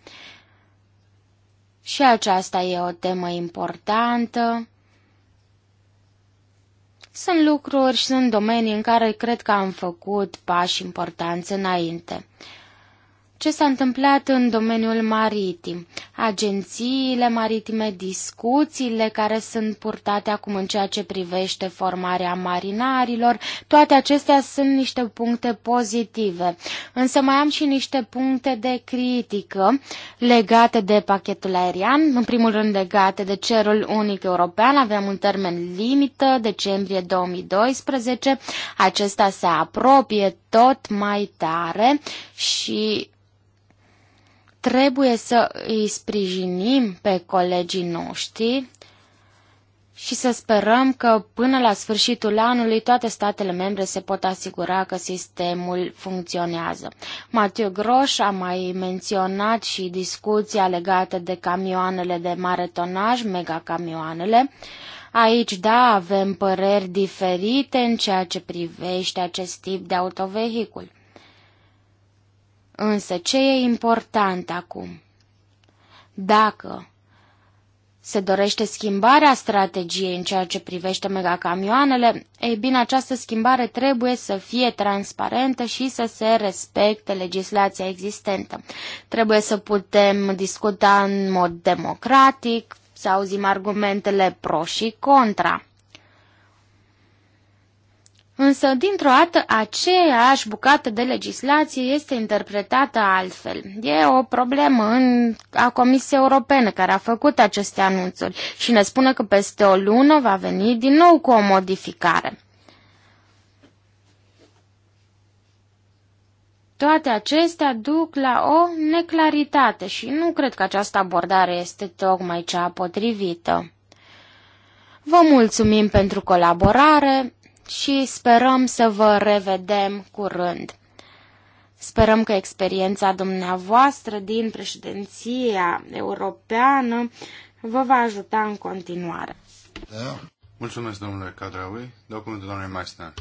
și aceasta e o temă importantă. Sunt lucruri și sunt domenii în care cred că am făcut pași importanți înainte ce s-a întâmplat în domeniul maritim, agențiile maritime, discuțiile care sunt purtate acum în ceea ce privește formarea marinarilor, toate acestea sunt niște puncte pozitive. Însă mai am și niște puncte de critică legate de pachetul aerian, în primul rând legate de cerul unic european, aveam un termen limită, decembrie 2012, acesta se apropie tot mai tare și Trebuie să îi sprijinim pe colegii noștri și să sperăm că până la sfârșitul anului toate statele membre se pot asigura că sistemul funcționează. Matiu Groș a mai menționat și discuția legată de camioanele de mare tonaj, megacamioanele. Aici, da, avem păreri diferite în ceea ce privește acest tip de autovehicul. Însă, ce e important acum? Dacă se dorește schimbarea strategiei în ceea ce privește megacamioanele, ei bine, această schimbare trebuie să fie transparentă și să se respecte legislația existentă. Trebuie să putem discuta în mod democratic, să auzim argumentele pro și contra. Însă, dintr-o dată, aceeași bucată de legislație este interpretată altfel. E o problemă în, a Comisiei Europene care a făcut aceste anunțuri și ne spune că peste o lună va veni din nou cu o modificare. Toate acestea duc la o neclaritate și nu cred că această abordare este tocmai cea potrivită. Vă mulțumim pentru colaborare, și sperăm să vă revedem curând. Sperăm că experiența dumneavoastră din președinția europeană vă va ajuta în continuare. Da. Mulțumesc, domnule Cadraui. Documentul doamnei Maistan.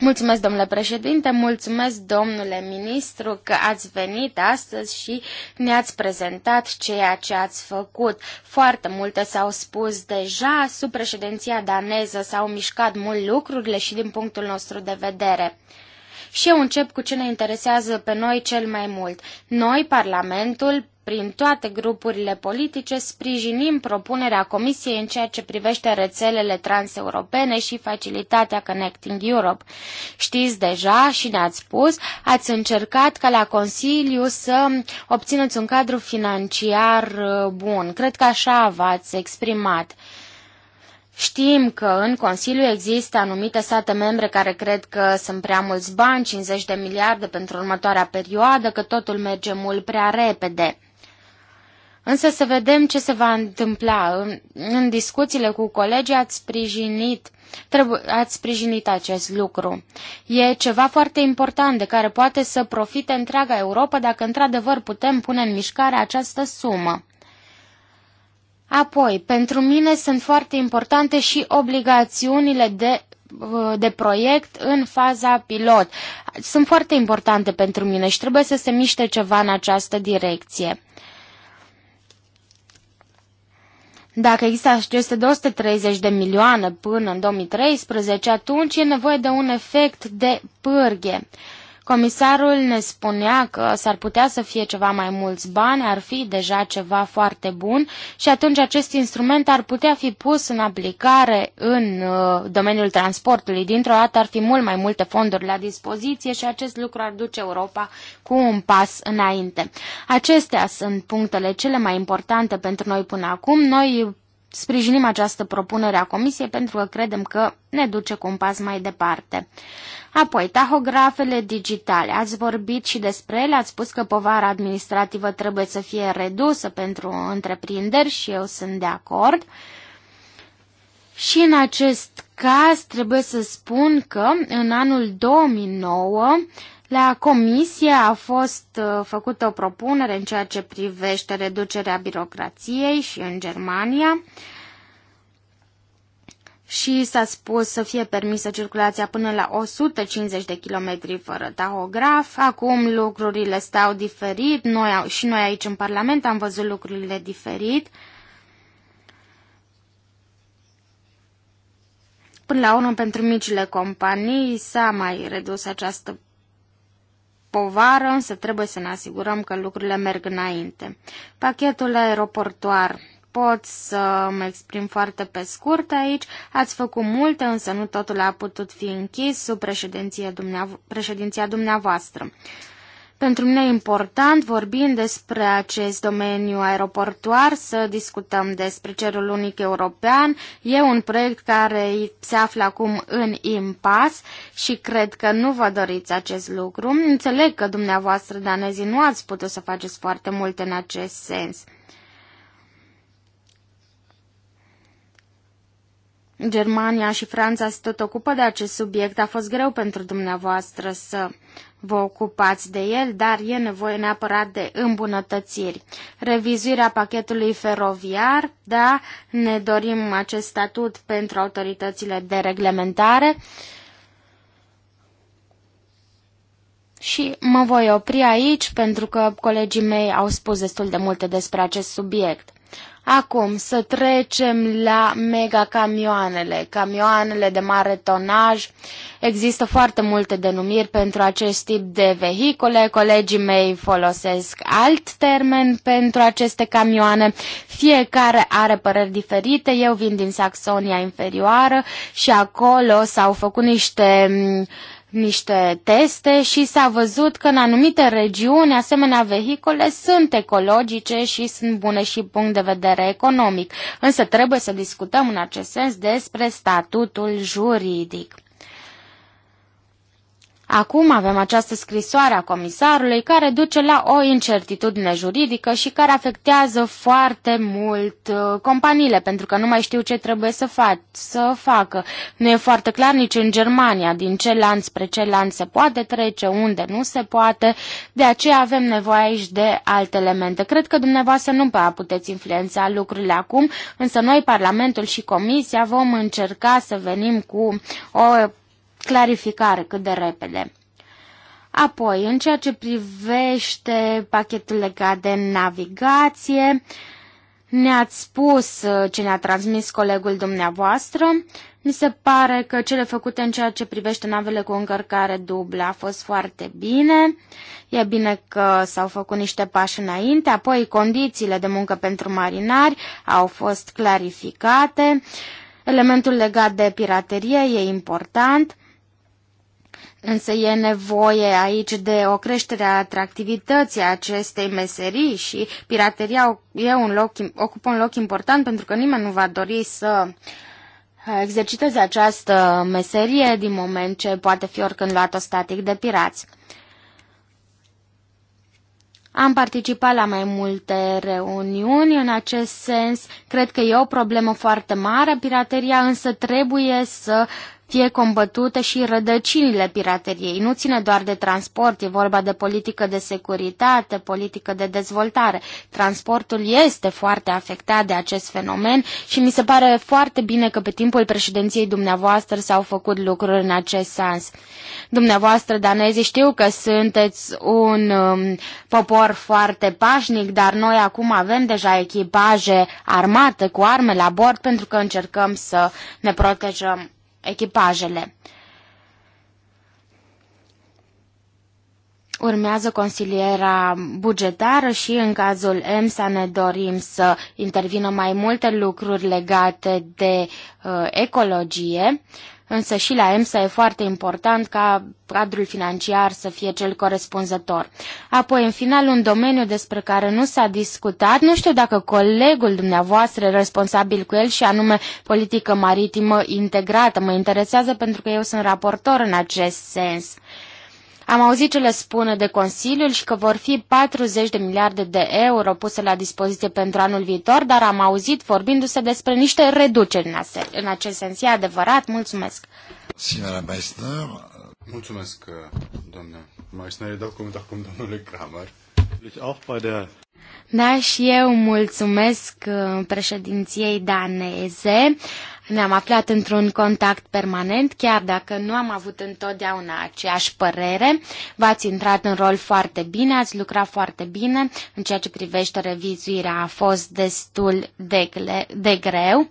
Mulțumesc, domnule președinte, mulțumesc, domnule ministru, că ați venit astăzi și ne-ați prezentat ceea ce ați făcut. Foarte multe s-au spus deja, sub președinția daneză s-au mișcat mult lucrurile și din punctul nostru de vedere. Și eu încep cu ce ne interesează pe noi cel mai mult. Noi, Parlamentul, prin toate grupurile politice sprijinim propunerea Comisiei în ceea ce privește rețelele transeuropene și facilitatea Connecting Europe. Știți deja și ne-ați spus, ați încercat ca la Consiliu să obțineți un cadru financiar uh, bun. Cred că așa v-ați exprimat. Știm că în Consiliu există anumite state membre care cred că sunt prea mulți bani, 50 de miliarde pentru următoarea perioadă, că totul merge mult prea repede. Însă să vedem ce se va întâmpla. În, în discuțiile cu colegii ați sprijinit, trebu- ați sprijinit acest lucru. E ceva foarte important de care poate să profite întreaga Europa dacă într-adevăr putem pune în mișcare această sumă. Apoi, pentru mine sunt foarte importante și obligațiunile de de proiect în faza pilot. Sunt foarte importante pentru mine și trebuie să se miște ceva în această direcție. Dacă există aceste 230 de milioane până în 2013, atunci e nevoie de un efect de pârghie. Comisarul ne spunea că s-ar putea să fie ceva mai mulți bani, ar fi deja ceva foarte bun și atunci acest instrument ar putea fi pus în aplicare în uh, domeniul transportului. Dintr-o dată ar fi mult mai multe fonduri la dispoziție și acest lucru ar duce Europa cu un pas înainte. Acestea sunt punctele cele mai importante pentru noi până acum. Noi sprijinim această propunere a Comisiei pentru că credem că ne duce cu un pas mai departe. Apoi, tahografele digitale. Ați vorbit și despre ele, ați spus că povara administrativă trebuie să fie redusă pentru întreprinderi și eu sunt de acord. Și în acest caz trebuie să spun că în anul 2009 la comisie a fost uh, făcută o propunere în ceea ce privește reducerea birocrației și în Germania și s-a spus să fie permisă circulația până la 150 de km fără tahograf. Acum lucrurile stau diferit noi, și noi aici în Parlament am văzut lucrurile diferit. Până la urmă, pentru micile companii s-a mai redus această povară, însă trebuie să ne asigurăm că lucrurile merg înainte. Pachetul aeroportuar pot să mă exprim foarte pe scurt aici. Ați făcut multe, însă nu totul a putut fi închis sub președinția, dumneavo- președinția dumneavoastră. dumneavoastră. Pentru mine e important, vorbind despre acest domeniu aeroportuar, să discutăm despre cerul unic european. E un proiect care se află acum în impas și cred că nu vă doriți acest lucru. Înțeleg că dumneavoastră danezii nu ați putut să faceți foarte mult în acest sens. Germania și Franța se tot ocupă de acest subiect. A fost greu pentru dumneavoastră să vă ocupați de el, dar e nevoie neapărat de îmbunătățiri. Revizuirea pachetului feroviar, da, ne dorim acest statut pentru autoritățile de reglementare. Și mă voi opri aici pentru că colegii mei au spus destul de multe despre acest subiect. Acum să trecem la megacamioanele, camioanele de mare tonaj. Există foarte multe denumiri pentru acest tip de vehicule. Colegii mei folosesc alt termen pentru aceste camioane. Fiecare are păreri diferite. Eu vin din Saxonia Inferioară și acolo s-au făcut niște uh, niște teste și s-a văzut că în anumite regiuni asemenea vehicole sunt ecologice și sunt bune și punct de vedere economic. Însă trebuie să discutăm în acest sens despre statutul juridic. Acum avem această scrisoare a comisarului care duce la o incertitudine juridică și care afectează foarte mult uh, companiile, pentru că nu mai știu ce trebuie să, fac, să facă. Nu e foarte clar nici în Germania din ce lanț spre ce lanț se poate trece, unde nu se poate, de aceea avem nevoie aici de alte elemente. Cred că dumneavoastră nu prea puteți influența lucrurile acum, însă noi, Parlamentul și Comisia, vom încerca să venim cu o clarificare cât de repede. Apoi, în ceea ce privește pachetul legat de navigație, ne-ați spus uh, ce ne-a transmis colegul dumneavoastră. Mi se pare că cele făcute în ceea ce privește navele cu încărcare dublă a fost foarte bine. E bine că s-au făcut niște pași înainte, apoi condițiile de muncă pentru marinari au fost clarificate. Elementul legat de piraterie e important. Însă e nevoie aici de o creștere a atractivității acestei meserii și pirateria e un loc, ocupă un loc important pentru că nimeni nu va dori să uh, exerciteze această meserie din moment ce poate fi oricând luat-o static de pirați. Am participat la mai multe reuniuni în acest sens. Cred că e o problemă foarte mare pirateria, însă trebuie să uh, fie combătute și rădăcinile pirateriei. Nu ține doar de transport, e vorba de politică de securitate, politică de dezvoltare. Transportul este foarte afectat de acest fenomen și mi se pare foarte bine că pe timpul președinției dumneavoastră s-au făcut lucruri în acest sens. Dumneavoastră, danezi, știu că sunteți un um, popor foarte pașnic, dar noi acum avem deja echipaje armate cu arme la bord pentru că încercăm să ne protejăm echipajele. Urmează consiliera bugetară și în cazul EMSA ne dorim să intervină mai multe lucruri legate de uh, ecologie. Uh, însă și la EMSA e foarte important ca cadrul financiar să fie cel corespunzător. Apoi, în final, un domeniu despre care nu s-a discutat, nu știu dacă colegul dumneavoastră responsabil cu el și anume politică maritimă integrată, mă interesează pentru că eu sunt raportor în acest sens. Am auzit ce le spune de Consiliul și că vor fi 40 de miliarde de euro puse la dispoziție pentru anul viitor, dar am auzit vorbindu-se despre niște reduceri în acest sens. E adevărat? Mulțumesc! Mulțumesc, Mai Meissner. Îi dau cuvânt acum domnului Kramer. Da, și eu mulțumesc uh, președinției daneze ne-am aflat într-un contact permanent, chiar dacă nu am avut întotdeauna aceeași părere. V-ați intrat în rol foarte bine, ați lucrat foarte bine. În ceea ce privește revizuirea a fost destul de, gle- de greu.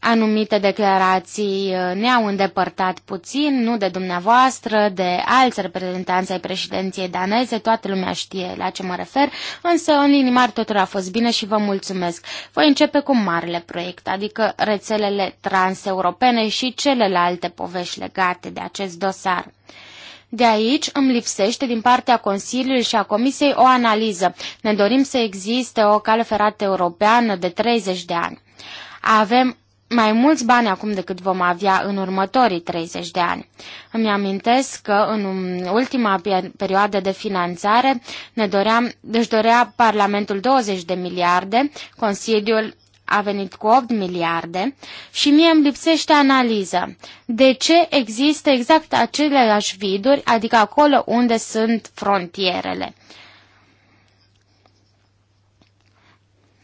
Anumite declarații uh, ne-au îndepărtat puțin, nu de dumneavoastră, de alți reprezentanți ai președinției daneze, toată lumea știe la ce mă refer, însă în linii mari totul a fost bine și vă mulțumesc. Voi începe cu marele proiect, adică rețelele transeuropene și celelalte povești legate de acest dosar. De aici îmi lipsește din partea Consiliului și a Comisiei o analiză. Ne dorim să existe o cale ferată europeană de 30 de ani. Avem mai mulți bani acum decât vom avea în următorii 30 de ani. Îmi amintesc că în ultima perioadă de finanțare ne doream, își dorea Parlamentul 20 de miliarde, Consiliul a venit cu 8 miliarde și mie îmi lipsește analiză. De ce există exact aceleași viduri, adică acolo unde sunt frontierele?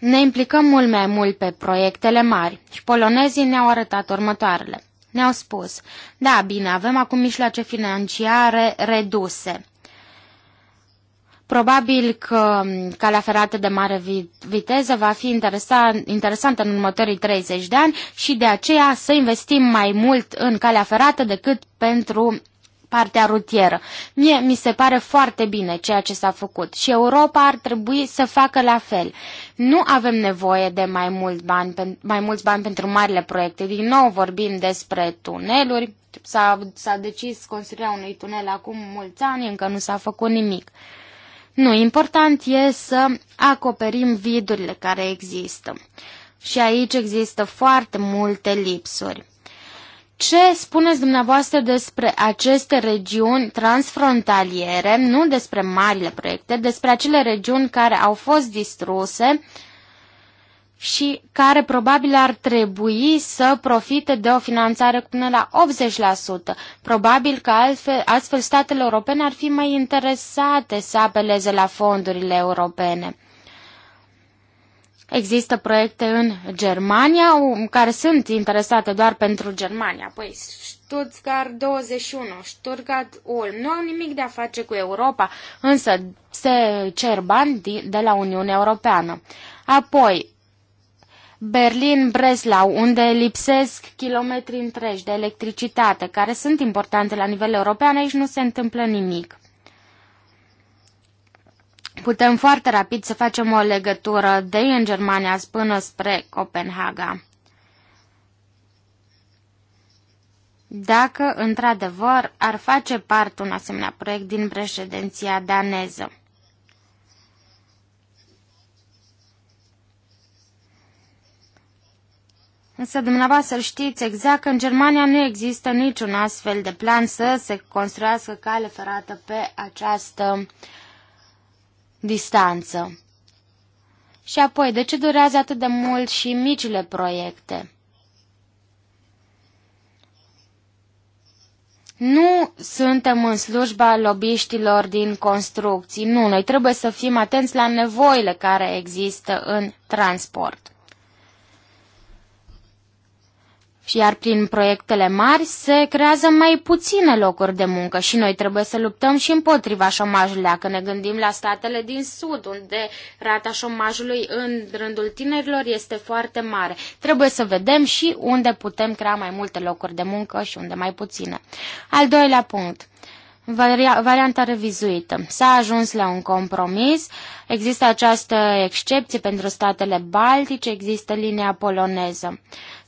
Ne implicăm mult mai mult pe proiectele mari și polonezii ne-au arătat următoarele. Ne-au spus, da, bine, avem acum mijloace financiare reduse. Probabil că calea ferată de mare viteză va fi interesant, interesantă în următorii 30 de ani și de aceea să investim mai mult în calea ferată decât pentru partea rutieră. Mie mi se pare foarte bine ceea ce s-a făcut și Europa ar trebui să facă la fel. Nu avem nevoie de mai, mult bani, mai mulți bani pentru marile proiecte. Din nou vorbim despre tuneluri. S-a, s-a decis construirea unui tunel acum mulți ani, încă nu s-a făcut nimic. Nu, important e să acoperim vidurile care există. Și aici există foarte multe lipsuri. Ce spuneți dumneavoastră despre aceste regiuni transfrontaliere, nu despre marile proiecte, despre acele regiuni care au fost distruse și care probabil ar trebui să profite de o finanțare până la 80%. Probabil că altfel, astfel statele europene ar fi mai interesate să apeleze la fondurile europene. Există proiecte în Germania um, care sunt interesate doar pentru Germania. Păi Stuttgart 21, Stuttgart Ulm. Nu au nimic de a face cu Europa, însă se cer bani de la Uniunea Europeană. Apoi, Berlin-Breslau, unde lipsesc kilometri întregi de electricitate, care sunt importante la nivel european, aici nu se întâmplă nimic. Putem foarte rapid să facem o legătură de în Germania până spre Copenhaga. Dacă, într-adevăr, ar face parte un asemenea proiect din președinția daneză. Însă dumneavoastră știți exact că în Germania nu există niciun astfel de plan să se construiască cale ferată pe această uh, distanță. Și apoi, de ce durează atât de mult și micile proiecte? Nu suntem în slujba lobiștilor din construcții. Nu, noi trebuie să fim atenți la nevoile care există în transport. iar prin proiectele mari se creează mai puține locuri de muncă și noi trebuie să luptăm și împotriva șomajului. Dacă ne gândim la statele din sud, unde rata șomajului în rândul tinerilor este foarte mare, trebuie să vedem și unde putem crea mai multe locuri de muncă și unde mai puține. Al doilea punct varianta revizuită. S-a ajuns la un compromis, există această excepție pentru statele baltice, există linia poloneză.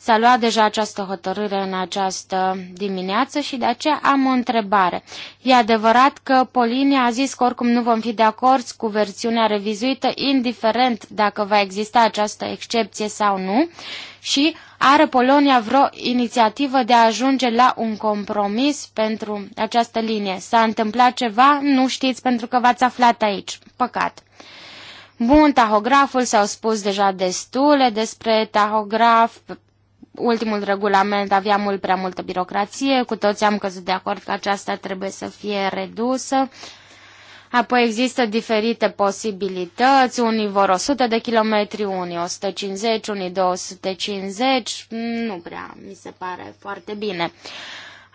S-a luat deja această hotărâre în această dimineață și de aceea am o întrebare. E adevărat că Polinia a zis că oricum nu vom fi de acord cu versiunea revizuită, indiferent dacă va exista această excepție sau nu, și are Polonia vreo inițiativă de a ajunge la un compromis pentru această linie? S-a întâmplat ceva? Nu știți pentru că v-ați aflat aici. Păcat. Bun, tahograful s-au spus deja destule despre tahograf, ultimul regulament avea mult prea multă birocrație, cu toți am căzut de acord că aceasta trebuie să fie redusă. Apoi există diferite posibilități, unii vor 100 de kilometri, unii 150, unii 250, nu prea mi se pare foarte bine. Uh,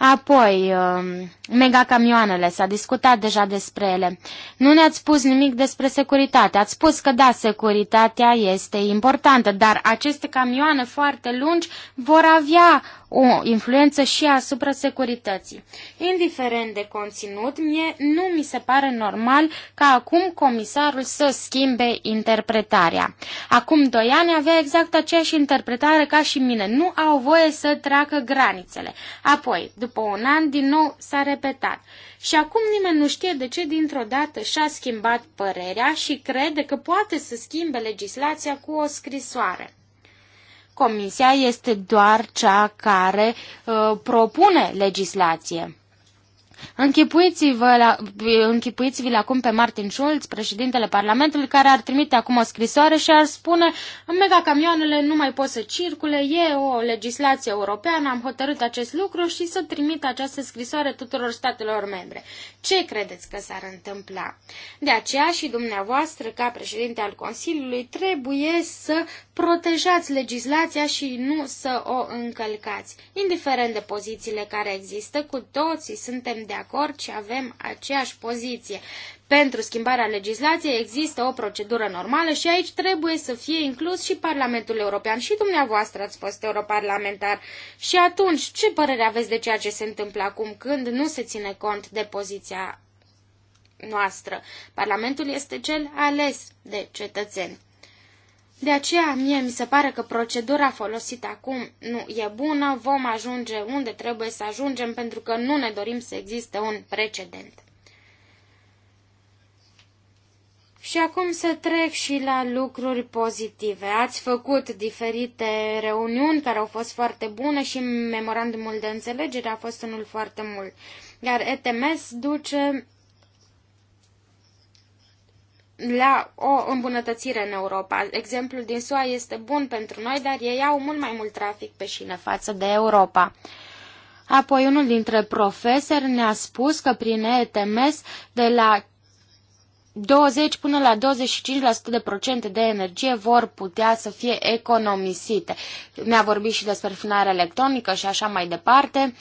Apoi, um, megacamioanele, s-a discutat deja despre ele. Nu ne-ați spus nimic despre securitate. Ați spus că da, securitatea este importantă, dar aceste camioane foarte lungi vor avea o influență și asupra securității. Indiferent de conținut, mie nu mi se pare normal ca acum comisarul să schimbe interpretarea. Acum doi ani avea exact aceeași interpretare ca și mine. Nu au voie să treacă granițele. Apoi, după un an, din nou s-a repetat. Și acum nimeni nu știe de ce dintr-o dată și-a schimbat părerea și crede că poate să schimbe legislația cu o scrisoare. Comisia este doar cea care uh, propune legislație. Închipuiți-vă, la, închipuiți-vă acum pe Martin Schulz, președintele Parlamentului, care ar trimite acum o scrisoare și ar spune „Mega camioanele nu mai pot să circule, e o legislație europeană, am hotărât acest lucru și să trimit această scrisoare tuturor statelor membre. Ce credeți că s-ar întâmpla? De aceea și dumneavoastră, ca președinte al Consiliului, trebuie să protejați legislația și nu să o încălcați. Indiferent de pozițiile care există, cu toții suntem de acord și avem aceeași poziție. Pentru schimbarea legislației există o procedură normală și aici trebuie să fie inclus și Parlamentul European. Și dumneavoastră ați fost europarlamentar. Și atunci, ce părere aveți de ceea ce se întâmplă acum când nu se ține cont de poziția noastră? Parlamentul este cel ales de cetățeni. De aceea, mie mi se pare că procedura folosită acum nu e bună, vom ajunge unde trebuie să ajungem, pentru că nu ne dorim să existe un precedent. Și acum să trec și la lucruri pozitive. Ați făcut diferite reuniuni care au fost foarte bune și memorandumul de înțelegere a fost unul foarte mult. Iar ETMS duce la o îmbunătățire în Europa. Exemplul din SUA este bun pentru noi, dar ei au mult mai mult trafic pe șină față de Europa. Apoi unul dintre profesori ne-a spus că prin ETMS de la 20 până la 25% de procente de energie vor putea să fie economisite. Ne-a vorbit și despre finare electronică și așa mai departe,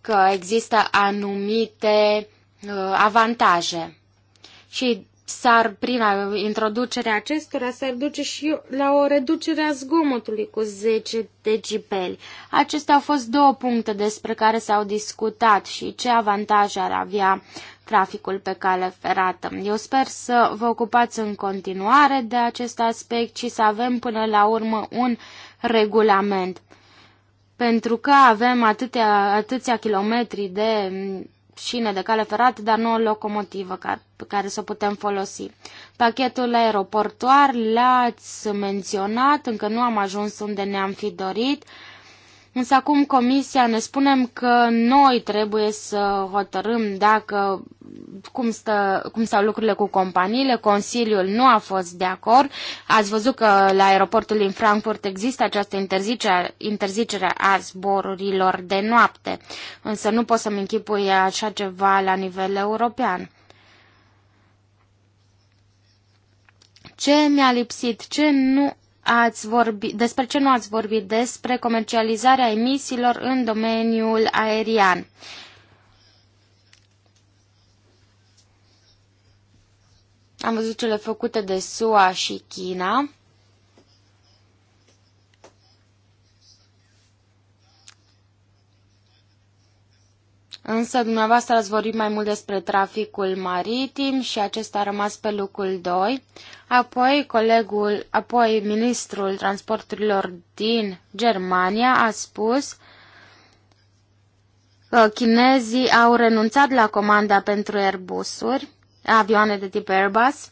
că există anumite uh, avantaje. Și s-ar, prin introducerea acestora, s-ar duce și la o reducere a zgomotului cu 10 decibeli. Acestea au fost două puncte despre care s-au discutat și ce avantaje ar avea traficul pe cale ferată. Eu sper să vă ocupați în continuare de acest aspect și să avem până la urmă un regulament. Pentru că avem atâtea, atâția kilometri de șine de cale ferată, dar nu o locomotivă care, pe care să o putem folosi. Pachetul aeroportuar l-ați menționat, încă nu am ajuns unde ne-am fi dorit. Uh, Însă acum Comisia ne spunem că noi trebuie să hotărâm dacă cum, stă, cum stau lucrurile cu companiile. Consiliul nu a fost de acord. Ați văzut că la aeroportul din Frankfurt există această interzicere, interzicere a zborurilor de noapte. Însă nu pot să-mi închipui așa ceva la nivel european. Ce mi-a lipsit? Ce nu ați vorbi despre ce nu ați vorbit, despre comercializarea emisiilor în domeniul aerian. Am văzut cele făcute de SUA și China. Însă dumneavoastră ați vorbit mai mult despre traficul maritim și acesta a rămas pe locul 2. Apoi colegul, apoi ministrul transporturilor din Germania a spus că chinezii au renunțat la comanda pentru Airbusuri, avioane de tip Airbus,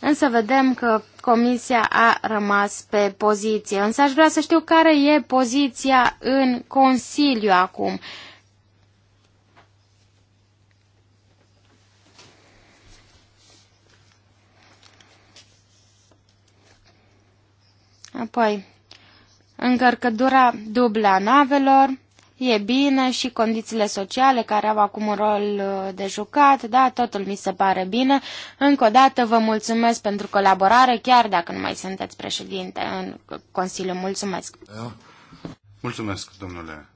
Însă vedem că Comisia a rămas pe poziție. Însă aș vrea să știu care e poziția în Consiliu acum. Apoi, încărcătura dublă a navelor, e bine și condițiile sociale care au acum un rol uh, de jucat, da, totul mi se pare bine. Încă o dată vă mulțumesc pentru colaborare, chiar dacă nu mai sunteți președinte în Consiliu. Mulțumesc! Mulțumesc, domnule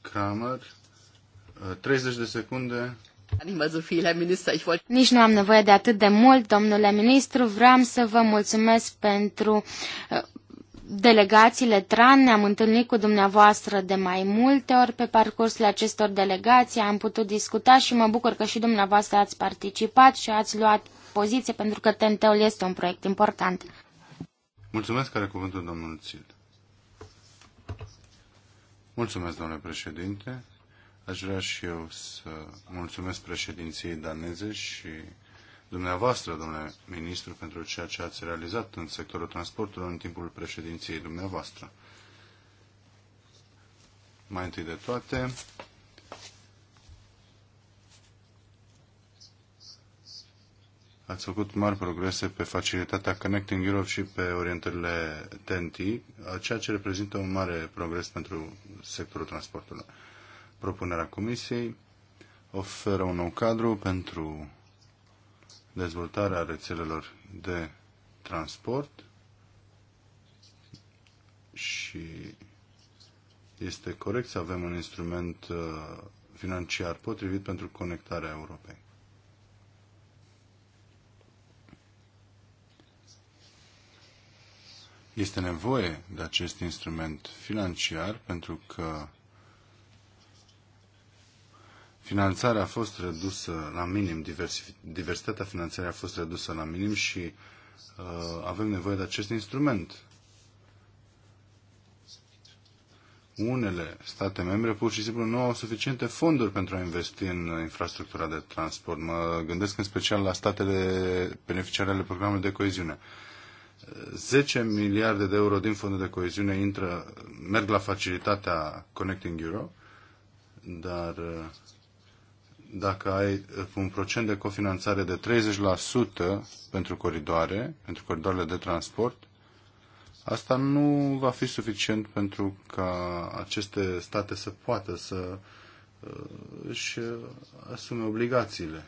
Kramer. 30 uh, de secunde. Nici nu am nevoie de atât de mult, domnule ministru. Vreau să vă mulțumesc pentru uh, delegațiile TRAN, ne-am întâlnit cu dumneavoastră de mai multe ori pe parcursul acestor delegații, am putut discuta și mă bucur că și dumneavoastră ați participat și ați luat poziție pentru că TNT-ul este un proiect important. Mulțumesc, care cuvântul domnul Țil. Mulțumesc, domnule președinte. Aș vrea și eu să mulțumesc președinției daneze și dumneavoastră, domnule ministru, pentru ceea ce ați realizat în sectorul transportului în timpul președinției dumneavoastră. Mai întâi de toate, ați făcut mari progrese pe facilitatea Connecting Europe și pe orientările TNT, ceea ce reprezintă un mare progres pentru sectorul transportului. Propunerea Comisiei oferă un nou cadru pentru dezvoltarea rețelelor de transport și este corect să avem un instrument uh, financiar potrivit pentru conectarea Europei. Este nevoie de acest instrument financiar pentru că Finanțarea a fost redusă la minim, diversitatea finanțării a fost redusă la minim și uh, avem nevoie de acest instrument. Unele state membre pur și simplu nu au suficiente fonduri pentru a investi în infrastructura de transport. Mă gândesc în special la statele beneficiare ale programului de coeziune. 10 miliarde de euro din fondul de coeziune intră, merg la facilitatea Connecting Europe, dar uh, dacă ai uh, un procent de cofinanțare de 30% pentru coridoare, pentru coridoarele de transport, asta nu va fi suficient pentru ca aceste state să poată să uh, își uh, asume obligațiile.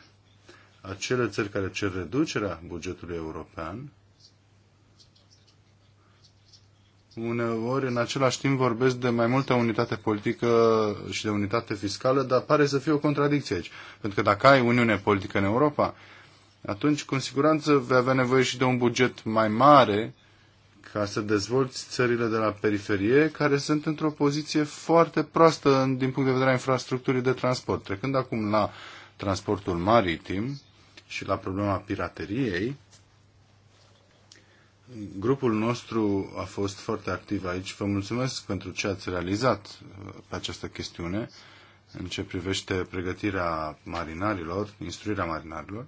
Acele țări care cer reducerea bugetului european uneori în același timp vorbesc de mai multă unitate politică și de unitate fiscală, dar pare să fie o contradicție aici. Pentru că dacă ai uniune politică în Europa, atunci cu siguranță vei avea nevoie și de un buget mai mare ca să dezvolți țările de la periferie, care sunt într-o poziție foarte proastă din punct de vedere a infrastructurii de transport. Trecând acum la transportul maritim și la problema pirateriei, Grupul nostru a fost foarte activ aici. Vă mulțumesc pentru ce ați realizat uh, pe această chestiune în ce privește pregătirea marinarilor, instruirea marinarilor.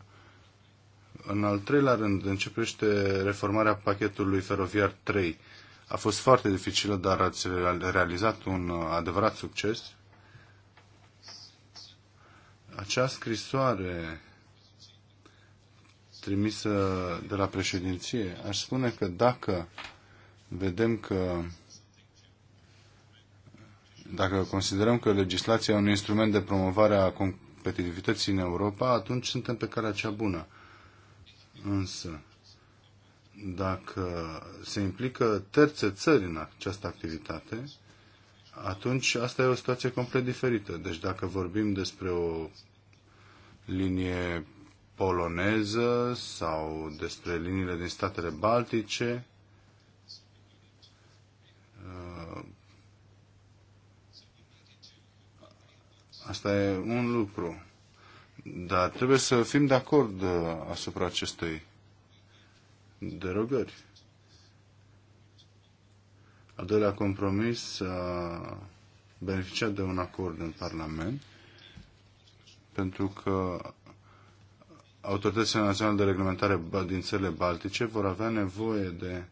În al treilea rând, în ce privește reformarea pachetului feroviar 3. A fost foarte dificilă, dar ați realizat un uh, adevărat succes. Acea scrisoare trimisă de la președinție, aș spune că dacă vedem că dacă considerăm că legislația e un instrument de promovare a competitivității în Europa, atunci suntem pe calea cea bună. Însă, dacă se implică terțe țări în această activitate, atunci asta e o situație complet diferită. Deci dacă vorbim despre o linie poloneză sau despre liniile din statele baltice. Uh, asta e un lucru. Dar trebuie să fim de acord uh, asupra acestui derogări. A doilea compromis a beneficiat de un acord în Parlament pentru că autoritățile naționale de reglementare din țările baltice vor avea nevoie de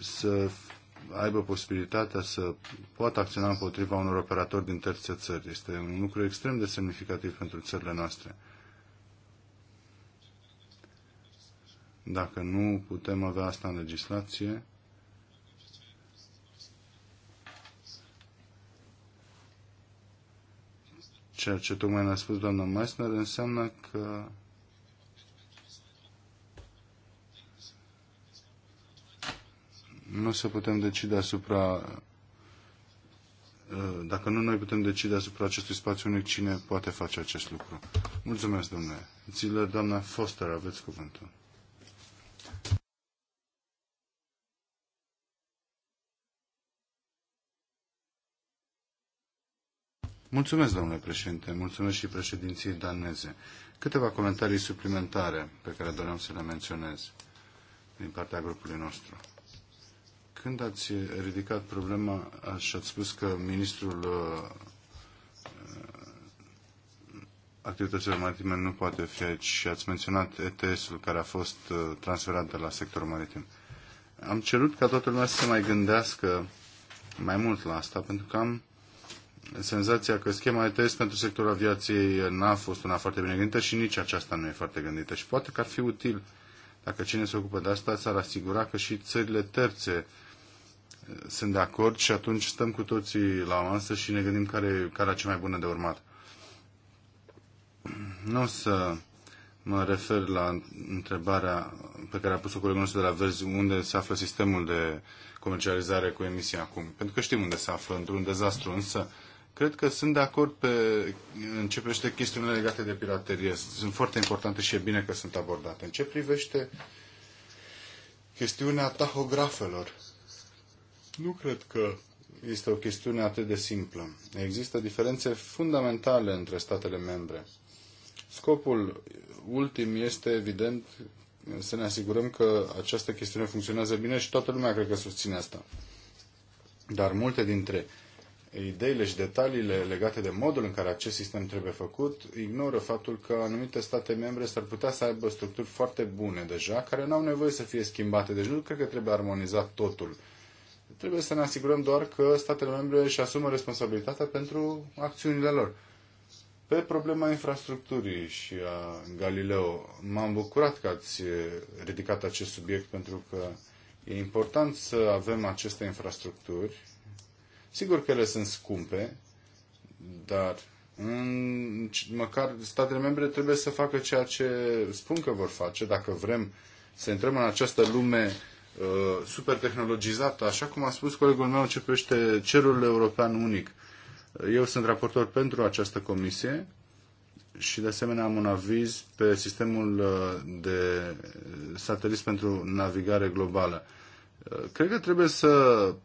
să aibă posibilitatea să poată acționa împotriva unor operatori din terțe țări. Este un lucru extrem de semnificativ pentru țările noastre. Dacă nu putem avea asta în legislație, ceea ce tocmai ne-a spus doamna Meissner, înseamnă că nu se putem decide asupra uh, dacă nu noi putem decide asupra acestui spațiu unic, cine poate face acest lucru? Mulțumesc, domnule. Ziller, doamna Foster, aveți cuvântul. Mulțumesc, domnule președinte, mulțumesc și președinției daneze. Câteva comentarii suplimentare pe care doream să le menționez din partea grupului nostru. Când ați ridicat problema și ați spus că ministrul uh, uh, activităților maritime nu poate fi aici și ați menționat ETS-ul care a fost uh, transferat de la sectorul maritim. Am cerut ca toată lumea să se mai gândească mai mult la asta, pentru că am senzația că schema ETS pentru sectorul aviației n-a fost una foarte bine gândită și nici aceasta nu e foarte gândită. Și poate că ar fi util dacă cine se ocupă de asta s-ar asigura că și țările terțe eh, sunt de acord și atunci stăm cu toții la masă și ne gândim care e calea cea mai bună de urmat. Nu o să mă refer la întrebarea pe care a pus-o colegul nostru de la Verzi, unde se află sistemul de comercializare cu emisii acum. Pentru că știm unde se află, într-un dezastru, însă Cred că sunt de acord pe începește chestiunile legate de piraterie. Sunt foarte importante și e bine că sunt abordate. În ce privește chestiunea tahografelor, nu cred că este o chestiune atât de simplă. Există diferențe fundamentale între statele membre. Scopul ultim este, evident, să ne asigurăm că această chestiune funcționează bine și toată lumea cred că susține asta. Dar multe dintre ideile și detaliile legate de modul în care acest sistem trebuie făcut ignoră faptul că anumite state membre s-ar putea să aibă structuri foarte bune deja, care nu au nevoie să fie schimbate. Deci nu cred că trebuie armonizat totul. Trebuie să ne asigurăm doar că statele membre își asumă responsabilitatea pentru acțiunile lor. Pe problema infrastructurii și a Galileo, m-am bucurat că ați ridicat acest subiect pentru că e important să avem aceste infrastructuri Sigur că ele sunt scumpe, dar în, măcar statele membre trebuie să facă ceea ce spun că vor face dacă vrem să intrăm în această lume uh, super tehnologizată, așa cum a spus colegul meu ce privește cerul european unic. Uh, eu sunt raportor pentru această comisie și de asemenea am un aviz pe sistemul uh, de satelit pentru navigare globală. Uh, cred că trebuie să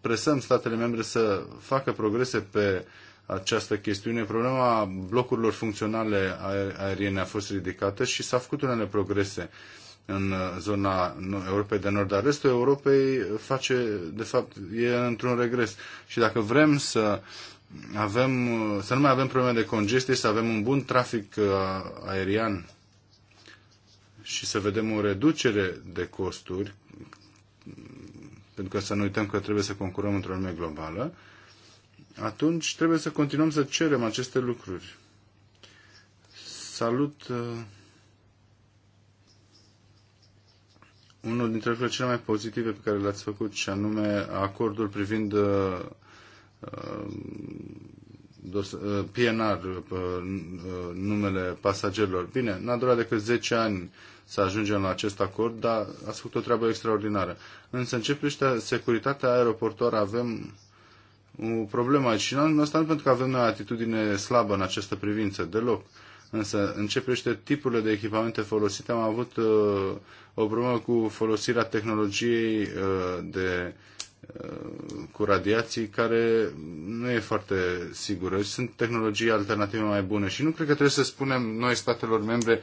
presăm statele membre să facă progrese pe această chestiune. Problema blocurilor funcționale aeriene a fost ridicată și s-a făcut unele progrese în uh, zona Europei de Nord, dar restul Europei uh, face, de fapt, e într-un regres. Și dacă vrem să avem, să nu mai avem probleme de congestie, să avem un bun trafic aerian și să vedem o reducere de costuri pentru că să nu uităm că trebuie să concurăm într-o lume globală, atunci trebuie să continuăm să cerem aceste lucruri. Salut uh, unul dintre lucrurile cele mai pozitive pe care le-ați făcut, și anume acordul privind uh, dos, uh, PNR, uh, uh, numele pasagerilor. Bine, n-a durat decât 10 ani să ajungem la acest acord, dar a făcut o treabă extraordinară. Însă, în ce privește securitatea aeroportoară, avem o problemă aici. Și asta nu pentru că avem o atitudine slabă în această privință, deloc. Însă, în ce privește tipurile de echipamente folosite, am avut uh, o problemă cu folosirea tehnologiei uh, de uh, cu radiații care nu e foarte sigură. Sunt tehnologii alternative mai bune și nu cred că trebuie să spunem noi statelor membre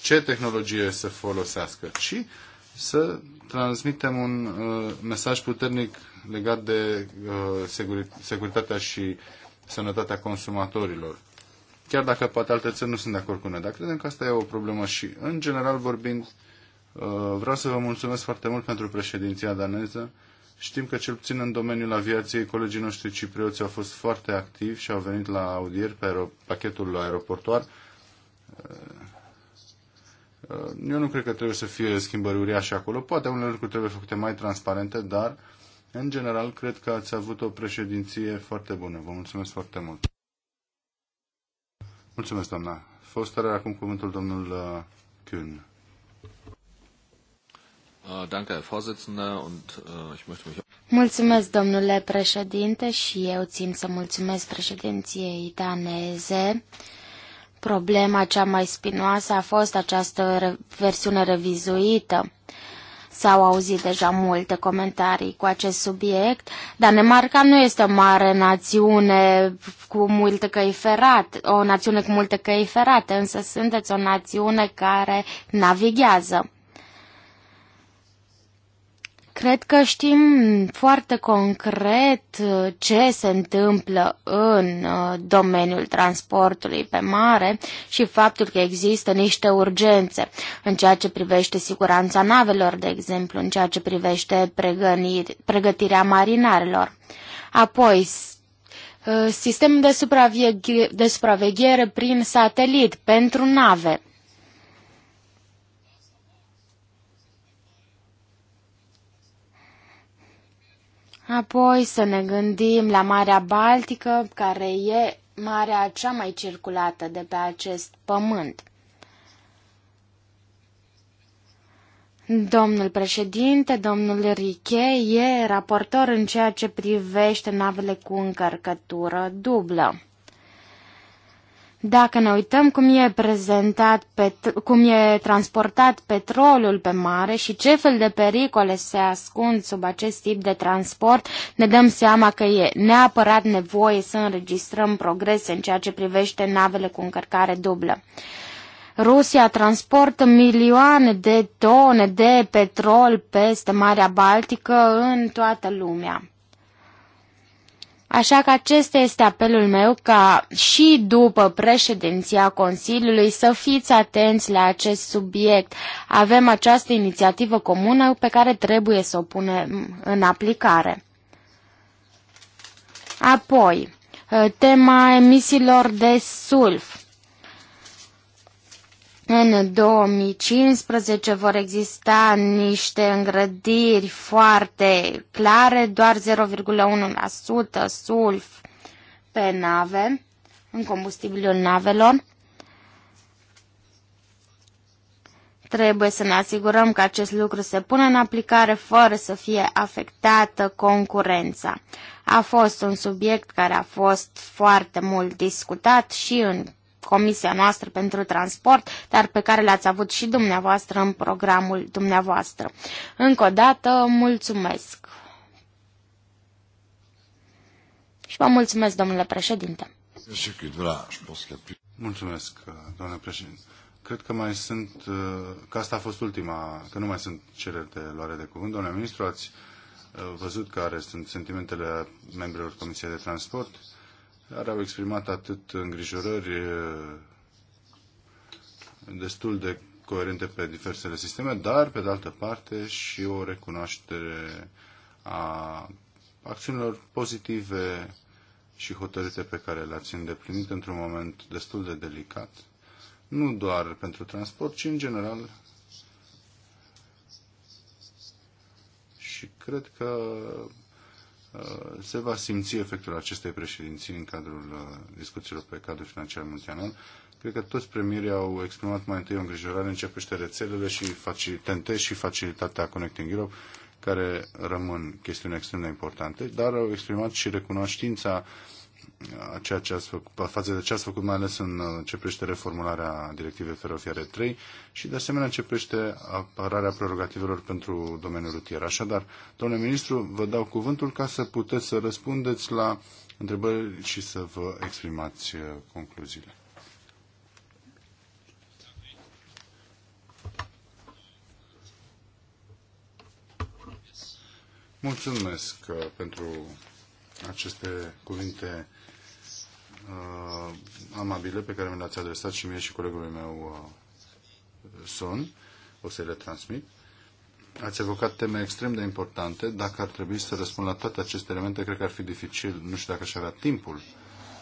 ce tehnologie să folosească, ci să transmitem un uh, mesaj puternic legat de uh, securi securitatea și sănătatea consumatorilor. Chiar dacă poate alte țări nu sunt de acord cu noi, dar credem că asta e o problemă și, în general vorbind, uh, vreau să vă mulțumesc foarte mult pentru președinția daneză Știm că cel puțin în domeniul aviației colegii noștri ciprioți au fost foarte activi și au venit la audieri pe aer- pachetul aeroportuar. Uh, eu nu cred că trebuie să fie schimbări uriașe acolo. Poate unele lucruri trebuie făcute mai transparente, dar în general cred că ați avut o președinție foarte bună. Vă mulțumesc foarte mult. Mulțumesc, doamna. Fost acum cuvântul domnul uh, Kuhn. Äh, äh, mulțumesc, domnule președinte, și eu țin să mulțumesc președinției daneze. Problema cea mai spinoasă a fost această re versiune revizuită. S-au auzit deja multe comentarii cu acest subiect. Danemarca nu este o mare națiune cu multe căi ferate, o națiune cu multe căi ferate, însă sunteți o națiune care navighează. Cred că știm foarte concret uh, ce se întâmplă în uh, domeniul transportului pe mare și faptul că există niște urgențe în ceea ce privește siguranța navelor, de exemplu, în ceea ce privește pregătirea marinarilor. Apoi, uh, sistemul de, de supraveghere prin satelit pentru nave. Apoi să ne gândim la Marea Baltică, care e marea cea mai circulată de pe acest pământ. Domnul președinte, domnul Riche e raportor în ceea ce privește navele cu încărcătură dublă. Dacă ne uităm cum e prezentat, cum e transportat petrolul pe mare și ce fel de pericole se ascund sub acest tip de transport, ne dăm seama că e neapărat nevoie să înregistrăm progrese în ceea ce privește navele cu încărcare dublă. Rusia transportă milioane de tone de petrol peste Marea Baltică în toată lumea. Așa că acesta este apelul meu ca și după președinția Consiliului să fiți atenți la acest subiect. Avem această inițiativă comună pe care trebuie să o punem în aplicare. Apoi, tema emisiilor de sulf. În 2015 vor exista niște îngrădiri foarte clare, doar 0,1% sulf pe nave, în combustibilul navelor. Trebuie să ne asigurăm că acest lucru se pune în aplicare fără să fie afectată concurența. A fost un subiect care a fost foarte mult discutat și în Comisia noastră pentru transport, dar pe care le ați avut și dumneavoastră în programul dumneavoastră. Încă o dată, mulțumesc! Și vă mulțumesc, domnule președinte! Mulțumesc, domnule președinte! Cred că mai sunt, că asta a fost ultima, că nu mai sunt cereri de luare de cuvânt. Domnule ministru, ați uh, văzut care sunt sentimentele membrilor Comisiei de Transport care au exprimat atât îngrijorări destul de coerente pe diversele sisteme, dar, pe de altă parte, și o recunoaștere a acțiunilor pozitive și hotărâte pe care le țin îndeplinit într-un moment destul de delicat, nu doar pentru transport, ci în general. Și cred că Uh, se va simți efectul acestei președinții în cadrul uh, discuțiilor pe cadrul financiar multianual. Cred că toți premierii au exprimat mai întâi o îngrijorare în ce privește rețelele și TNT și facilitatea Connecting Europe, care rămân chestiuni extrem de importante, dar au exprimat și recunoștința a ceea ce ați făcut, față de ce ați făcut, mai ales în uh, ce privește reformularea directivei feroviare 3 și, de asemenea, ce privește apărarea prerogativelor pentru domeniul rutier. Așadar, domnule ministru, vă dau cuvântul ca să puteți să răspundeți la întrebări și să vă exprimați uh, concluziile. Mulțumesc uh, pentru aceste cuvinte uh, amabile pe care mi le-ați adresat și mie și colegului meu uh, Son. O să le transmit. Ați evocat teme extrem de importante. Dacă ar trebui să răspund la toate aceste elemente, cred că ar fi dificil. Nu știu dacă aș avea timpul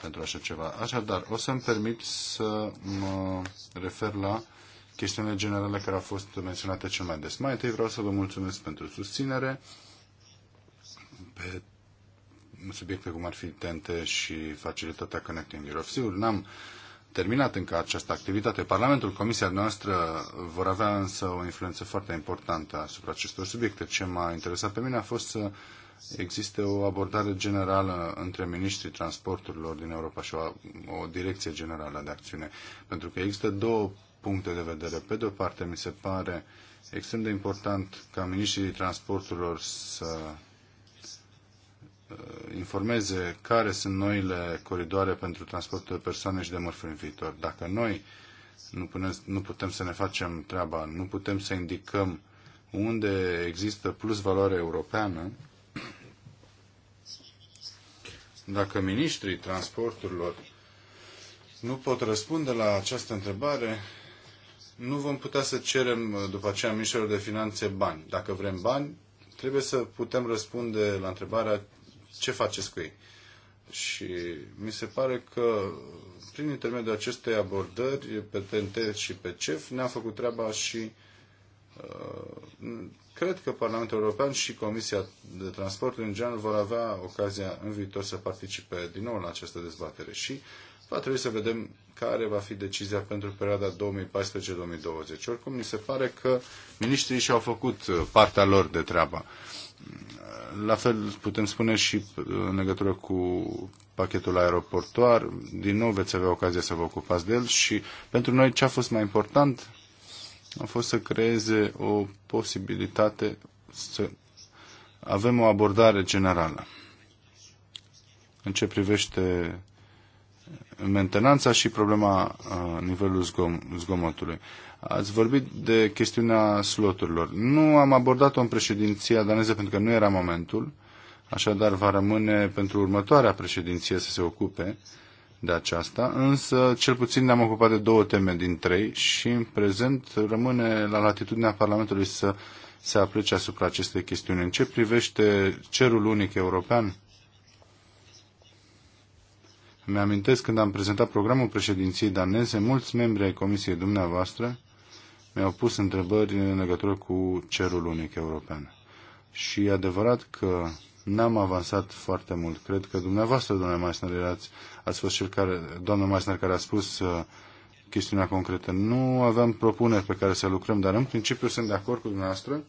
pentru așa ceva. Așadar, o să-mi permit să mă refer la chestiunile generale care au fost menționate cel mai des. Mai întâi vreau să vă mulțumesc pentru susținere pe subiecte cum ar fi TNT și facilitatea Connecting Europe. Sigur, n-am terminat încă această activitate. Parlamentul, comisia noastră vor avea însă o influență foarte importantă asupra acestor subiecte. Ce m-a interesat pe mine a fost să existe o abordare generală între ministrii transporturilor din Europa și o, o direcție generală de acțiune. Pentru că există două puncte de vedere. Pe de o parte, mi se pare extrem de important ca ministrii transporturilor să Uh, informeze care sunt noile coridoare pentru transportul de persoane și de mărfuri în viitor. Dacă noi nu, punem, nu putem să ne facem treaba, nu putem să indicăm unde există plus valoare europeană, dacă ministrii transporturilor nu pot răspunde la această întrebare, nu vom putea să cerem uh, după aceea ministrilor de finanțe bani. Dacă vrem bani, trebuie să putem răspunde la întrebarea ce faceți cu ei. Și mi se pare că prin intermediul acestei abordări pe TNT și pe CEF ne-a făcut treaba și uh, cred că Parlamentul European și Comisia de Transport în general vor avea ocazia în viitor să participe din nou la această dezbatere și va trebui să vedem care va fi decizia pentru perioada 2014-2020. Oricum, mi se pare că miniștrii și-au făcut uh, partea lor de treabă. La fel putem spune și uh, în legătură cu pachetul aeroportuar. Din nou veți avea ocazia să vă ocupați de el și pentru noi ce a fost mai important a fost să creeze o posibilitate să avem o abordare generală în ce privește uh, mentenanța și problema uh, nivelului zgom- zgomotului. Ați vorbit de chestiunea sloturilor. Nu am abordat-o în președinția daneză pentru că nu era momentul, așadar va rămâne pentru următoarea președinție să se ocupe de aceasta, însă cel puțin ne-am ocupat de două teme din trei și în prezent rămâne la latitudinea Parlamentului să se aplice asupra acestei chestiuni. În ce privește cerul unic european? mi amintesc când am prezentat programul președinției daneze, mulți membri ai comisiei dumneavoastră mi-au pus întrebări în legătură cu cerul unic european. Și e adevărat că n-am avansat foarte mult. Cred că dumneavoastră, doamna Meissner, erați, ați fost cel care, doamna Meissner, care a spus uh, chestiunea concretă. Nu aveam propuneri pe care să lucrăm, dar în principiu sunt de acord cu dumneavoastră.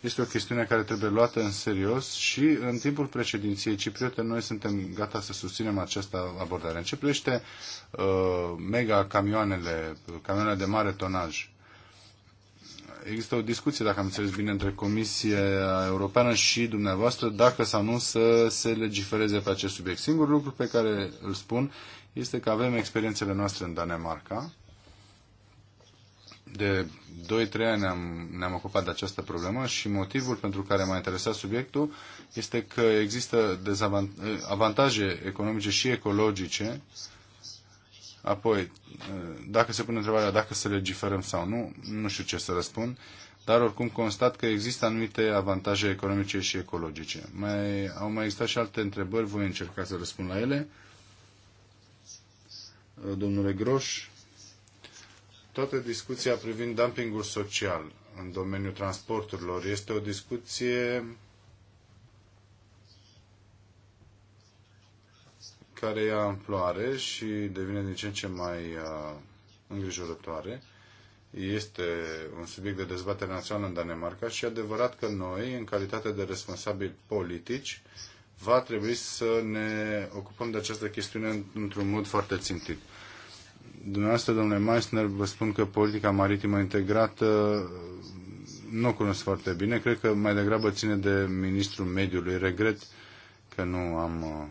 Este o chestiune care trebuie luată în serios și în timpul președinției cipriote noi suntem gata să susținem această abordare. În ce privește uh, mega camioanele, camioanele de mare tonaj, există o discuție, dacă am înțeles bine, între Comisia Europeană și dumneavoastră, dacă sau nu să se legifereze pe acest subiect. Singurul lucru pe care îl spun este că avem experiențele noastre în Danemarca. De 2-3 ani am, ne-am ocupat de această problemă și motivul pentru care m-a interesat subiectul este că există avantaje economice și ecologice uh, Apoi, dacă se pune întrebarea dacă să legiferăm sau nu, nu știu ce să răspund, dar oricum constat că există anumite avantaje economice și ecologice. Mai, au mai existat și alte întrebări, voi încerca să răspund la ele. Domnule Groș, toată discuția privind dumpingul social în domeniul transporturilor este o discuție care ia amploare și devine din ce în ce mai uh, îngrijorătoare. Este un subiect de dezbatere națională în Danemarca și e adevărat că noi, în calitate de responsabili politici, va trebui să ne ocupăm de această chestiune într-un mod foarte țintit. Dumneavoastră, domnule Meissner, vă spun că politica maritimă integrată uh, nu o cunosc foarte bine. Cred că mai degrabă ține de ministrul mediului. Regret că nu am uh,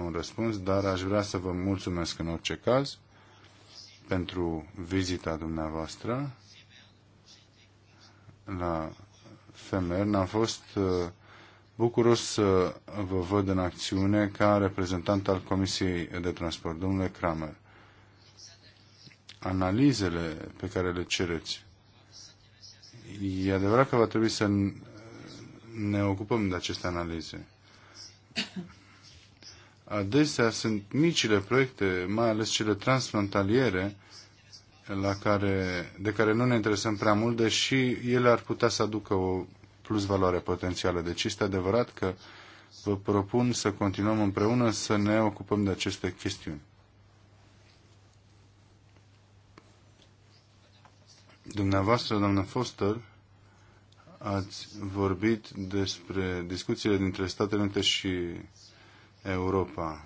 un răspuns, dar aș vrea să vă mulțumesc în orice caz pentru vizita dumneavoastră la n Am fost uh, bucuros să vă văd în acțiune ca reprezentant al Comisiei de Transport, domnule Kramer. Analizele pe care le cereți, e adevărat că va trebui să ne ocupăm de aceste analize adesea sunt micile proiecte, mai ales cele transfrontaliere, la care, de care nu ne interesăm prea mult, deși ele ar putea să aducă o plus valoare potențială. Deci este adevărat că vă propun să continuăm împreună să ne ocupăm de aceste chestiuni. Dumneavoastră, doamnă Foster, ați vorbit despre discuțiile dintre Statele Unite și Europa.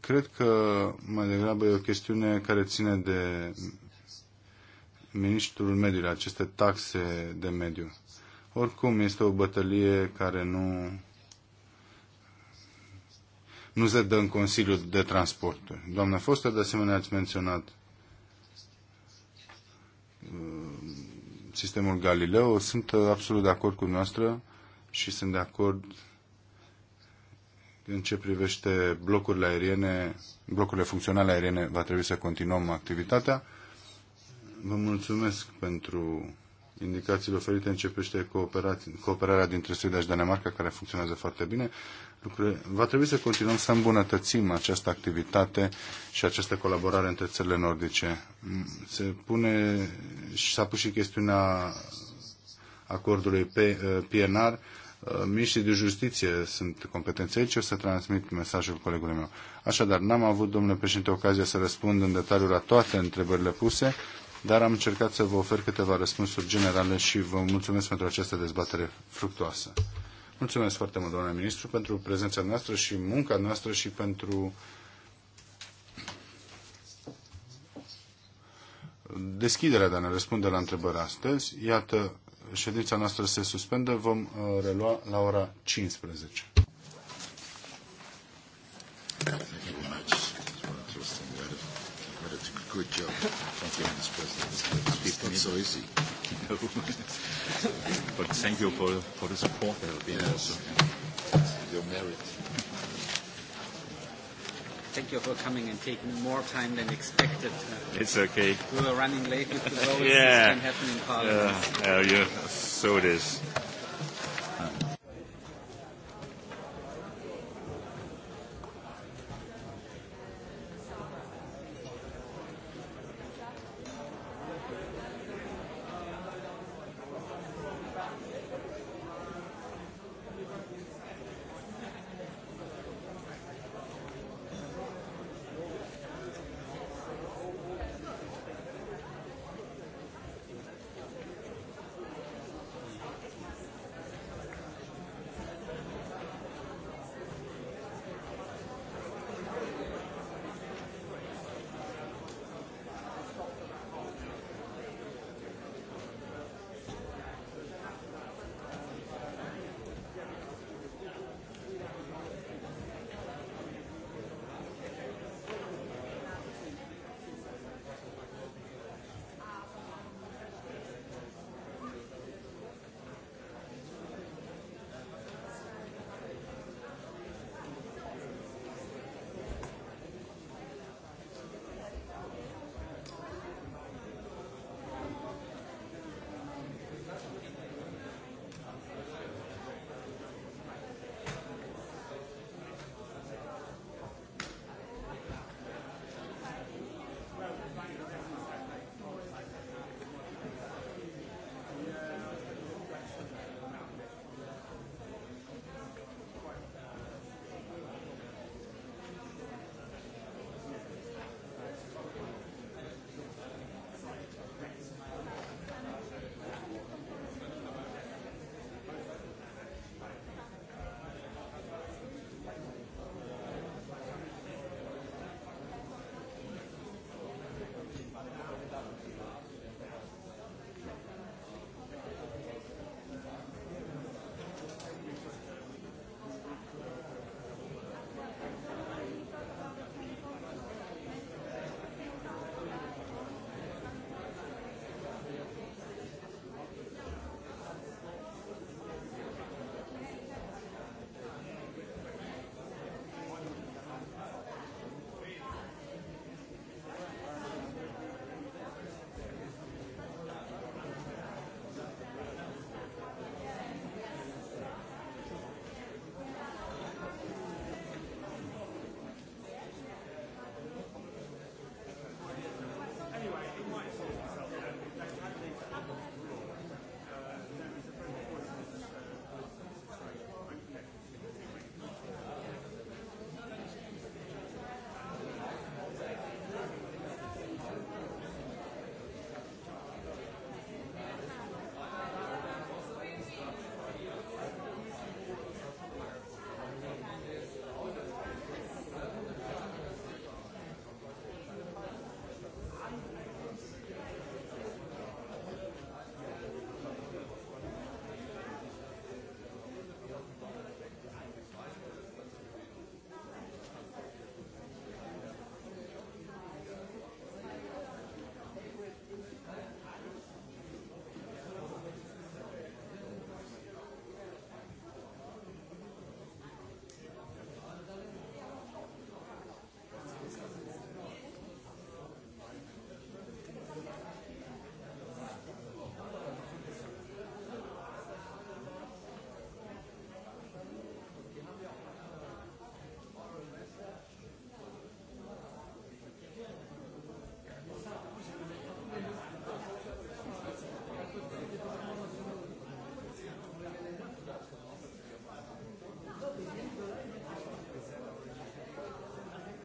Cred că mai degrabă e o chestiune care ține de ministrul mediului, aceste taxe de mediu. Oricum, este o bătălie care nu, nu se dă în Consiliul de Transport. Doamna Foster, de asemenea, ați menționat uh, sistemul Galileo. Sunt uh, absolut de acord cu noastră și sunt de acord în ce privește blocurile aeriene, blocurile funcționale aeriene, va trebui să continuăm activitatea. Vă mulțumesc pentru indicațiile oferite începește cooperarea dintre Suedia și Danemarca, care funcționează foarte bine. Lucrurile, va trebui să continuăm să îmbunătățim această activitate și această colaborare între țările nordice. Mm, se pune și s-a pus și chestiunea acordului PNR. Uh, uh, miniștrii de justiție sunt competențe aici, o să transmit mesajul colegului meu. Așadar, n-am avut, domnule președinte, ocazia să răspund în detaliu la toate întrebările puse dar am încercat să vă ofer câteva răspunsuri generale și vă mulțumesc pentru această dezbatere fructoasă. Mulțumesc foarte mult, doamna ministru, pentru prezența noastră și munca noastră și pentru deschiderea de a ne răspunde la întrebări astăzi. Iată, ședința noastră se suspendă, vom uh, relua la ora 15. Thank you very much. Good job. Thank you, Mr. President. It's not so easy. but thank you for, for the support that have been yes. also. Your merit. Thank you for coming and taking more time than expected. it's okay. We were running late because always votes. yeah. This can happen in Parliament. Yeah, yeah, yeah. so it is.